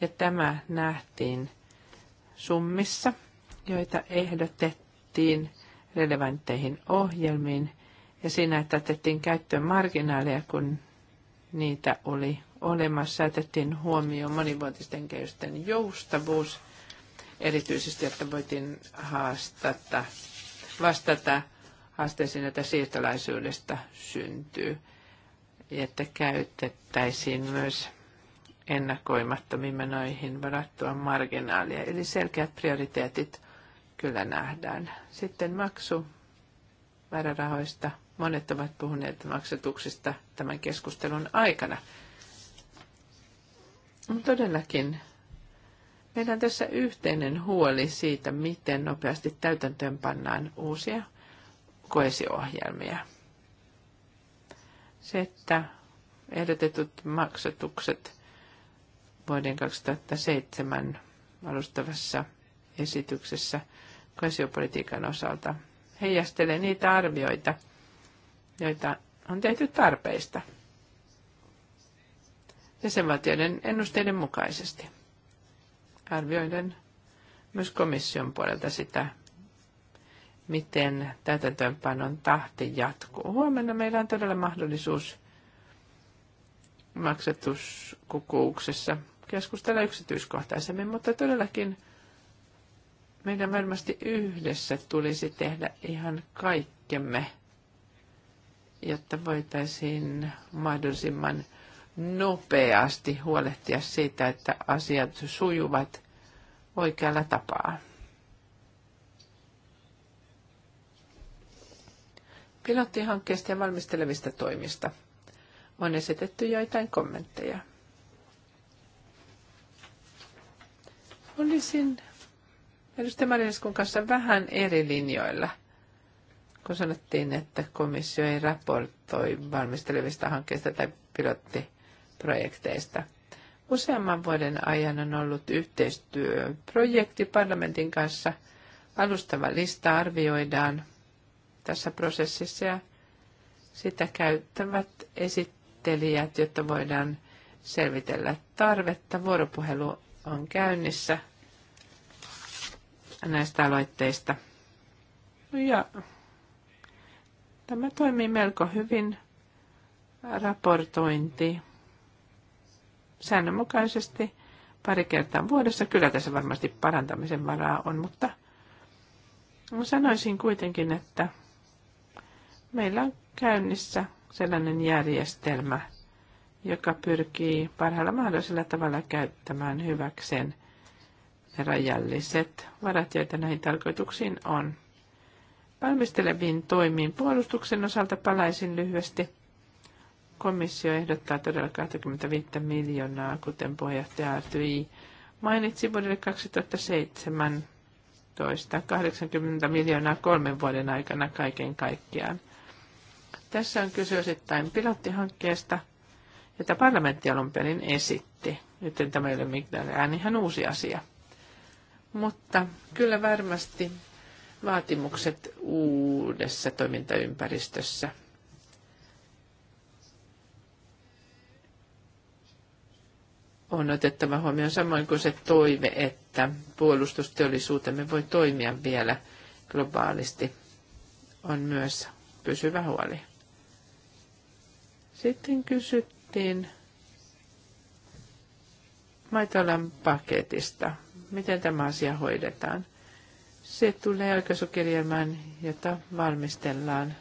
Ja tämä nähtiin summissa, joita ehdotettiin relevantteihin ohjelmiin ja siinä, että otettiin käyttöön marginaaleja, kun niitä oli olemassa, otettiin huomioon monivuotisten kehysten joustavuus – erityisesti, että voitiin haastata, vastata haasteisiin, että siirtolaisuudesta syntyy, ja että käytettäisiin myös ennakoimattomiin menoihin varattua marginaalia. Eli selkeät prioriteetit kyllä nähdään. Sitten maksu määrärahoista. Monet ovat puhuneet maksatuksista tämän keskustelun aikana. Todellakin Meillä on tässä yhteinen huoli siitä, miten nopeasti täytäntöön pannaan uusia koesiohjelmia. Se, että ehdotetut maksatukset vuoden 2007 alustavassa esityksessä koesiopolitiikan osalta heijastelee niitä arvioita, joita on tehty tarpeista jäsenvaltioiden ennusteiden mukaisesti arvioiden myös komission puolelta sitä, miten täytäntöönpanon tahti jatkuu. Huomenna meillä on todella mahdollisuus maksatuskokouksessa keskustella yksityiskohtaisemmin, mutta todellakin meidän varmasti yhdessä tulisi tehdä ihan kaikkemme, jotta voitaisiin mahdollisimman nopeasti huolehtia siitä, että asiat sujuvat oikealla tapaa. Pilottihankkeesta ja valmistelevista toimista on esitetty joitain kommentteja. Olisin edustaja Marineskun kanssa vähän eri linjoilla, kun sanottiin, että komissio ei raportoi valmistelevista hankkeista tai pilotti projekteista. Useamman vuoden ajan on ollut yhteistyöprojekti parlamentin kanssa. Alustava lista arvioidaan tässä prosessissa ja sitä käyttävät esittelijät, jotta voidaan selvitellä tarvetta. Vuoropuhelu on käynnissä näistä aloitteista. Ja tämä toimii melko hyvin. Raportointi säännönmukaisesti pari kertaa vuodessa. Kyllä tässä varmasti parantamisen varaa on, mutta sanoisin kuitenkin, että meillä on käynnissä sellainen järjestelmä, joka pyrkii parhaalla mahdollisella tavalla käyttämään hyväkseen ne rajalliset varat, joita näihin tarkoituksiin on. Valmisteleviin toimiin puolustuksen osalta palaisin lyhyesti. Komissio ehdottaa todella 25 miljoonaa, kuten puheenjohtaja Artui mainitsi vuodelle 2017, 80 miljoonaa kolmen vuoden aikana kaiken kaikkiaan. Tässä on kyse osittain pilottihankkeesta, jota parlamentti alun perin esitti. Nyt tämä ei ole mikään ihan uusi asia. Mutta kyllä varmasti vaatimukset uudessa toimintaympäristössä on otettava huomioon samoin kuin se toive, että puolustusteollisuutemme voi toimia vielä globaalisti, on myös pysyvä huoli. Sitten kysyttiin maitolan paketista. Miten tämä asia hoidetaan? Se tulee oikaisukirjelmään, jota valmistellaan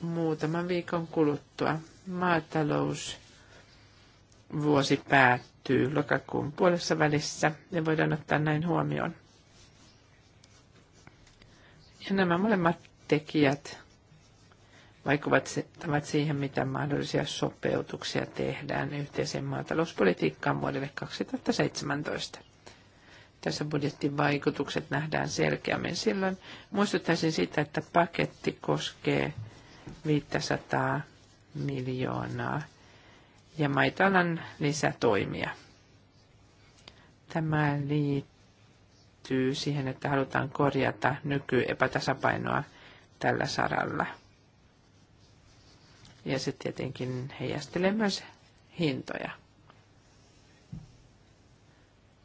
muutaman viikon kuluttua. Maatalous vuosi päättyy lokakuun puolessa välissä ja voidaan ottaa näin huomioon. Ja nämä molemmat tekijät vaikuttavat siihen, mitä mahdollisia sopeutuksia tehdään yhteiseen maatalouspolitiikkaan vuodelle 2017. Tässä budjettin vaikutukset nähdään selkeämmin. Silloin muistuttaisin siitä, että paketti koskee 500 miljoonaa ja Maitalan lisätoimia. Tämä liittyy siihen, että halutaan korjata nykyepätasapainoa tällä saralla. Ja se tietenkin heijastelee myös hintoja.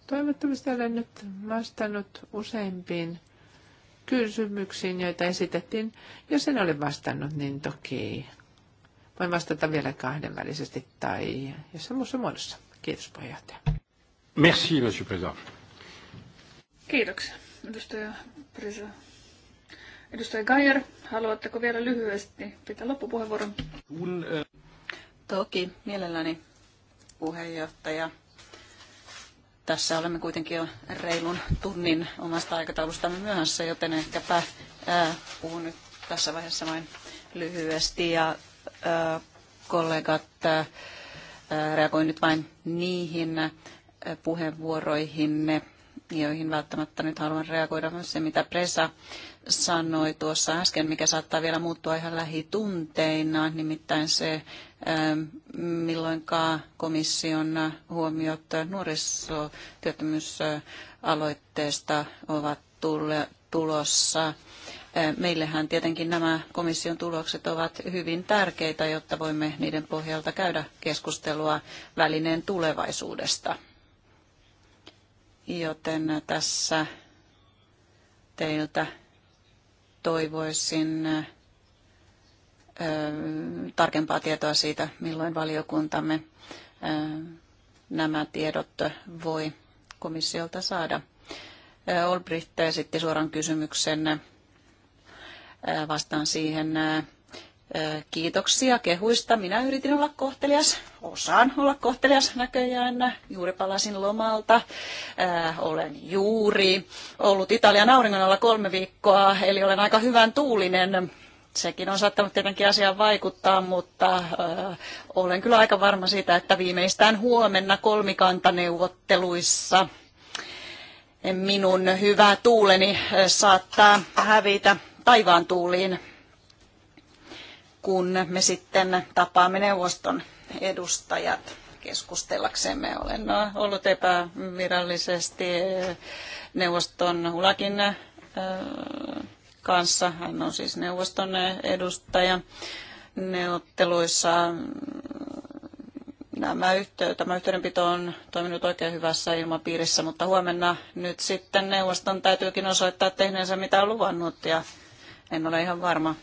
Toivottavasti olen nyt vastannut useimpiin kysymyksiin, joita esitettiin. Jos en ole vastannut, niin toki voin vastata vielä kahdenvälisesti tai jossain muussa muodossa. Kiitos puheenjohtaja.
Merci, monsieur président.
Kiitoksia, edustaja Prisa. Edustaja Gajer, haluatteko vielä lyhyesti pitää loppupuheenvuoron?
Toki, mielelläni puheenjohtaja. Tässä olemme kuitenkin jo reilun tunnin omasta aikataulustamme myöhässä, joten ehkäpä ää, puhun nyt tässä vaiheessa vain lyhyesti ja kollegat. Reagoin nyt vain niihin puheenvuoroihinne, joihin välttämättä nyt haluan reagoida myös se, mitä Presa sanoi tuossa äsken, mikä saattaa vielä muuttua ihan lähitunteina, nimittäin se, milloinkaan komission huomiot nuorisotyöttömyysaloitteesta ovat tulossa. Meillähän tietenkin nämä komission tulokset ovat hyvin tärkeitä, jotta voimme niiden pohjalta käydä keskustelua välineen tulevaisuudesta. Joten tässä teiltä toivoisin tarkempaa tietoa siitä, milloin valiokuntamme nämä tiedot voi komissiolta saada. Olbricht esitti suoran kysymyksen. Äh, vastaan siihen äh, kiitoksia kehuista. Minä yritin olla kohtelias, osaan olla kohtelias näköjään. Juuri palasin lomalta. Äh, olen juuri ollut Italian auringon alla kolme viikkoa, eli olen aika hyvän tuulinen. Sekin on saattanut tietenkin asiaan vaikuttaa, mutta äh, olen kyllä aika varma siitä, että viimeistään huomenna kolmikantaneuvotteluissa – minun hyvä tuuleni eh, saattaa hävitä taivaan tuuliin, kun me sitten tapaamme neuvoston edustajat keskustellaksemme. Olen eh, ollut epävirallisesti eh, neuvoston Ulakin kanssa. Hän on siis neuvoston edustaja neuvotteluissa mm, nämä yhtey- tämä yhteydenpito on toiminut oikein hyvässä ilmapiirissä, mutta huomenna nyt sitten neuvoston täytyykin osoittaa tehneensä mitä on luvannut ja en ole ihan varma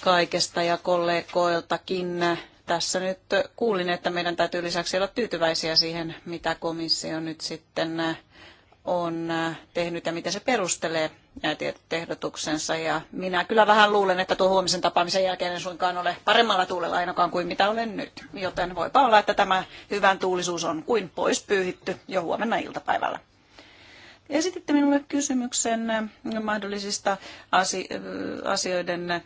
kaikesta ja kollegoiltakin. Tässä nyt kuulin, että meidän täytyy lisäksi olla tyytyväisiä siihen, mitä komissio nyt sitten on äh, tehnyt ja miten se perustelee äh, tietyt ehdotuksensa. Ja minä kyllä vähän luulen, että tuo huomisen tapaamisen jälkeen en suinkaan ole paremmalla tuulella ainakaan kuin mitä olen nyt. Joten voipa olla, että tämä hyvän tuulisuus on kuin pois pyyhitty jo huomenna iltapäivällä. Esititte minulle kysymyksen äh, mahdollisista asioiden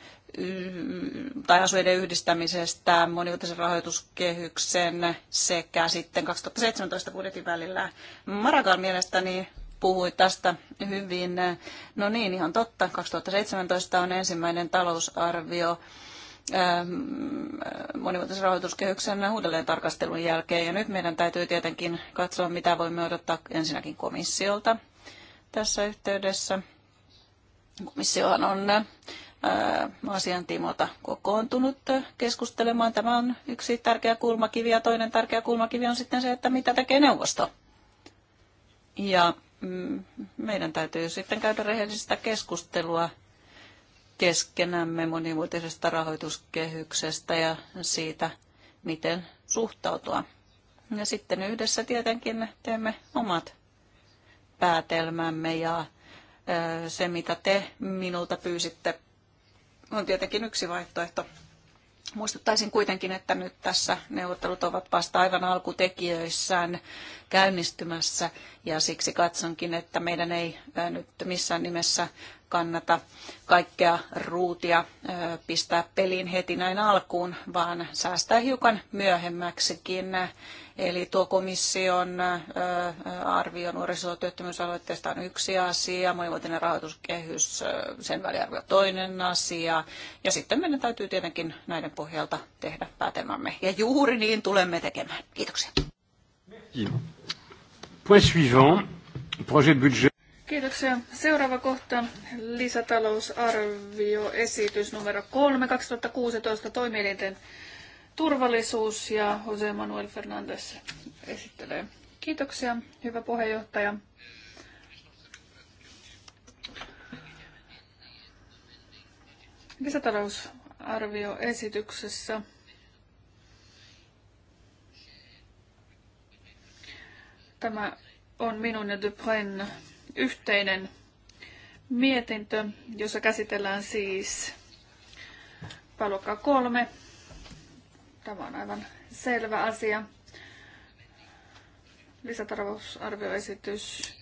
tai asuiden yhdistämisestä monivuotisen rahoituskehyksen sekä sitten 2017 budjetin välillä. Marakan mielestäni puhui tästä hyvin. No niin, ihan totta. 2017 on ensimmäinen talousarvio ähm, monivuotisen rahoituskehyksen uudelleen tarkastelun jälkeen. Ja nyt meidän täytyy tietenkin katsoa, mitä voimme odottaa ensinnäkin komissiolta tässä yhteydessä. Komissiohan on asian tiimoilta kokoontunut keskustelemaan. Tämä on yksi tärkeä kulmakivi ja toinen tärkeä kulmakivi on sitten se, että mitä tekee neuvosto. Ja mm, meidän täytyy sitten käydä rehellistä keskustelua keskenämme monivuotisesta rahoituskehyksestä ja siitä, miten suhtautua. Ja sitten yhdessä tietenkin teemme omat päätelmämme ja se, mitä te minulta pyysitte on tietenkin yksi vaihtoehto. Muistuttaisin kuitenkin, että nyt tässä neuvottelut ovat vasta aivan alkutekijöissään käynnistymässä ja siksi katsonkin, että meidän ei nyt missään nimessä kannata kaikkea ruutia pistää peliin heti näin alkuun, vaan säästää hiukan myöhemmäksikin Eli tuo komission arvio nuorisotyöttömyysaloitteesta on yksi asia, monivuotinen rahoituskehys, sen väliarvio toinen asia. Ja sitten meidän täytyy tietenkin näiden pohjalta tehdä päätelmämme.
Ja juuri niin tulemme tekemään. Kiitoksia.
Point suivant, projet budget.
Kiitoksia. Seuraava kohta lisätalousarvioesitys numero 3 2016 toimielinten turvallisuus ja Jose Manuel Fernandes esittelee. Kiitoksia, hyvä puheenjohtaja. Lisätalousarvioesityksessä tämä on minun ja Dupren yhteinen mietintö, jossa käsitellään siis palokka kolme Tämä on aivan selvä asia. Lisätarvousarvioesitys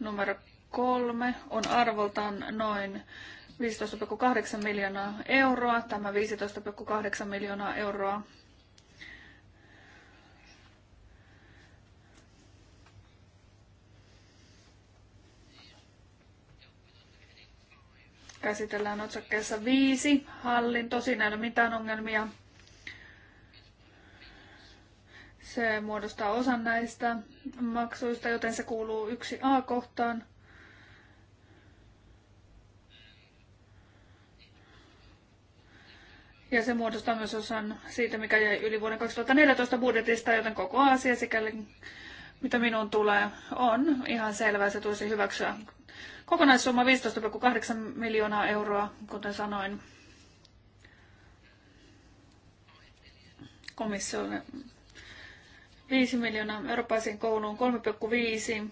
numero kolme on arvoltaan noin 15,8 miljoonaa euroa. Tämä 15,8 miljoonaa euroa käsitellään otsakkeessa viisi. Hallin siinä ei ole mitään ongelmia. Se muodostaa osan näistä maksuista, joten se kuuluu yksi A-kohtaan. Ja se muodostaa myös osan siitä, mikä jäi yli vuoden 2014 budjetista, joten koko asia, sikäli mitä minun tulee, on ihan selvää, se tulisi hyväksyä. Kokonaissumma 15,8 miljoonaa euroa, kuten sanoin. komissiolle 5 miljoonaa eurooppaisiin kouluun, 3,5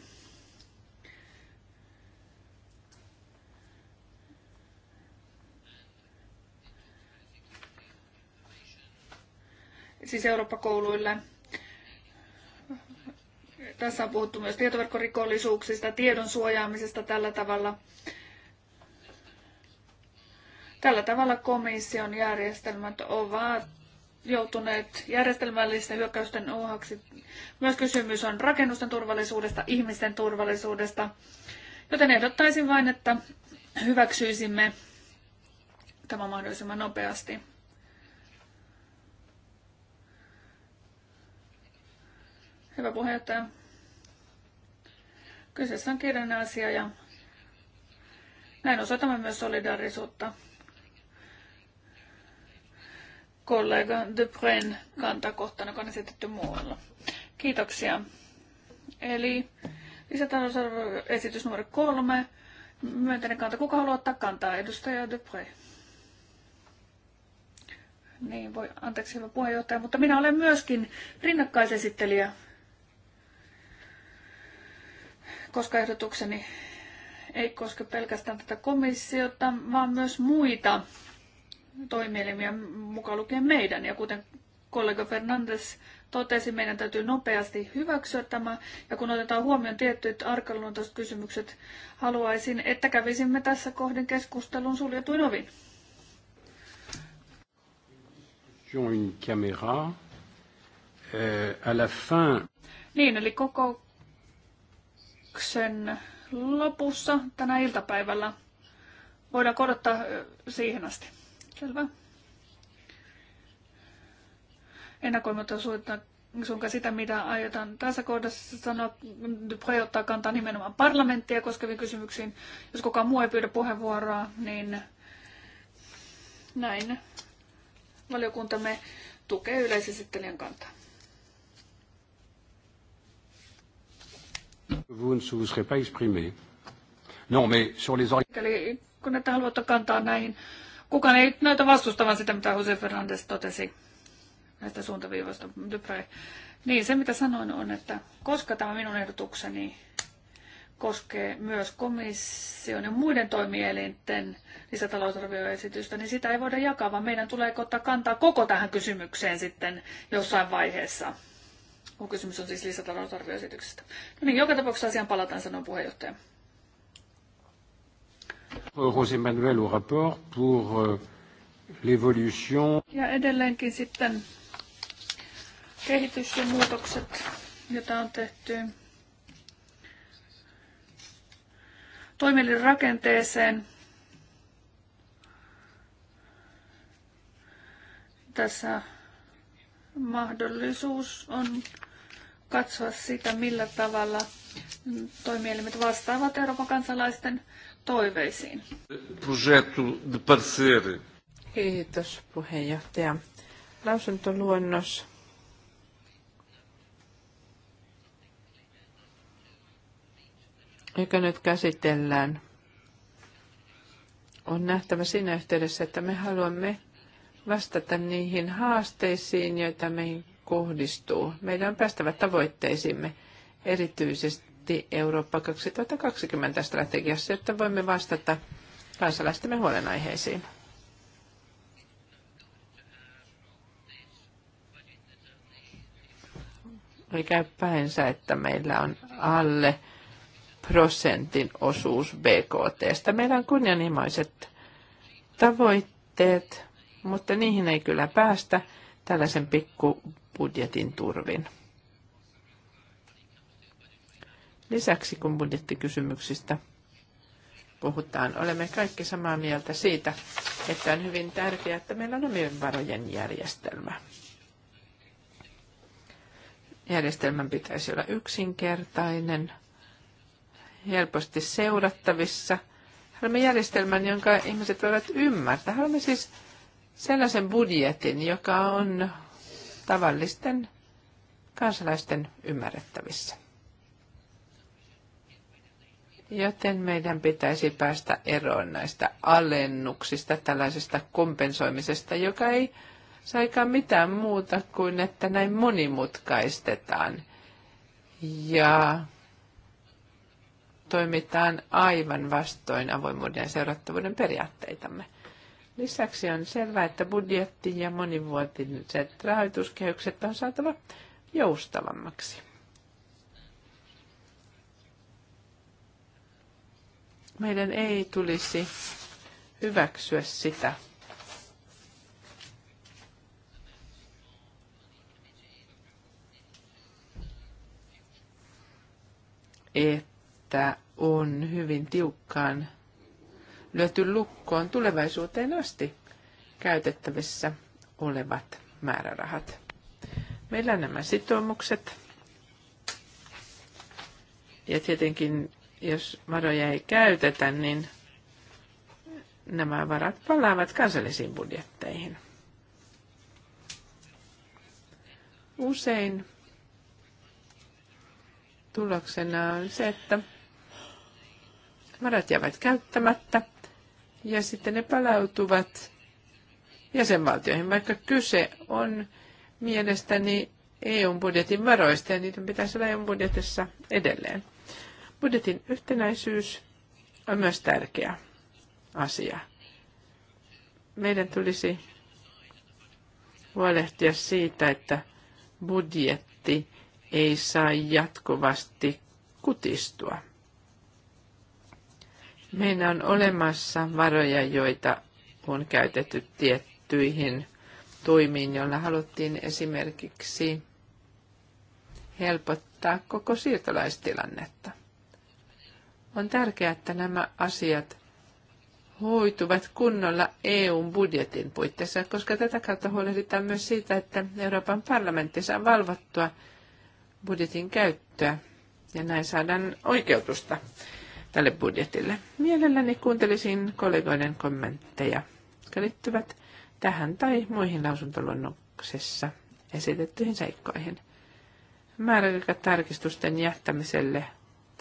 siis Eurooppa-kouluille. Tässä on puhuttu myös tietoverkkorikollisuuksista, tiedon suojaamisesta tällä tavalla. Tällä tavalla komission järjestelmät ovat joutuneet järjestelmällisten hyökkäysten uhaksi. Myös kysymys on rakennusten turvallisuudesta, ihmisten turvallisuudesta, joten ehdottaisin vain, että hyväksyisimme tämä mahdollisimman nopeasti. Hyvä puheenjohtaja. Kyseessä on kirjainen asia ja näin osoitamme myös solidaarisuutta kollega Dupren kantakohtana, joka on esitetty muualla. Kiitoksia. Eli lisätalousarvioesitys numero kolme. Myönteinen kanta. Kuka haluaa ottaa kantaa? Edustaja Dupre. Niin, voi, anteeksi hyvä puheenjohtaja, mutta minä olen myöskin rinnakkaisesittelijä, koska ehdotukseni ei koske pelkästään tätä komissiota, vaan myös muita toimielimiä mukaan lukien meidän. Ja kuten kollega Fernandes totesi, meidän täytyy nopeasti hyväksyä tämä. Ja kun otetaan huomioon tietyt arkaluontoiset kysymykset, haluaisin, että kävisimme tässä kohden keskustelun suljetuin ovin. Euh, niin, eli kokouksen lopussa tänä iltapäivällä voidaan korottaa siihen asti. Selvä. Ennakoimaton sunka sitä, mitä aiotaan tässä kohdassa sanoa, rajoittaa kantaa nimenomaan parlamenttia koskeviin kysymyksiin. Jos kukaan muu ei pyydä puheenvuoroa, niin näin valiokuntamme tukee yleisesittelijän kantaa.
Vous ne vous pas exprimé. Non, mais sur les...
Eli kun ette halua ottaa kantaa näihin Kukaan ei näytä vastustavan sitä, mitä Jose Fernandes totesi näistä suuntaviivoista. Niin, se mitä sanoin on, että koska tämä minun ehdotukseni koskee myös komission ja muiden toimielinten lisätalousarvioesitystä, niin sitä ei voida jakaa, vaan meidän tulee ottaa kantaa koko tähän kysymykseen sitten jossain vaiheessa. Kun kysymys on siis lisätalousarvioesityksestä. No niin, joka tapauksessa asiaan palataan, sanoo puheenjohtaja.
José Manuel au rapport pour euh, l'évolution.
Ja edelleenkin sitten kehitys ja muutokset, joita on tehty toimielin rakenteeseen. Tässä mahdollisuus on katsoa sitä, millä tavalla toimielimet vastaavat Euroopan kansalaisten toiveisiin.
Projektu de parceeri.
Kiitos puheenjohtaja. Lausuntoluonnos joka nyt käsitellään, on nähtävä siinä yhteydessä, että me haluamme vastata niihin haasteisiin, joita meihin kohdistuu. Meidän on päästävä tavoitteisimme erityisesti kohti Eurooppa 2020 strategiassa, jotta voimme vastata kansalaistemme huolenaiheisiin. käy päinsä, että meillä on alle prosentin osuus BKTstä. Meillä on kunnianhimoiset tavoitteet, mutta niihin ei kyllä päästä tällaisen pikkubudjetin turvin. Lisäksi kun budjettikysymyksistä puhutaan, olemme kaikki samaa mieltä siitä, että on hyvin tärkeää, että meillä on omien varojen järjestelmä. Järjestelmän pitäisi olla yksinkertainen, helposti seurattavissa. Haluamme järjestelmän, jonka ihmiset voivat ymmärtää. Haluamme siis sellaisen budjetin, joka on tavallisten kansalaisten ymmärrettävissä. Joten meidän pitäisi päästä eroon näistä alennuksista, tällaisesta kompensoimisesta, joka ei saikaan mitään muuta kuin, että näin monimutkaistetaan ja toimitaan aivan vastoin avoimuuden ja seurattavuuden periaatteitamme. Lisäksi on selvää, että budjetti ja monivuotiset rahoituskehykset on saatava joustavammaksi. Meidän ei tulisi hyväksyä sitä. että on hyvin tiukkaan lyöty lukkoon tulevaisuuteen asti käytettävissä olevat määrärahat. Meillä on nämä sitoumukset ja tietenkin jos varoja ei käytetä, niin nämä varat palaavat kansallisiin budjetteihin. Usein tuloksena on se, että varat jäävät käyttämättä ja sitten ne palautuvat jäsenvaltioihin, vaikka kyse on mielestäni eu budjetin varoista ja niiden pitäisi olla eu budjetissa edelleen. Budjetin yhtenäisyys on myös tärkeä asia. Meidän tulisi huolehtia siitä, että budjetti ei saa jatkuvasti kutistua. Meillä on olemassa varoja, joita on käytetty tiettyihin toimiin, joilla haluttiin esimerkiksi helpottaa koko siirtolaistilannetta. On tärkeää, että nämä asiat hoituvat kunnolla EUn budjetin puitteissa, koska tätä kautta huolehditaan myös siitä, että Euroopan parlamentti saa valvottua budjetin käyttöä ja näin saadaan oikeutusta tälle budjetille. Mielelläni kuuntelisin kollegoiden kommentteja, jotka liittyvät tähän tai muihin lausuntoluonnoksessa esitettyihin seikkoihin. Määräaika jättämiselle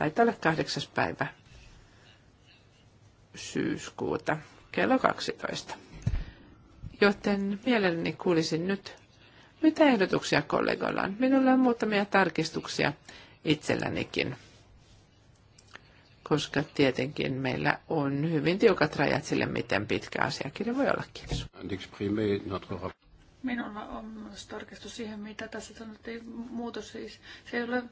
Taitaa olla kahdeksas päivä syyskuuta kello 12. Joten mielelläni kuulisin nyt, mitä ehdotuksia kollegoilla on. Minulla on muutamia tarkistuksia itsellänikin, koska tietenkin meillä on hyvin tiukat rajat sille, miten pitkä asiakirja voi olla. Kiitos.
Minulla on myös tarkistus siihen, mitä tässä sanottiin muutos. Siis se ei ole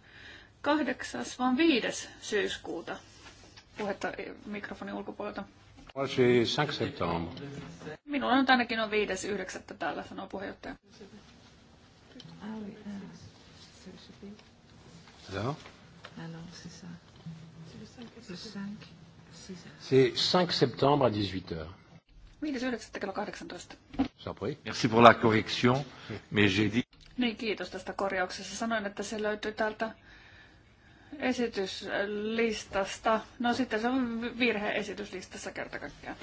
kahdeksas, vaan viides syyskuuta. Puhetta eh, mikrofonin ulkopuolelta. Minulla on ainakin on viides yhdeksättä täällä, sanoo puheenjohtaja.
Joo.
septembre à
18h.
Merci pour la correction, mais j'ai dit...
Niin, kiitos tästä korjauksesta. Sanoin, että se löytyy täältä esityslistasta. No sitten se on virhe esityslistassa kerta kaikkiaan.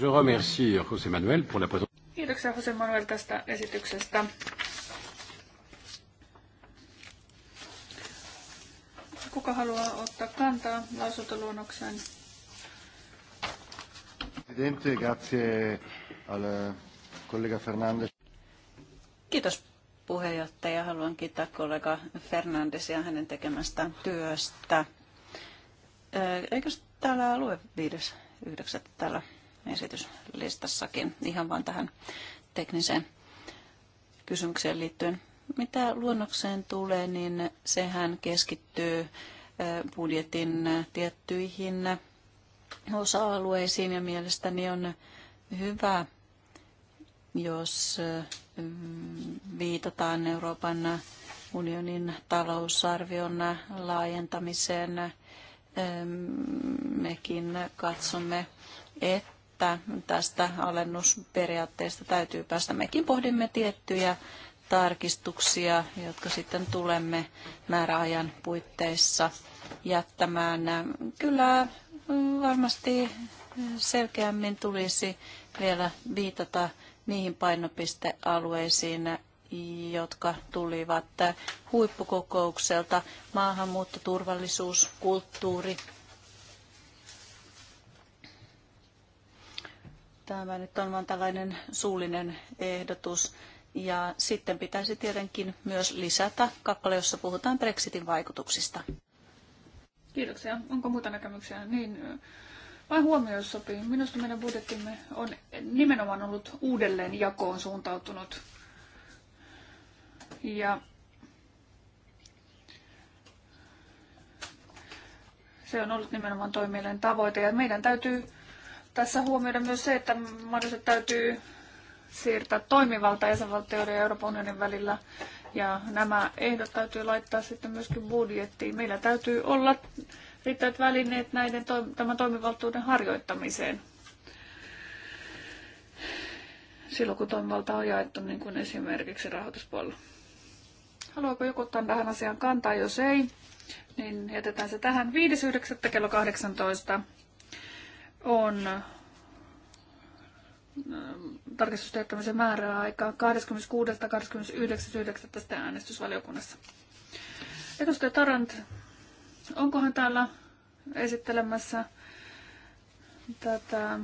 Je remercie José Manuel pour la présentation.
Kiitoksia Jose Manuel tästä esityksestä. Kuka haluaa ottaa kantaa lausuntoluonnokseen? Presidente, grazie al collega Fernandes. Kiitos
puheenjohtaja. Haluan kiittää kollega Fernandesia hänen tekemästään työstä. Eikö täällä alue 5.9. täällä esityslistassakin ihan vaan tähän tekniseen kysymykseen liittyen. Mitä luonnokseen tulee, niin sehän keskittyy budjetin tiettyihin osa-alueisiin ja mielestäni on hyvä, jos mm, viitataan Euroopan unionin talousarvion laajentamiseen. Mm, mekin katsomme, että tästä alennusperiaatteesta täytyy päästä. Mekin pohdimme tiettyjä tarkistuksia, jotka sitten tulemme määräajan puitteissa jättämään. Kyllä mm, varmasti selkeämmin tulisi vielä viitata niihin painopistealueisiin, jotka tulivat huippukokoukselta. Maahanmuutto, turvallisuus, kulttuuri. Tämä nyt on vain tällainen suullinen ehdotus. Ja sitten pitäisi tietenkin myös lisätä kappale, jossa puhutaan Brexitin vaikutuksista.
Kiitoksia. Onko muuta näkemyksiä? Niin, vain huomio, jos sopii. Minusta meidän budjettimme on nimenomaan ollut uudelleen jakoon suuntautunut. Ja se on ollut nimenomaan toimijoiden tavoite. Ja meidän täytyy tässä huomioida myös se, että mahdollisesti täytyy siirtää toimivalta jäsenvaltioiden ja Euroopan unionin välillä. Ja nämä ehdot täytyy laittaa sitten myöskin budjettiin. Meillä täytyy olla riittävät välineet näiden, tämän toimivaltuuden harjoittamiseen. Silloin kun toimivalta on jaettu, niin kuin esimerkiksi rahoituspuolella. Haluaako joku ottaa tähän asiaan kantaa? Jos ei, niin jätetään se tähän. 5.9. kello 18 on äh, tarkistustehtämisen määräaika 26.–29.9. äänestysvaliokunnassa. Edustaja Tarant Onkohan täällä esittelemässä tätä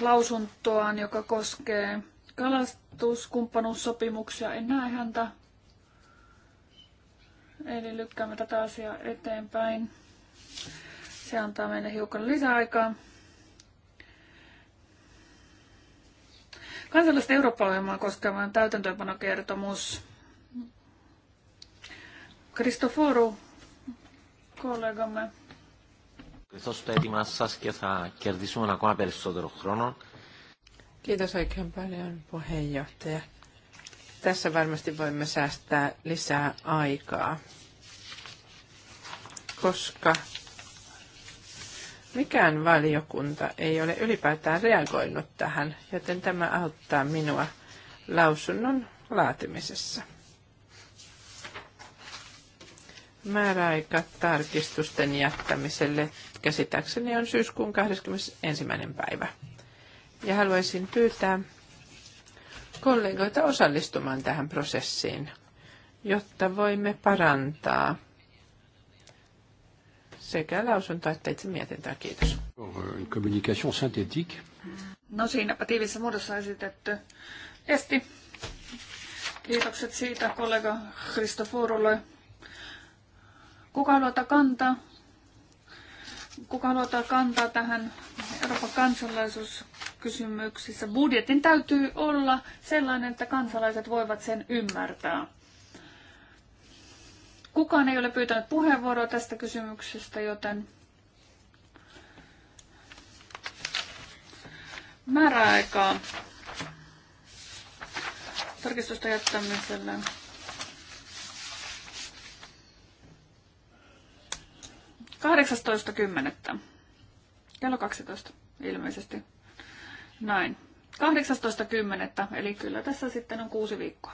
lausuntoaan, joka koskee kalastuskumppanuussopimuksia. En näe häntä. Eli lykkäämme tätä asiaa eteenpäin. Se antaa meille hiukan lisäaikaa. Kansallista Eurooppa-ohjelmaa koskevan täytäntöönpanokertomus. Kristoforu
kollegamme.
Kiitos το έτοιμά σας και θα κερδίσουμε ακόμα περισσότερο χρόνο.
Kiitos oikein paljon puheenjohtaja. Tässä varmasti voimme säästää lisää aikaa, koska mikään valiokunta ei ole ylipäätään reagoinut tähän, joten tämä auttaa minua lausunnon laatimisessa. määräaika tarkistusten jättämiselle käsittääkseni on syyskuun 21. päivä. Ja haluaisin pyytää kollegoita osallistumaan tähän prosessiin, jotta voimme parantaa sekä lausunto että itse mietintää. Kiitos.
Euh,
no siinäpä tiivissä muodossa esitetty esti. Kiitokset siitä kollega Christoforolle. Kuka haluaa ottaa kantaa? Kuka haluaa ottaa kantaa tähän Euroopan kansalaisuuskysymyksissä? Budjetin täytyy olla sellainen, että kansalaiset voivat sen ymmärtää. Kukaan ei ole pyytänyt puheenvuoroa tästä kysymyksestä, joten määräaikaa tarkistusta jättämisellä. 18.10. Kello 12 ilmeisesti. Näin. 18.10. Eli kyllä tässä sitten on kuusi viikkoa.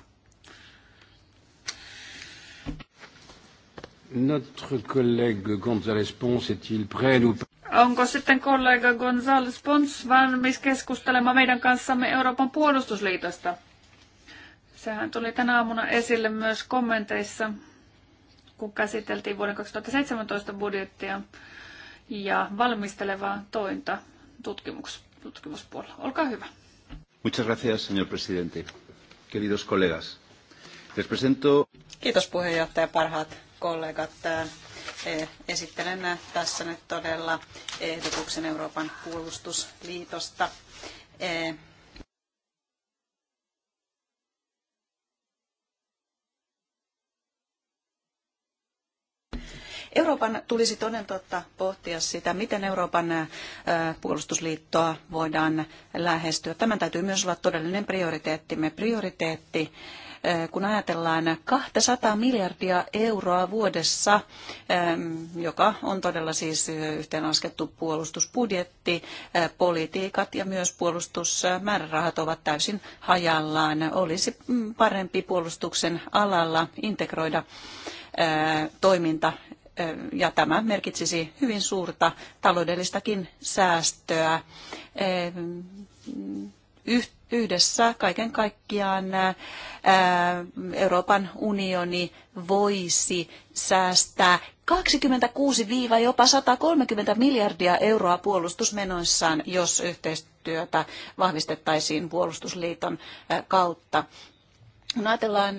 Notre collègue González Pons est-il prêt ou...
Onko sitten kollega González Pons valmis keskustelemaan meidän kanssamme Euroopan puolustusliitosta? Sehän tuli tänä aamuna esille myös kommenteissa kun käsiteltiin vuoden 2017 budjettia ja valmistelevaa tointa tutkimus, tutkimuspuolella. Olkaa hyvä.
Muchas gracias, señor presidente. Queridos colegas, les presento...
Kiitos puheenjohtaja, parhaat kollegat. E, Esittelen tässä nyt todella ehdotuksen Euroopan puolustusliitosta e, Euroopan tulisi toden totta pohtia sitä, miten Euroopan puolustusliittoa voidaan lähestyä. Tämän täytyy myös olla todellinen prioriteettimme. Prioriteetti kun ajatellaan 200 miljardia euroa vuodessa, joka on todella siis yhteenlaskettu puolustusbudjetti, politiikat ja myös puolustusmäärärahat ovat täysin hajallaan. Olisi mm, parempi puolustuksen alalla integroida toiminta ja tämä merkitsisi hyvin suurta taloudellistakin säästöä. Ehm, yhdessä kaiken kaikkiaan ehm, Euroopan unioni voisi säästää 26 jopa 130 miljardia euroa puolustusmenoissaan, jos yhteistyötä vahvistettaisiin puolustusliiton ehm, kautta. Kun ajatellaan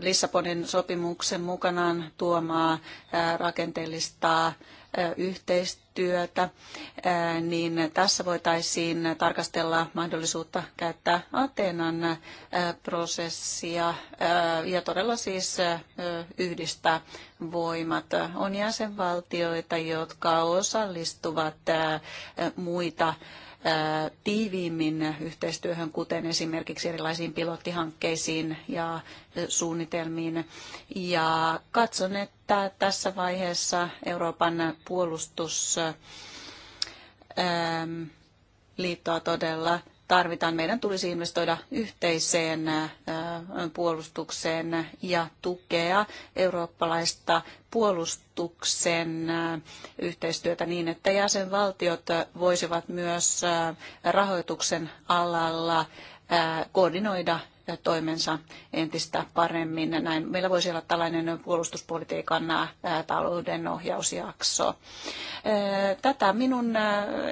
Lissabonin sopimuksen mukanaan tuomaa rakenteellista yhteistyötä, niin tässä voitaisiin tarkastella mahdollisuutta käyttää Ateenan prosessia ja todella siis yhdistää voimat. On jäsenvaltioita, jotka osallistuvat muita tiiviimmin yhteistyöhön, kuten esimerkiksi erilaisiin pilottihankkeisiin ja suunnitelmiin. Ja katson, että tässä vaiheessa Euroopan puolustus liittoa todella tarvitaan. Meidän tulisi investoida yhteiseen puolustukseen ja tukea eurooppalaista puolustuksen yhteistyötä niin, että jäsenvaltiot voisivat myös rahoituksen alalla koordinoida toimensa entistä paremmin. Näin meillä voisi olla tällainen puolustuspolitiikan talouden ohjausjakso. Tätä minun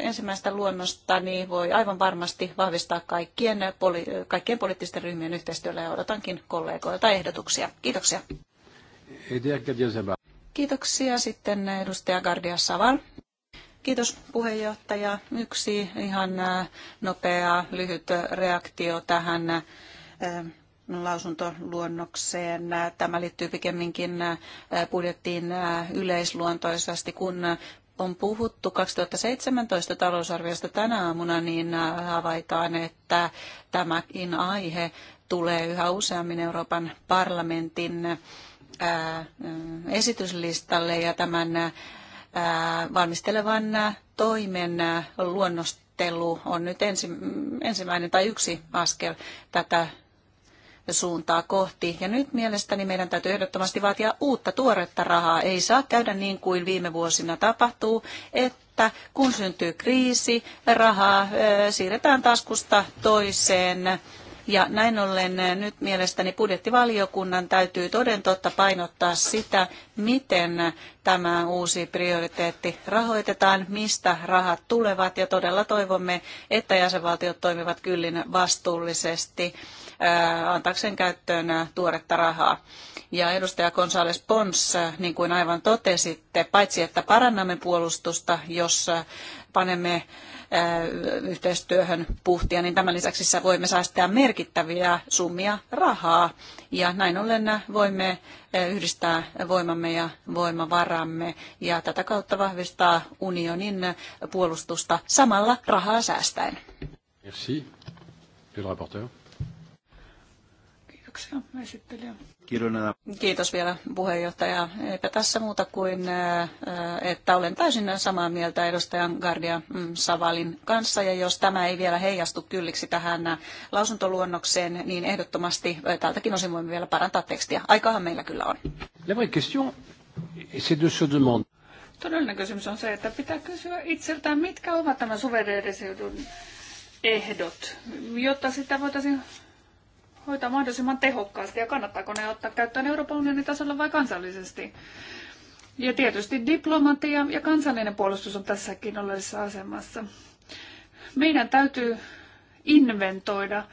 ensimmäistä luonnostani voi aivan varmasti vahvistaa kaikkien, poli- kaikkien poliittisten ryhmien yhteistyöllä ja odotankin kollegoilta ehdotuksia. Kiitoksia. Kiitoksia sitten edustaja Gardia Saval. Kiitos puheenjohtaja. Yksi ihan nopea lyhyt reaktio tähän lausuntoluonnokseen. Tämä liittyy pikemminkin budjettiin yleisluontoisesti, kun on puhuttu 2017 talousarviosta tänä aamuna, niin havaitaan, että tämäkin aihe tulee yhä useammin Euroopan parlamentin esityslistalle ja tämän valmistelevan toimen luonnostelu on nyt ensimmäinen tai yksi askel tätä suuntaa kohti. Ja nyt mielestäni meidän täytyy ehdottomasti vaatia uutta tuoretta rahaa. Ei saa käydä niin kuin viime vuosina tapahtuu, että kun syntyy kriisi, rahaa siirretään taskusta toiseen. Ja näin ollen nyt mielestäni budjettivaliokunnan täytyy toden totta painottaa sitä, miten tämä uusi prioriteetti rahoitetaan, mistä rahat tulevat ja todella toivomme, että jäsenvaltiot toimivat kyllin vastuullisesti Äh, antaakseen käyttöön äh, tuoretta rahaa. Ja edustaja Gonzales Pons, äh, niin kuin aivan totesitte, paitsi että parannamme puolustusta, jos panemme yhteistyöhön puhtia, niin tämän lisäksi voimme säästää merkittäviä summia rahaa. Ja näin ollen voimme yhdistää voimamme ja voimavaramme ja tätä kautta vahvistaa unionin puolustusta samalla rahaa säästäen.
Merci. Le rapporteur.
Kiitoksia
esittelijä. Kiitos vielä puheenjohtaja. Eipä tässä muuta kuin, äh, äh, että olen täysin samaa mieltä edustajan Gardia mm, Savalin kanssa. Ja jos tämä ei vielä heijastu kylliksi tähän äh, lausuntoluonnokseen, niin ehdottomasti tältäkin osin voimme vielä parantaa tekstiä. Aikahan meillä kyllä on.
La vraie question, c'est de se demander.
Todellinen kysymys on se, että pitää kysyä itseltään, mitkä ovat tämän suvereenisuuden ehdot, jotta sitä voitaisiin hoitaa mahdollisimman tehokkaasti ja kannattaako ne ottaa käyttöön Euroopan unionin tasolla vai kansallisesti. Ja tietysti diplomatia ja kansallinen puolustus on tässäkin oleellisessa asemassa. Meidän täytyy inventoida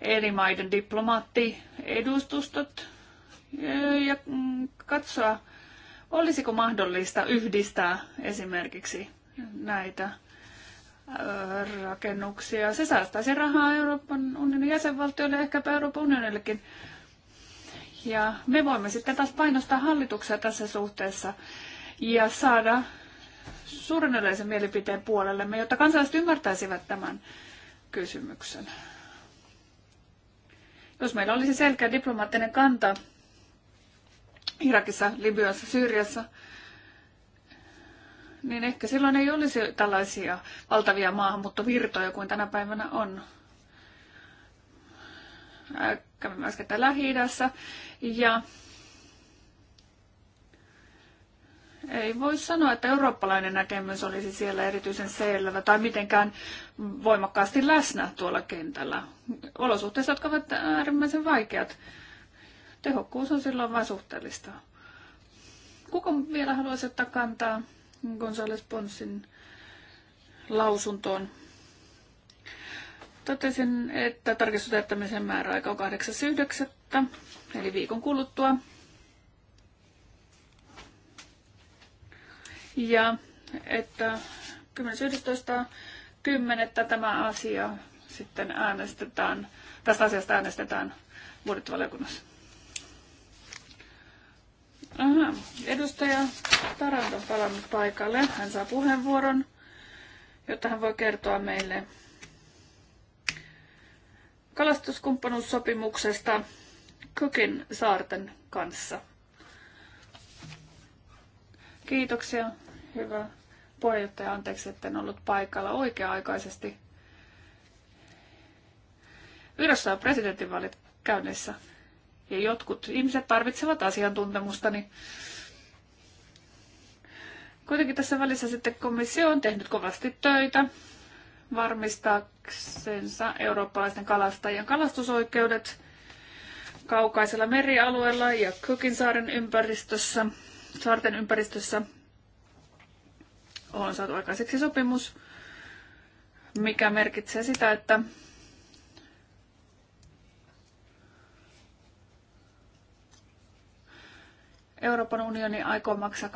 eri maiden diplomaattiedustustot e, ja mm, katsoa, olisiko mahdollista yhdistää esimerkiksi näitä rakennuksia. Se säästäisi rahaa Euroopan unionin jäsenvaltioille ja ehkäpä Euroopan unionillekin. Ja me voimme sitten taas painostaa hallituksia tässä suhteessa ja saada suuren yleisen mielipiteen puolellemme, jotta kansalaiset ymmärtäisivät tämän kysymyksen. Jos meillä olisi selkeä diplomaattinen kanta Irakissa, Libyassa, Syyriassa, niin ehkä silloin ei olisi tällaisia valtavia maahanmuuttovirtoja kuin tänä päivänä on. Äh, kävimme äsken lähi ja ei voi sanoa, että eurooppalainen näkemys olisi siellä erityisen selvä tai mitenkään voimakkaasti läsnä tuolla kentällä. Olosuhteissa, jotka ovat äärimmäisen vaikeat. Tehokkuus on silloin vain suhteellista. Kuka vielä haluaisi ottaa kantaa? Gonzales Ponsin lausuntoon. Totesin, että tarkistustehtämisen määräaika on 8.9. eli viikon kuluttua. Ja että 10.11.10. tämä asia sitten äänestetään, tästä asiasta äänestetään budjettivaliokunnassa. Aha, edustaja Tarant on palannut paikalle. Hän saa puheenvuoron, jotta hän voi kertoa meille kalastuskumppanuussopimuksesta Cookin saarten kanssa. Kiitoksia, hyvä puheenjohtaja. Anteeksi, että en ollut paikalla oikea-aikaisesti. Virossa on presidentinvaalit käynnissä ja jotkut ihmiset tarvitsevat niin Kuitenkin tässä välissä sitten komissio on tehnyt kovasti töitä varmistaksensa eurooppalaisten kalastajien kalastusoikeudet kaukaisella merialueella ja Cookinsaaren ympäristössä, saarten ympäristössä on saatu aikaiseksi sopimus, mikä merkitsee sitä, että Euroopan unioni aikoo maksaa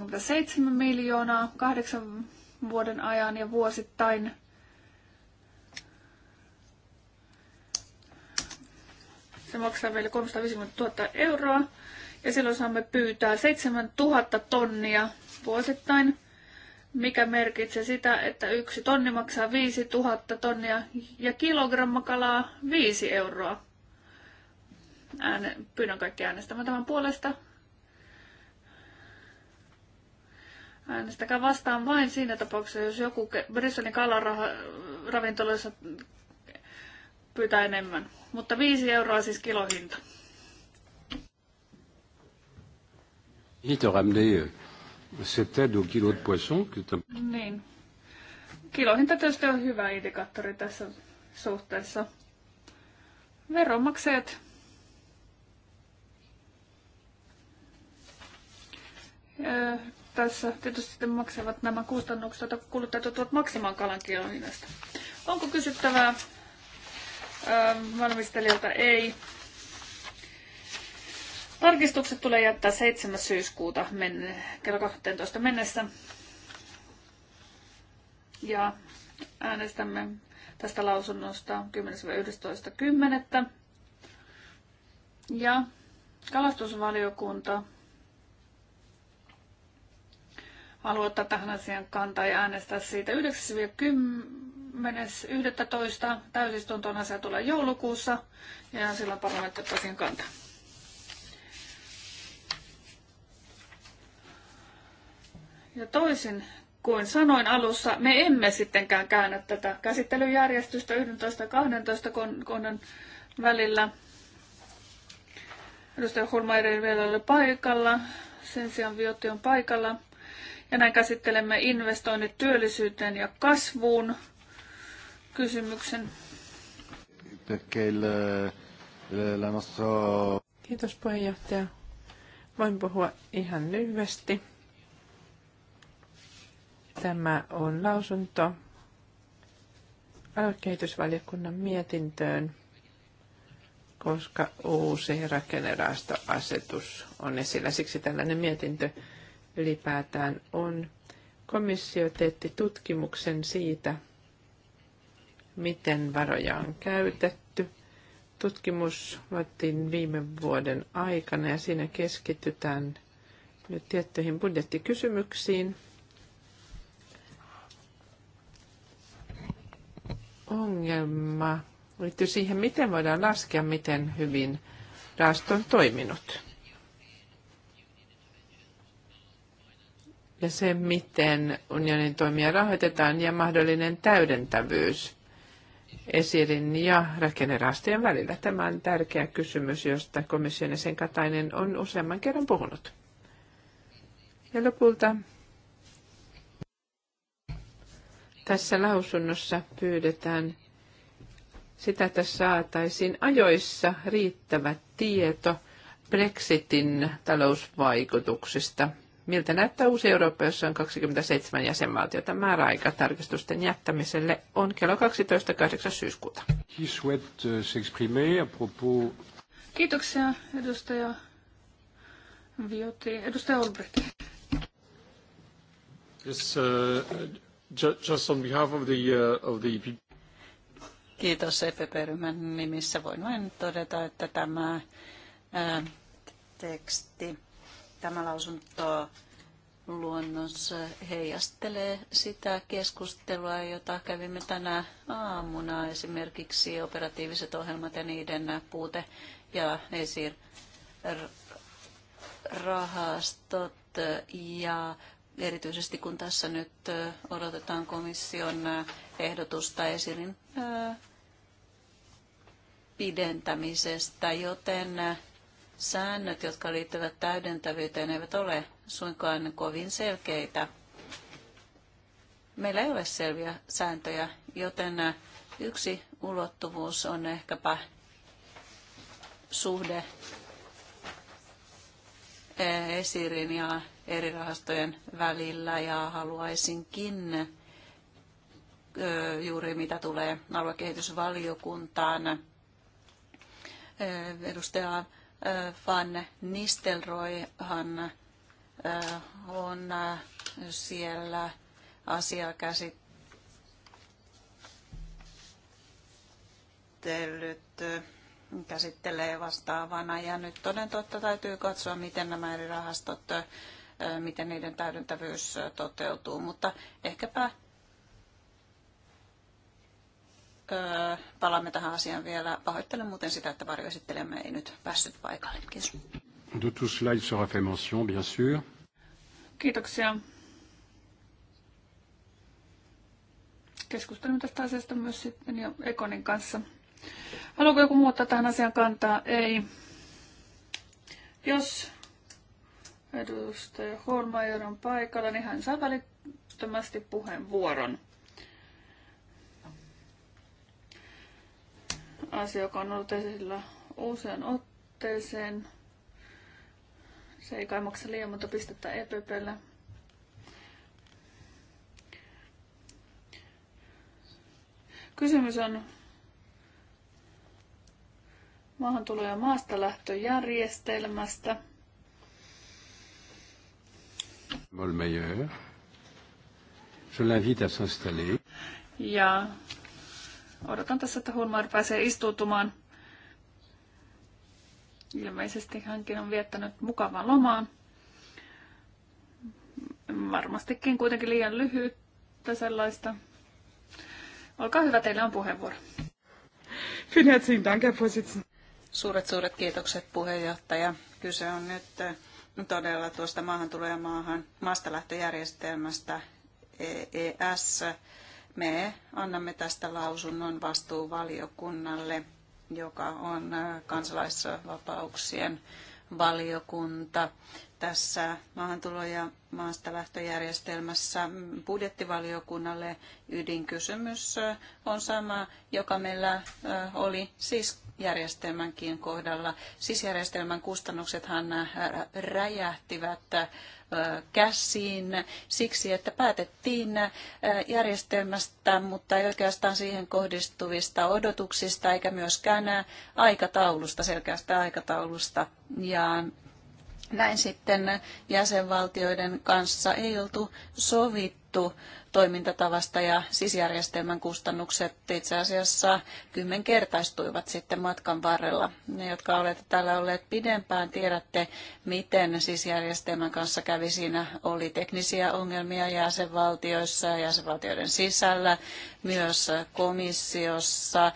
2,87 miljoonaa kahdeksan vuoden ajan ja vuosittain Se maksaa meille 350 000 euroa ja silloin saamme pyytää 7000 tonnia vuosittain, mikä merkitsee sitä, että yksi tonni maksaa 5000 tonnia ja kilogramma kalaa 5 euroa. Ääne, pyydän kaikki äänestämään tämän puolesta. Äänestäkää vastaan vain siinä tapauksessa, jos joku Brysselin kalaravintoloissa pyytää enemmän. Mutta 5 euroa siis kilohinta.
Euh, kilo poisson.
Niin. Kilohinta tietysti on hyvä indikaattori tässä suhteessa. Veronmaksajat tässä tietysti sitten maksavat nämä kustannukset, joita kuluttajat joutuvat maksamaan kalan hinnasta. Onko kysyttävää ähm, valmistelijalta? Ei. Tarkistukset tulee jättää 7. syyskuuta menne, kello 12 mennessä. Ja äänestämme tästä lausunnosta 10.11.10. Ja kalastusvaliokunta haluaa ottaa tähän asian kantaa ja äänestää siitä 9.10.11. Täysistuntoon asia tulee joulukuussa ja silloin parlamentti ottaa siihen kantaa. Ja toisin kuin sanoin alussa, me emme sittenkään käännä tätä käsittelyjärjestystä 11 ja 12 kohdan välillä. Edustaja ei vielä ole paikalla, sen sijaan Viotti on paikalla. Tänään käsittelemme investoinnit työllisyyteen ja kasvuun
kysymyksen. Kiitos puheenjohtaja. Voin puhua ihan lyhyesti. Tämä on lausunto aluekehitysvaliokunnan mietintöön, koska uusi rakennerahastoasetus on esillä. Siksi tällainen mietintö ylipäätään on. Komissio teetti tutkimuksen siitä, miten varoja on käytetty. Tutkimus vattiin viime vuoden aikana ja siinä keskitytään nyt tiettyihin budjettikysymyksiin. Ongelma liittyy siihen, miten voidaan laskea, miten hyvin rahasto on toiminut. ja se, miten unionin toimia rahoitetaan ja mahdollinen täydentävyys esirin ja rakennerastien välillä. Tämä on tärkeä kysymys, josta komission sen Katainen on useamman kerran puhunut. Ja lopulta tässä lausunnossa pyydetään sitä, että saataisiin ajoissa riittävä tieto Brexitin talousvaikutuksista miltä näyttää uusi Eurooppa, jossa on 27 jäsenvaltiota. Määräaika tarkistusten jättämiselle on kello 12.8. syyskuuta.
Euh,
Kiitoksia edustaja Vioti. Edustaja Olbrecht.
Yes, uh, just on behalf of the, uh, of the...
Kiitos EPP-ryhmän nimissä. Voin vain todeta, että tämä teksti Tämä lausunto luonnos heijastelee sitä keskustelua, jota kävimme tänä aamuna, esimerkiksi operatiiviset ohjelmat ja niiden puute ja esir rahastot ja erityisesti kun tässä nyt odotetaan komission ehdotusta esirin pidentämisestä, joten säännöt, jotka liittyvät täydentävyyteen, eivät ole suinkaan kovin selkeitä. Meillä ei ole selviä sääntöjä, joten äh, yksi ulottuvuus on ehkäpä suhde äh, esirin ja eri rahastojen välillä ja haluaisinkin äh, juuri mitä tulee aluekehitysvaliokuntaan. Edustaja Van hän äh, on äh, siellä asiaa käsitellyt, äh, käsittelee vastaavana. Ja nyt toden totta täytyy katsoa, miten nämä eri rahastot, miten niiden täydentävyys toteutuu. Mutta ehkäpä palaamme tähän asiaan vielä. Pahoittelen muuten sitä, että varjoesittelemme ei nyt päässyt paikalle.
Kiitos.
De tout cela, il sera fait mention, bien sûr.
Kiitoksia. Keskustelemme tästä asiasta myös sitten jo Ekonin kanssa. Haluatko joku muuttaa tähän asian kantaa? Ei. Jos edustaja Holmajor on paikalla, niin hän saa välittömästi puheenvuoron. asia, joka on ollut esillä usean otteeseen. Se ei kai maksa liian monta pistettä EPPlle. Kysymys on maahantulo- ja maastalähtöjärjestelmästä.
Molmeyer. Je l'invite à s'installer.
Ja Odotan tässä, että Hulmar pääsee istuutumaan. Ilmeisesti hänkin on viettänyt mukavan lomaan. Varmastikin kuitenkin liian lyhyttä sellaista. Olkaa hyvä, teillä on puheenvuoro.
Vielen herzlichen Suuret, suuret kiitokset puheenjohtaja. Kyse on nyt äh, todella tuosta maahan tulee maahan, lähtöjärjestelmästä EES me annamme tästä lausunnon vastuuvaliokunnalle, joka on äh, kansalaisvapauksien valiokunta. Tässä maahantulo- ja maasta lähtöjärjestelmässä budjettivaliokunnalle ydinkysymys äh, on sama, joka meillä äh, oli siis järjestelmänkin kohdalla. Sisjärjestelmän kustannuksethan räjähtivät käsiin siksi, että päätettiin järjestelmästä, mutta ei oikeastaan siihen kohdistuvista odotuksista eikä myöskään aikataulusta, selkeästä aikataulusta. Ja näin sitten jäsenvaltioiden kanssa ei oltu sovittu sovittu toimintatavasta ja sisjärjestelmän kustannukset itse asiassa kymmenkertaistuivat sitten matkan varrella. Ne, jotka olette täällä olleet pidempään, tiedätte, miten sisjärjestelmän kanssa kävi. Siinä oli teknisiä ongelmia jäsenvaltioissa ja jäsenvaltioiden sisällä myös komissiossa. Äh,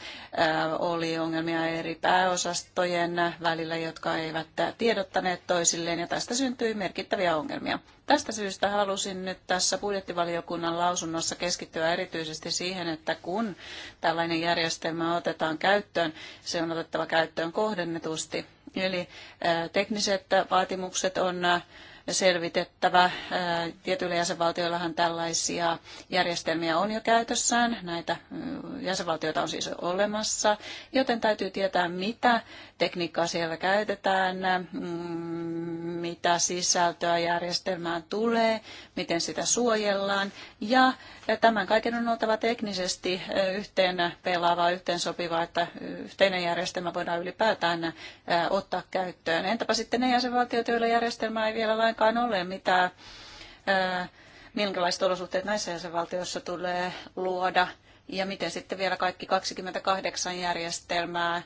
oli ongelmia eri pääosastojen välillä, jotka eivät tiedottaneet toisilleen ja tästä syntyi merkittäviä ongelmia. Tästä syystä halusin nyt tässä budjettivaliokunnan lausunnossa keskittyä erityisesti siihen, että kun tällainen järjestelmä otetaan käyttöön, se on otettava käyttöön kohdennetusti. Eli äh, tekniset vaatimukset on äh, selvitettävä. Äh, tietyillä jäsenvaltioillahan tällaisia järjestelmiä on jo käytössään, näitä äh, jäsenvaltioita on siis olemassa, joten täytyy tietää, mitä tekniikkaa siellä käytetään, mm, mitä sisältöä järjestelmään tulee, miten sitä suojellaan. Ja tämän kaiken on oltava teknisesti yhteen pelaava, yhteen sopiva, että yhteinen järjestelmä voidaan ylipäätään ottaa käyttöön. Entäpä sitten ne jäsenvaltiot, joilla järjestelmä ei vielä lainkaan ole, mitä minkälaiset olosuhteet näissä jäsenvaltioissa tulee luoda ja miten sitten vielä kaikki 28 järjestelmää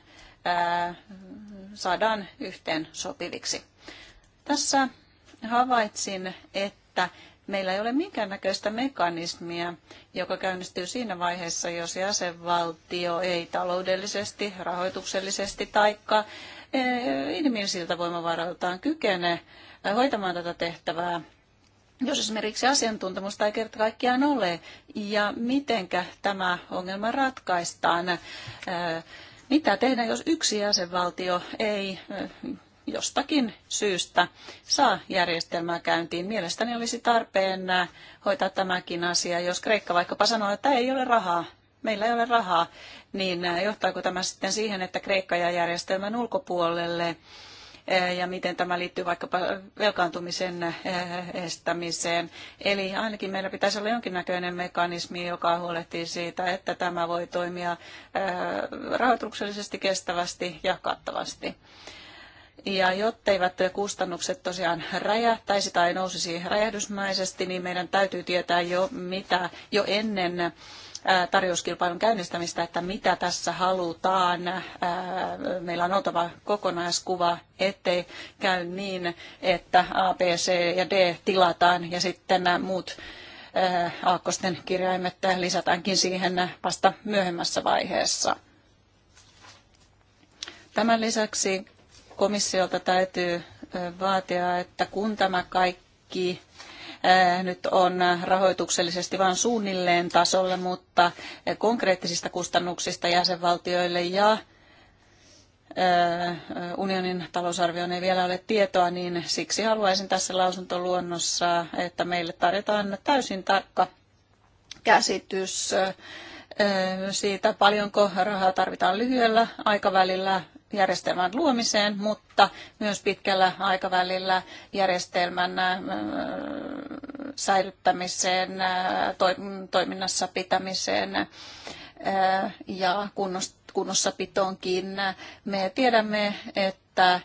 saadaan yhteen sopiviksi. Tässä havaitsin, että meillä ei ole minkäännäköistä mekanismia, joka käynnistyy siinä vaiheessa, jos jäsenvaltio ei taloudellisesti, rahoituksellisesti tai inhimillisiltä voimavaroiltaan kykene hoitamaan tätä tehtävää jos esimerkiksi asiantuntemusta ei kerta kaikkiaan ole, ja mitenkä tämä ongelma ratkaistaan mitä tehdä, jos yksi jäsenvaltio ei jostakin syystä saa järjestelmää käyntiin. Mielestäni olisi tarpeen hoitaa tämäkin asia. Jos Kreikka vaikkapa sanoo, että ei ole rahaa, meillä ei ole rahaa, niin johtaako tämä sitten siihen, että Kreikka jää järjestelmän ulkopuolelle? Eh, ja miten tämä liittyy vaikkapa velkaantumisen eh, estämiseen. Eli ainakin meillä pitäisi olla jonkinnäköinen mekanismi, joka huolehtii siitä, että tämä voi toimia eh, rahoituksellisesti kestävästi ja kattavasti. Ja jotteivät kustannukset tosiaan räjähtäisi tai nousisi räjähdysmäisesti, niin meidän täytyy tietää jo mitä jo ennen tarjouskilpailun käynnistämistä, että mitä tässä halutaan. Meillä on oltava kokonaiskuva, ettei käy niin, että A, B, C ja D tilataan ja sitten nämä muut aakkosten kirjaimet lisätäänkin siihen vasta myöhemmässä vaiheessa. Tämän lisäksi komissiolta täytyy vaatia, että kun tämä kaikki Äh, nyt on rahoituksellisesti vain suunnilleen tasolla, mutta konkreettisista kustannuksista jäsenvaltioille ja äh, unionin talousarvioon ei vielä ole tietoa, niin siksi haluaisin tässä lausuntoluonnossa, että meille tarjotaan täysin tarkka käsitys äh, siitä, paljonko rahaa tarvitaan lyhyellä aikavälillä järjestelmän luomiseen, mutta myös pitkällä aikavälillä järjestelmän säilyttämiseen, äh, toiminnassa pitämiseen äh, ja kunnossapitoonkin. Me tiedämme, että äh,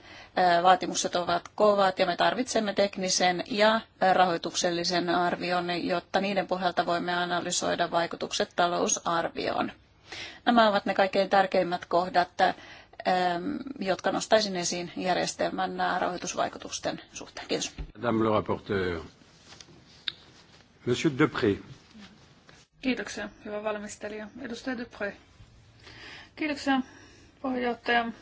vaatimukset ovat kovat ja me tarvitsemme teknisen ja rahoituksellisen arvion, jotta niiden pohjalta voimme analysoida vaikutukset talousarvioon. Nämä ovat ne kaikkein tärkeimmät kohdat, jotka nostaisin esiin järjestelmän
rahoitusvaikutusten suhteen. Kiitos.
Monsieur Depré.
Kiitoksia, hyvä valmistelija. Edustaja Dupré. Kiitoksia, puheenjohtaja.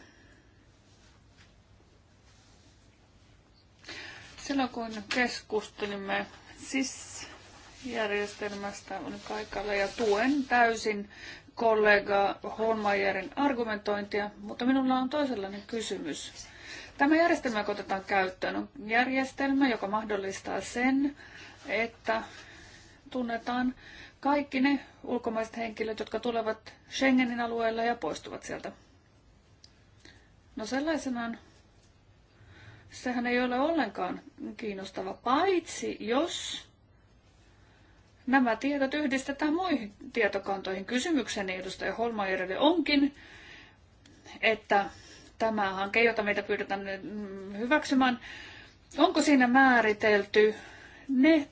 Silloin kun keskustelimme SIS-järjestelmästä on paikalla ja tuen täysin kollega Holmajerin argumentointia, mutta minulla on toisenlainen kysymys. Tämä järjestelmä, joka otetaan käyttöön, on järjestelmä, joka mahdollistaa sen, että tunnetaan kaikki ne ulkomaiset henkilöt, jotka tulevat Schengenin alueelle ja poistuvat sieltä. No sellaisenaan sehän ei ole ollenkaan kiinnostava, paitsi jos nämä tiedot yhdistetään muihin tietokantoihin. Kysymykseni edustaja Holmajerille onkin, että tämä hanke, jota meitä pyydetään hyväksymään, onko siinä määritelty ne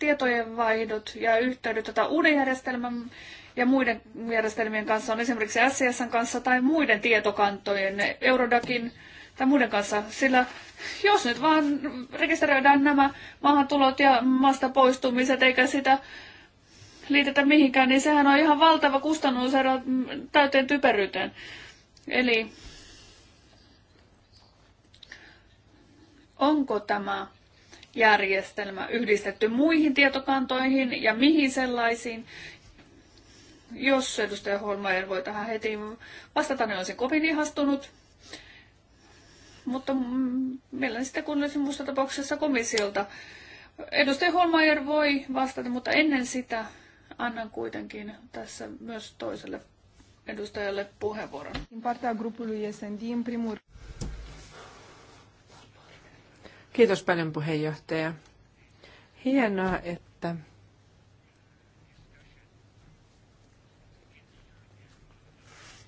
vaihdot ja yhteydet, joita uuden järjestelmän ja muiden järjestelmien kanssa on esimerkiksi SCSn kanssa tai muiden tietokantojen, Eurodakin tai muiden kanssa, sillä jos nyt vaan rekisteröidään nämä maahantulot ja maasta poistumiset eikä sitä liitetä mihinkään, niin sehän on ihan valtava kustannus täyteen typeryyteen. Eli onko tämä järjestelmä yhdistetty muihin tietokantoihin ja mihin sellaisiin. Jos edustaja Holmeier voi tähän heti vastata, niin olisin kovin ihastunut. Mutta mm, mielelläni sitten kuulisin muussa tapauksessa komissiolta. Edustaja Holmeier voi vastata, mutta ennen sitä annan kuitenkin tässä myös toiselle edustajalle puheenvuoron. SND, primul
Kiitos paljon puheenjohtaja. Hienoa, että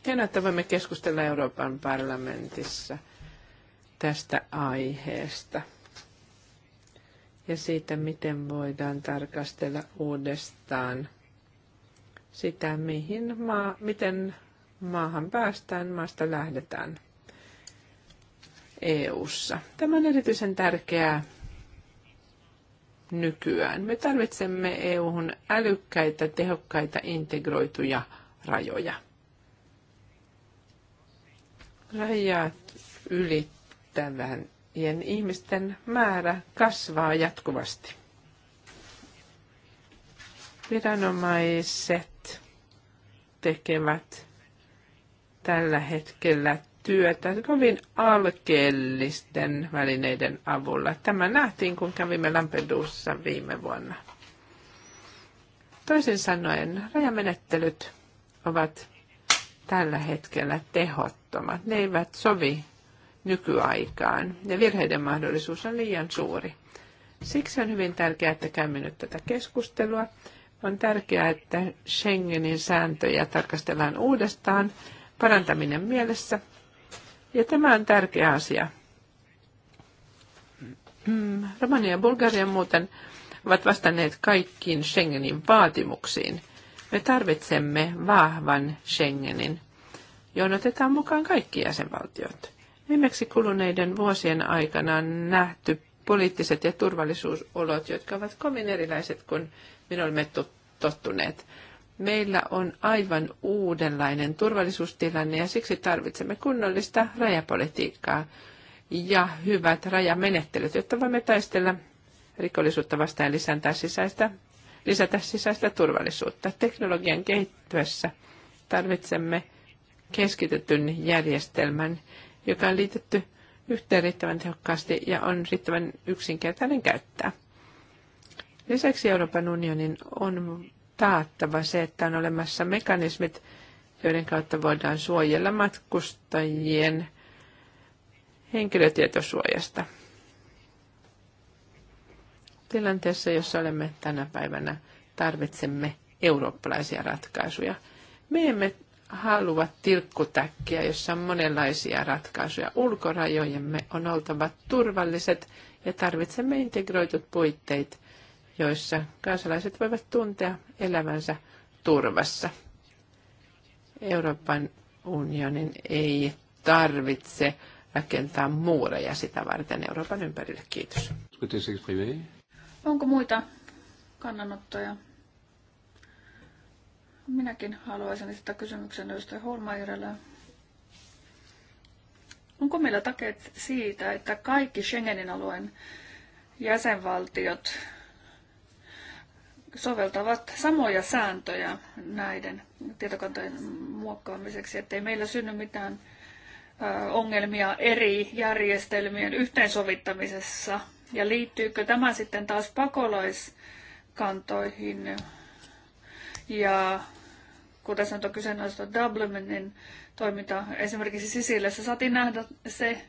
Hienoa, että voimme keskustella Euroopan parlamentissa tästä aiheesta ja siitä, miten voidaan tarkastella uudestaan sitä, mihin maa, miten maahan päästään, maasta lähdetään. EU:ssa. Tämä on erityisen tärkeää nykyään. Me tarvitsemme EU:hun älykkäitä, tehokkaita, integroituja rajoja. Rajat ylittävän ihmisten määrä kasvaa jatkuvasti. Viranomaiset tekevät tällä hetkellä työtä kovin alkeellisten välineiden avulla. Tämä nähtiin, kun kävimme Lampedussa viime vuonna. Toisin sanoen, rajamenettelyt ovat tällä hetkellä tehottomat. Ne eivät sovi nykyaikaan ja virheiden mahdollisuus on liian suuri. Siksi on hyvin tärkeää, että käymme nyt tätä keskustelua. On tärkeää, että Schengenin sääntöjä tarkastellaan uudestaan parantaminen mielessä ja tämä on tärkeä asia. Mm, Romania ja Bulgaria muuten ovat vastanneet kaikkiin Schengenin vaatimuksiin. Me tarvitsemme vahvan Schengenin, johon otetaan mukaan kaikki jäsenvaltiot. Viimeksi kuluneiden vuosien aikana on nähty poliittiset ja turvallisuusolot, jotka ovat kovin erilaiset kuin me olemme tottuneet. Meillä on aivan uudenlainen turvallisuustilanne ja siksi tarvitsemme kunnollista rajapolitiikkaa ja hyvät rajamenettelyt, jotta voimme taistella rikollisuutta vastaan ja sisäistä, lisätä sisäistä turvallisuutta. Teknologian kehittyessä tarvitsemme keskitetyn järjestelmän, joka on liitetty yhteen riittävän tehokkaasti ja on riittävän yksinkertainen käyttää. Lisäksi Euroopan unionin on taattava se, että on olemassa mekanismit, joiden kautta voidaan suojella matkustajien henkilötietosuojasta. Tilanteessa, jossa olemme tänä päivänä, tarvitsemme eurooppalaisia ratkaisuja. Me emme halua tilkkutäkkiä, jossa on monenlaisia ratkaisuja. Ulkorajojemme on oltava turvalliset ja tarvitsemme integroitut puitteet, joissa kansalaiset voivat tuntea elämänsä turvassa. Euroopan unionin ei tarvitse rakentaa muureja sitä varten Euroopan ympärille. Kiitos.
Onko muita kannanottoja? Minäkin haluaisin esittää kysymyksen edustaja Holmairelle. Onko meillä takeet siitä, että kaikki Schengenin alueen jäsenvaltiot soveltavat samoja sääntöjä näiden tietokantojen muokkaamiseksi, ettei meillä synny mitään ongelmia eri järjestelmien yhteensovittamisessa. Ja liittyykö tämä sitten taas pakolaiskantoihin? Ja kun tässä nyt on kyseenalaista Dublinin toiminta, esimerkiksi Sisilässä saatiin nähdä se,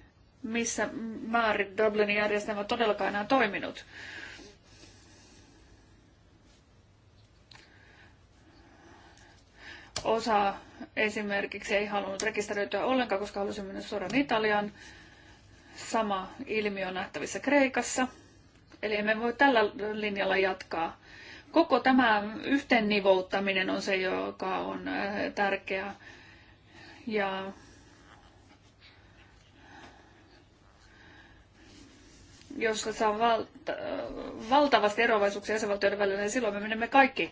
missä määrin Dublinin järjestelmä todellakaan enää toiminut. Osa esimerkiksi ei halunnut rekisteröityä ollenkaan, koska halusi mennä suoraan Italiaan. Sama ilmiö on nähtävissä Kreikassa. Eli emme voi tällä linjalla jatkaa. Koko tämä yhteennivouttaminen on se, joka on eh, tärkeää. Ja jos saa valta, valtavasti eroavaisuuksia jäsenvaltioiden välillä, niin silloin me menemme kaikki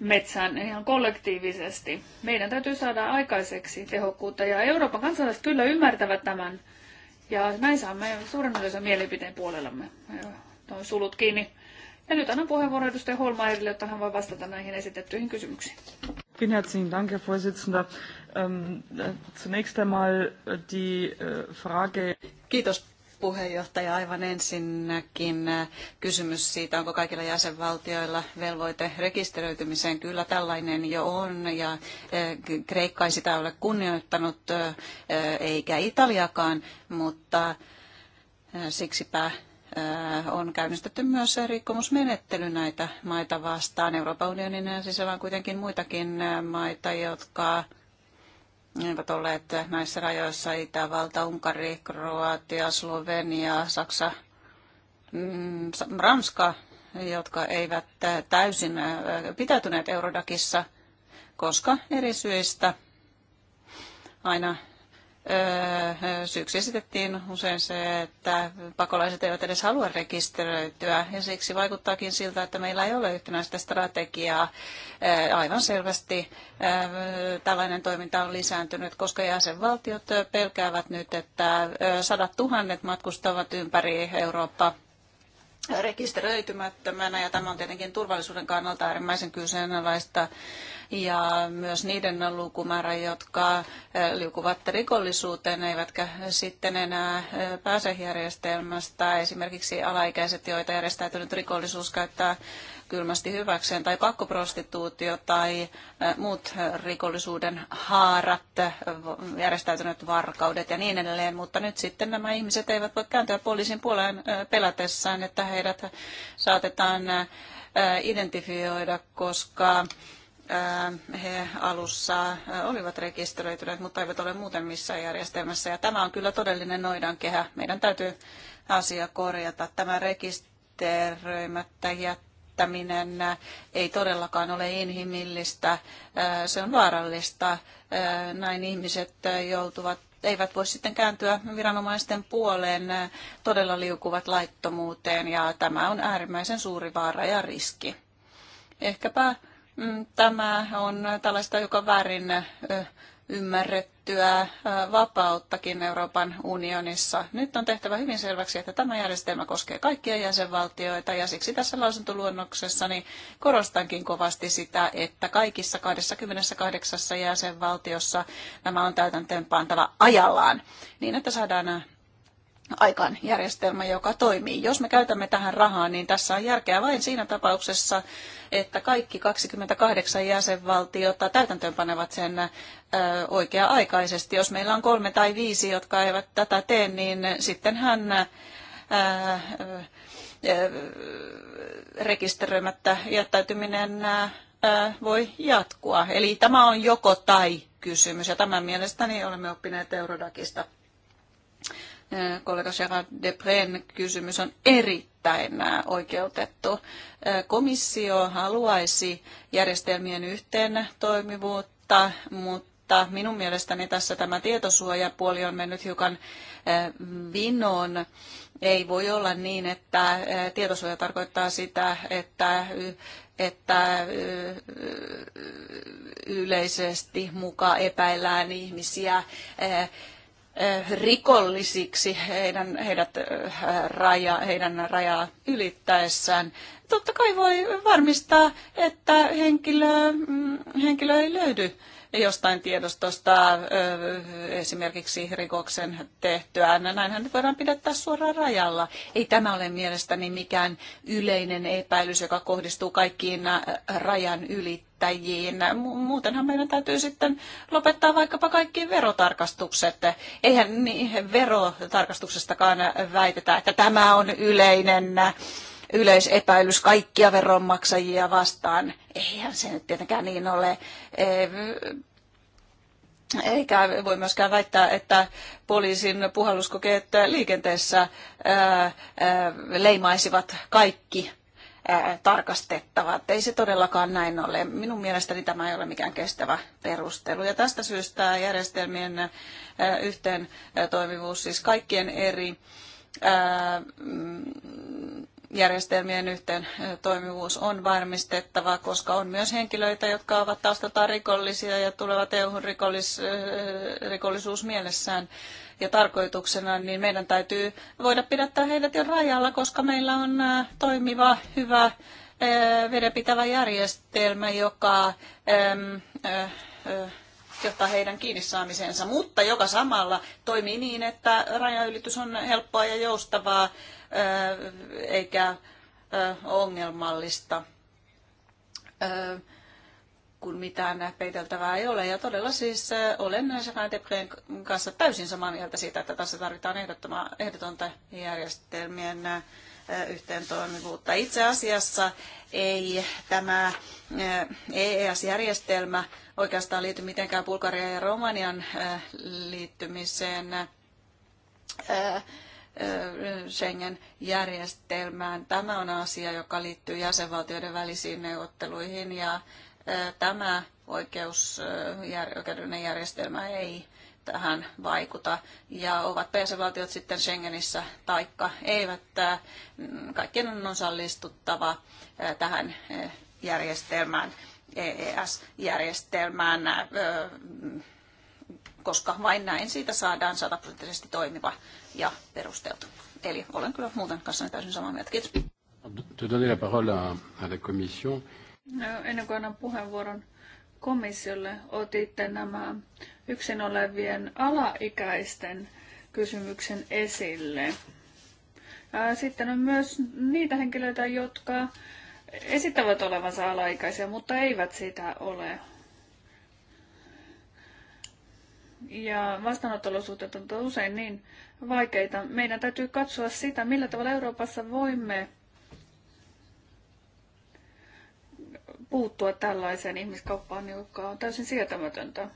metsään ihan kollektiivisesti. Meidän täytyy saada aikaiseksi tehokkuutta ja Euroopan kansalaiset kyllä ymmärtävät tämän. Ja näin saamme suurin yleisön mielipiteen puolellamme. Toin sulut kiinni. Ja nyt annan puheenvuoron edustaja Holmaerille, jotta hän voi vastata näihin esitettyihin kysymyksiin. Vielen herzlichen Dank, Herr Vorsitzender. Ähm, äh, zunächst einmal äh, die äh, Frage... Kiitos puheenjohtaja,
aivan ensinnäkin äh, kysymys siitä, onko kaikilla jäsenvaltioilla velvoite rekisteröitymiseen. Kyllä tällainen jo on ja äh, Kreikka ei sitä ole kunnioittanut äh, eikä Italiakaan, mutta siksipä on käynnistetty myös rikkomusmenettely näitä maita vastaan. Euroopan unionin sisällä on kuitenkin muitakin maita, jotka ne eivät olleet näissä rajoissa Itävalta, Unkari, Kroatia, Slovenia, Saksa, mm, Ranska, jotka eivät täysin pitäytyneet Eurodakissa, koska eri syistä aina syyksi esitettiin usein se, että pakolaiset eivät edes halua rekisteröityä ja siksi vaikuttaakin siltä, että meillä ei ole yhtenäistä strategiaa. Aivan selvästi tällainen toiminta on lisääntynyt, koska jäsenvaltiot pelkäävät nyt, että sadat tuhannet matkustavat ympäri Eurooppaa rekisteröitymättömänä ja tämä on tietenkin turvallisuuden kannalta äärimmäisen kyseenalaista ja myös niiden lukumäärä, jotka liukuvat rikollisuuteen, eivätkä sitten enää pääse järjestelmästä. Esimerkiksi alaikäiset, joita järjestäytynyt rikollisuus käyttää kylmästi hyväkseen, tai pakkoprostituutio tai muut rikollisuuden haarat, järjestäytyneet varkaudet ja niin edelleen, mutta nyt sitten nämä ihmiset eivät voi kääntyä poliisin puoleen pelätessään, että heidät saatetaan identifioida, koska he alussa olivat rekisteröityneet, mutta eivät ole muuten missään järjestelmässä. Ja tämä on kyllä todellinen noidankehä. Meidän täytyy asia korjata. Tämä rekisteröimättä jättää käyttäminen ei todellakaan ole inhimillistä, se on vaarallista. Näin ihmiset joutuvat eivät voi sitten kääntyä viranomaisten puoleen, todella liukuvat laittomuuteen ja tämä on äärimmäisen suuri vaara ja riski. Ehkäpä mm, tämä on tällaista, joka väärin ymmärrettyä vapauttakin Euroopan unionissa. Nyt on tehtävä hyvin selväksi, että tämä järjestelmä koskee kaikkia jäsenvaltioita ja siksi tässä lausuntoluonnoksessa korostankin kovasti sitä, että kaikissa 28 jäsenvaltiossa nämä on täytäntöön pantava ajallaan niin, että saadaan aikaan järjestelmä, joka toimii. Jos me käytämme tähän rahaa, niin tässä on järkeä vain siinä tapauksessa, että kaikki 28 jäsenvaltiota täytäntöönpanevat sen oikea-aikaisesti. Jos meillä on kolme tai viisi, jotka eivät tätä tee, niin sittenhän hän rekisteröimättä jättäytyminen voi jatkua. Eli tämä on joko tai kysymys ja tämän mielestäni olemme oppineet Eurodakista kollega Gerard Depren kysymys on erittäin oikeutettu. Komissio haluaisi järjestelmien yhteen toimivuutta, mutta minun mielestäni tässä tämä tietosuojapuoli on mennyt hiukan vinoon. Ei voi olla niin, että tietosuoja tarkoittaa sitä, että että yleisesti mukaan epäillään ihmisiä Eh, rikollisiksi heidän, heidät, eh, raja, heidän rajaa ylittäessään. Totta kai voi varmistaa, että henkilö, mm, henkilö ei löydy jostain tiedostosta eh, esimerkiksi rikoksen tehtyään. Näinhän nyt voidaan pidättää suoraan rajalla. Ei tämä ole mielestäni mikään yleinen epäilys, joka kohdistuu kaikkiin rajan ylittäjiin yrittäjiin. Muutenhan meidän täytyy sitten lopettaa vaikkapa kaikki verotarkastukset. Eihän niin verotarkastuksestakaan väitetä, että tämä on yleinen yleisepäilys kaikkia veronmaksajia vastaan. Eihän se nyt tietenkään niin ole. Ehm, eikä voi myöskään väittää, että poliisin puhalluskokeet liikenteessä leimaisivat kaikki että Ei se todellakaan näin ole. Minun mielestäni tämä ei ole mikään kestävä perustelu. Ja tästä syystä järjestelmien yhteen toimivuus, siis kaikkien eri mm, järjestelmien yhteen toimivuus on varmistettava, koska on myös henkilöitä, jotka ovat taustaltaan rikollisia ja tulevat EU-rikollisuus mielessään ja tarkoituksena, niin meidän täytyy voida pidättää heidät jo rajalla, koska meillä on toimiva, hyvä vedenpitävä järjestelmä, joka johtaa heidän kiinni saamiseensa, mutta joka samalla toimii niin, että rajaylitys on helppoa ja joustavaa eikä ongelmallista kun mitään peiteltävää ei ole. Ja todella siis olen Jean Debreen kanssa täysin samaa mieltä siitä, että tässä tarvitaan ehdotonta järjestelmien yhteen toimivuutta. Itse asiassa ei tämä EES-järjestelmä oikeastaan liity mitenkään Bulgarian ja Romanian liittymiseen Schengen-järjestelmään. Tämä on asia, joka liittyy jäsenvaltioiden välisiin neuvotteluihin ja tämä oikeus, oikeudellinen järjestelmä ei tähän vaikuta. Ja ovat jäsenvaltiot sitten Schengenissä taikka eivät, kaikkien on osallistuttava tähän järjestelmään, EES-järjestelmään, koska vain näin siitä saadaan sataprosenttisesti toimiva ja perusteltu. Eli olen kyllä
muuten kanssani täysin samaa mieltä. Kiitos. No, ennen kuin annan puheenvuoron komissiolle, otitte nämä yksin olevien alaikäisten kysymyksen esille. Sitten on myös niitä henkilöitä, jotka esittävät olevansa alaikäisiä, mutta eivät sitä ole. Ja vastaanottolosuhteet ovat usein niin vaikeita. Meidän täytyy katsoa sitä, millä tavalla Euroopassa voimme puuttua tällaiseen ihmiskauppaan, joka on täysin sietämätöntä.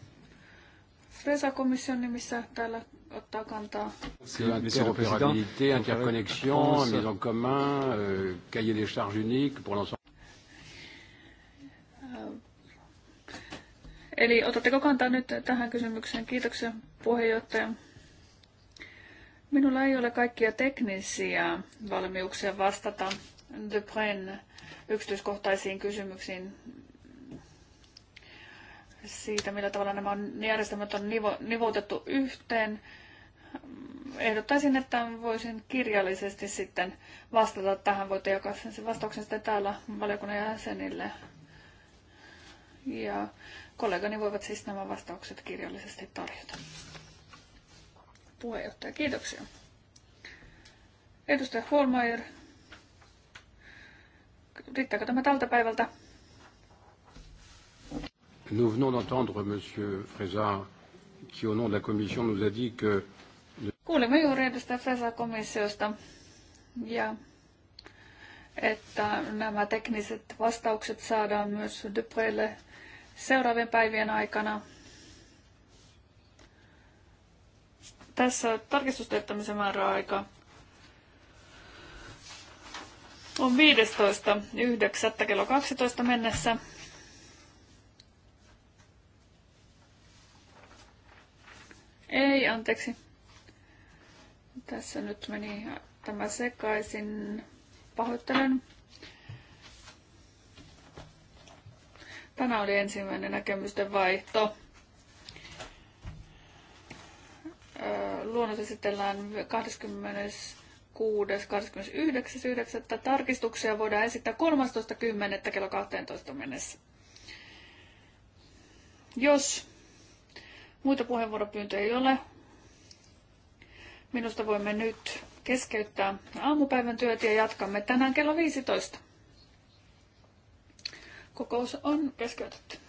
Fresa-komission nimissä täällä ottaa kantaa.
Interopérabilité, interconnexion, mise en commun, euh, euh, cahier des charges unique pour l'ensemble.
Euh, eli otatteko kantaa nyt tähän kysymykseen? Kiitoksia puheenjohtaja. Minulla ei ole kaikkia teknisiä valmiuksia vastata Dupren yksityiskohtaisiin kysymyksiin siitä, millä tavalla nämä järjestelmät on nivoutettu yhteen. Ehdottaisin, että voisin kirjallisesti sitten vastata tähän. Voitte jakaa sen vastauksen sitten täällä valiokunnan jäsenille. Ja kollegani voivat siis nämä vastaukset kirjallisesti tarjota. Puheenjohtaja, kiitoksia. Edustaja Holmeier, Riittääkö tämä tältä päivältä?
Nous venons d'entendre M. Frézard qui au nom de la commission nous a dit que
Kuulimme juuri edustaja Fresa komissiosta ja että nämä tekniset vastaukset saadaan myös Dupreille seuraavien päivien aikana. Tässä tarkistusteettämisen määräaika on 15.9. kello 12 mennessä. Ei, anteeksi. Tässä nyt meni tämä sekaisin. Pahoittelen. Tänään oli ensimmäinen näkemysten vaihto. Luonnos esitellään 20. 26.29.9. Tarkistuksia voidaan esittää 13.10. kello 12 mennessä. Jos muita puheenvuoropyyntöjä ei ole, minusta voimme nyt keskeyttää aamupäivän työt ja jatkamme tänään kello 15. Kokous on keskeytetty.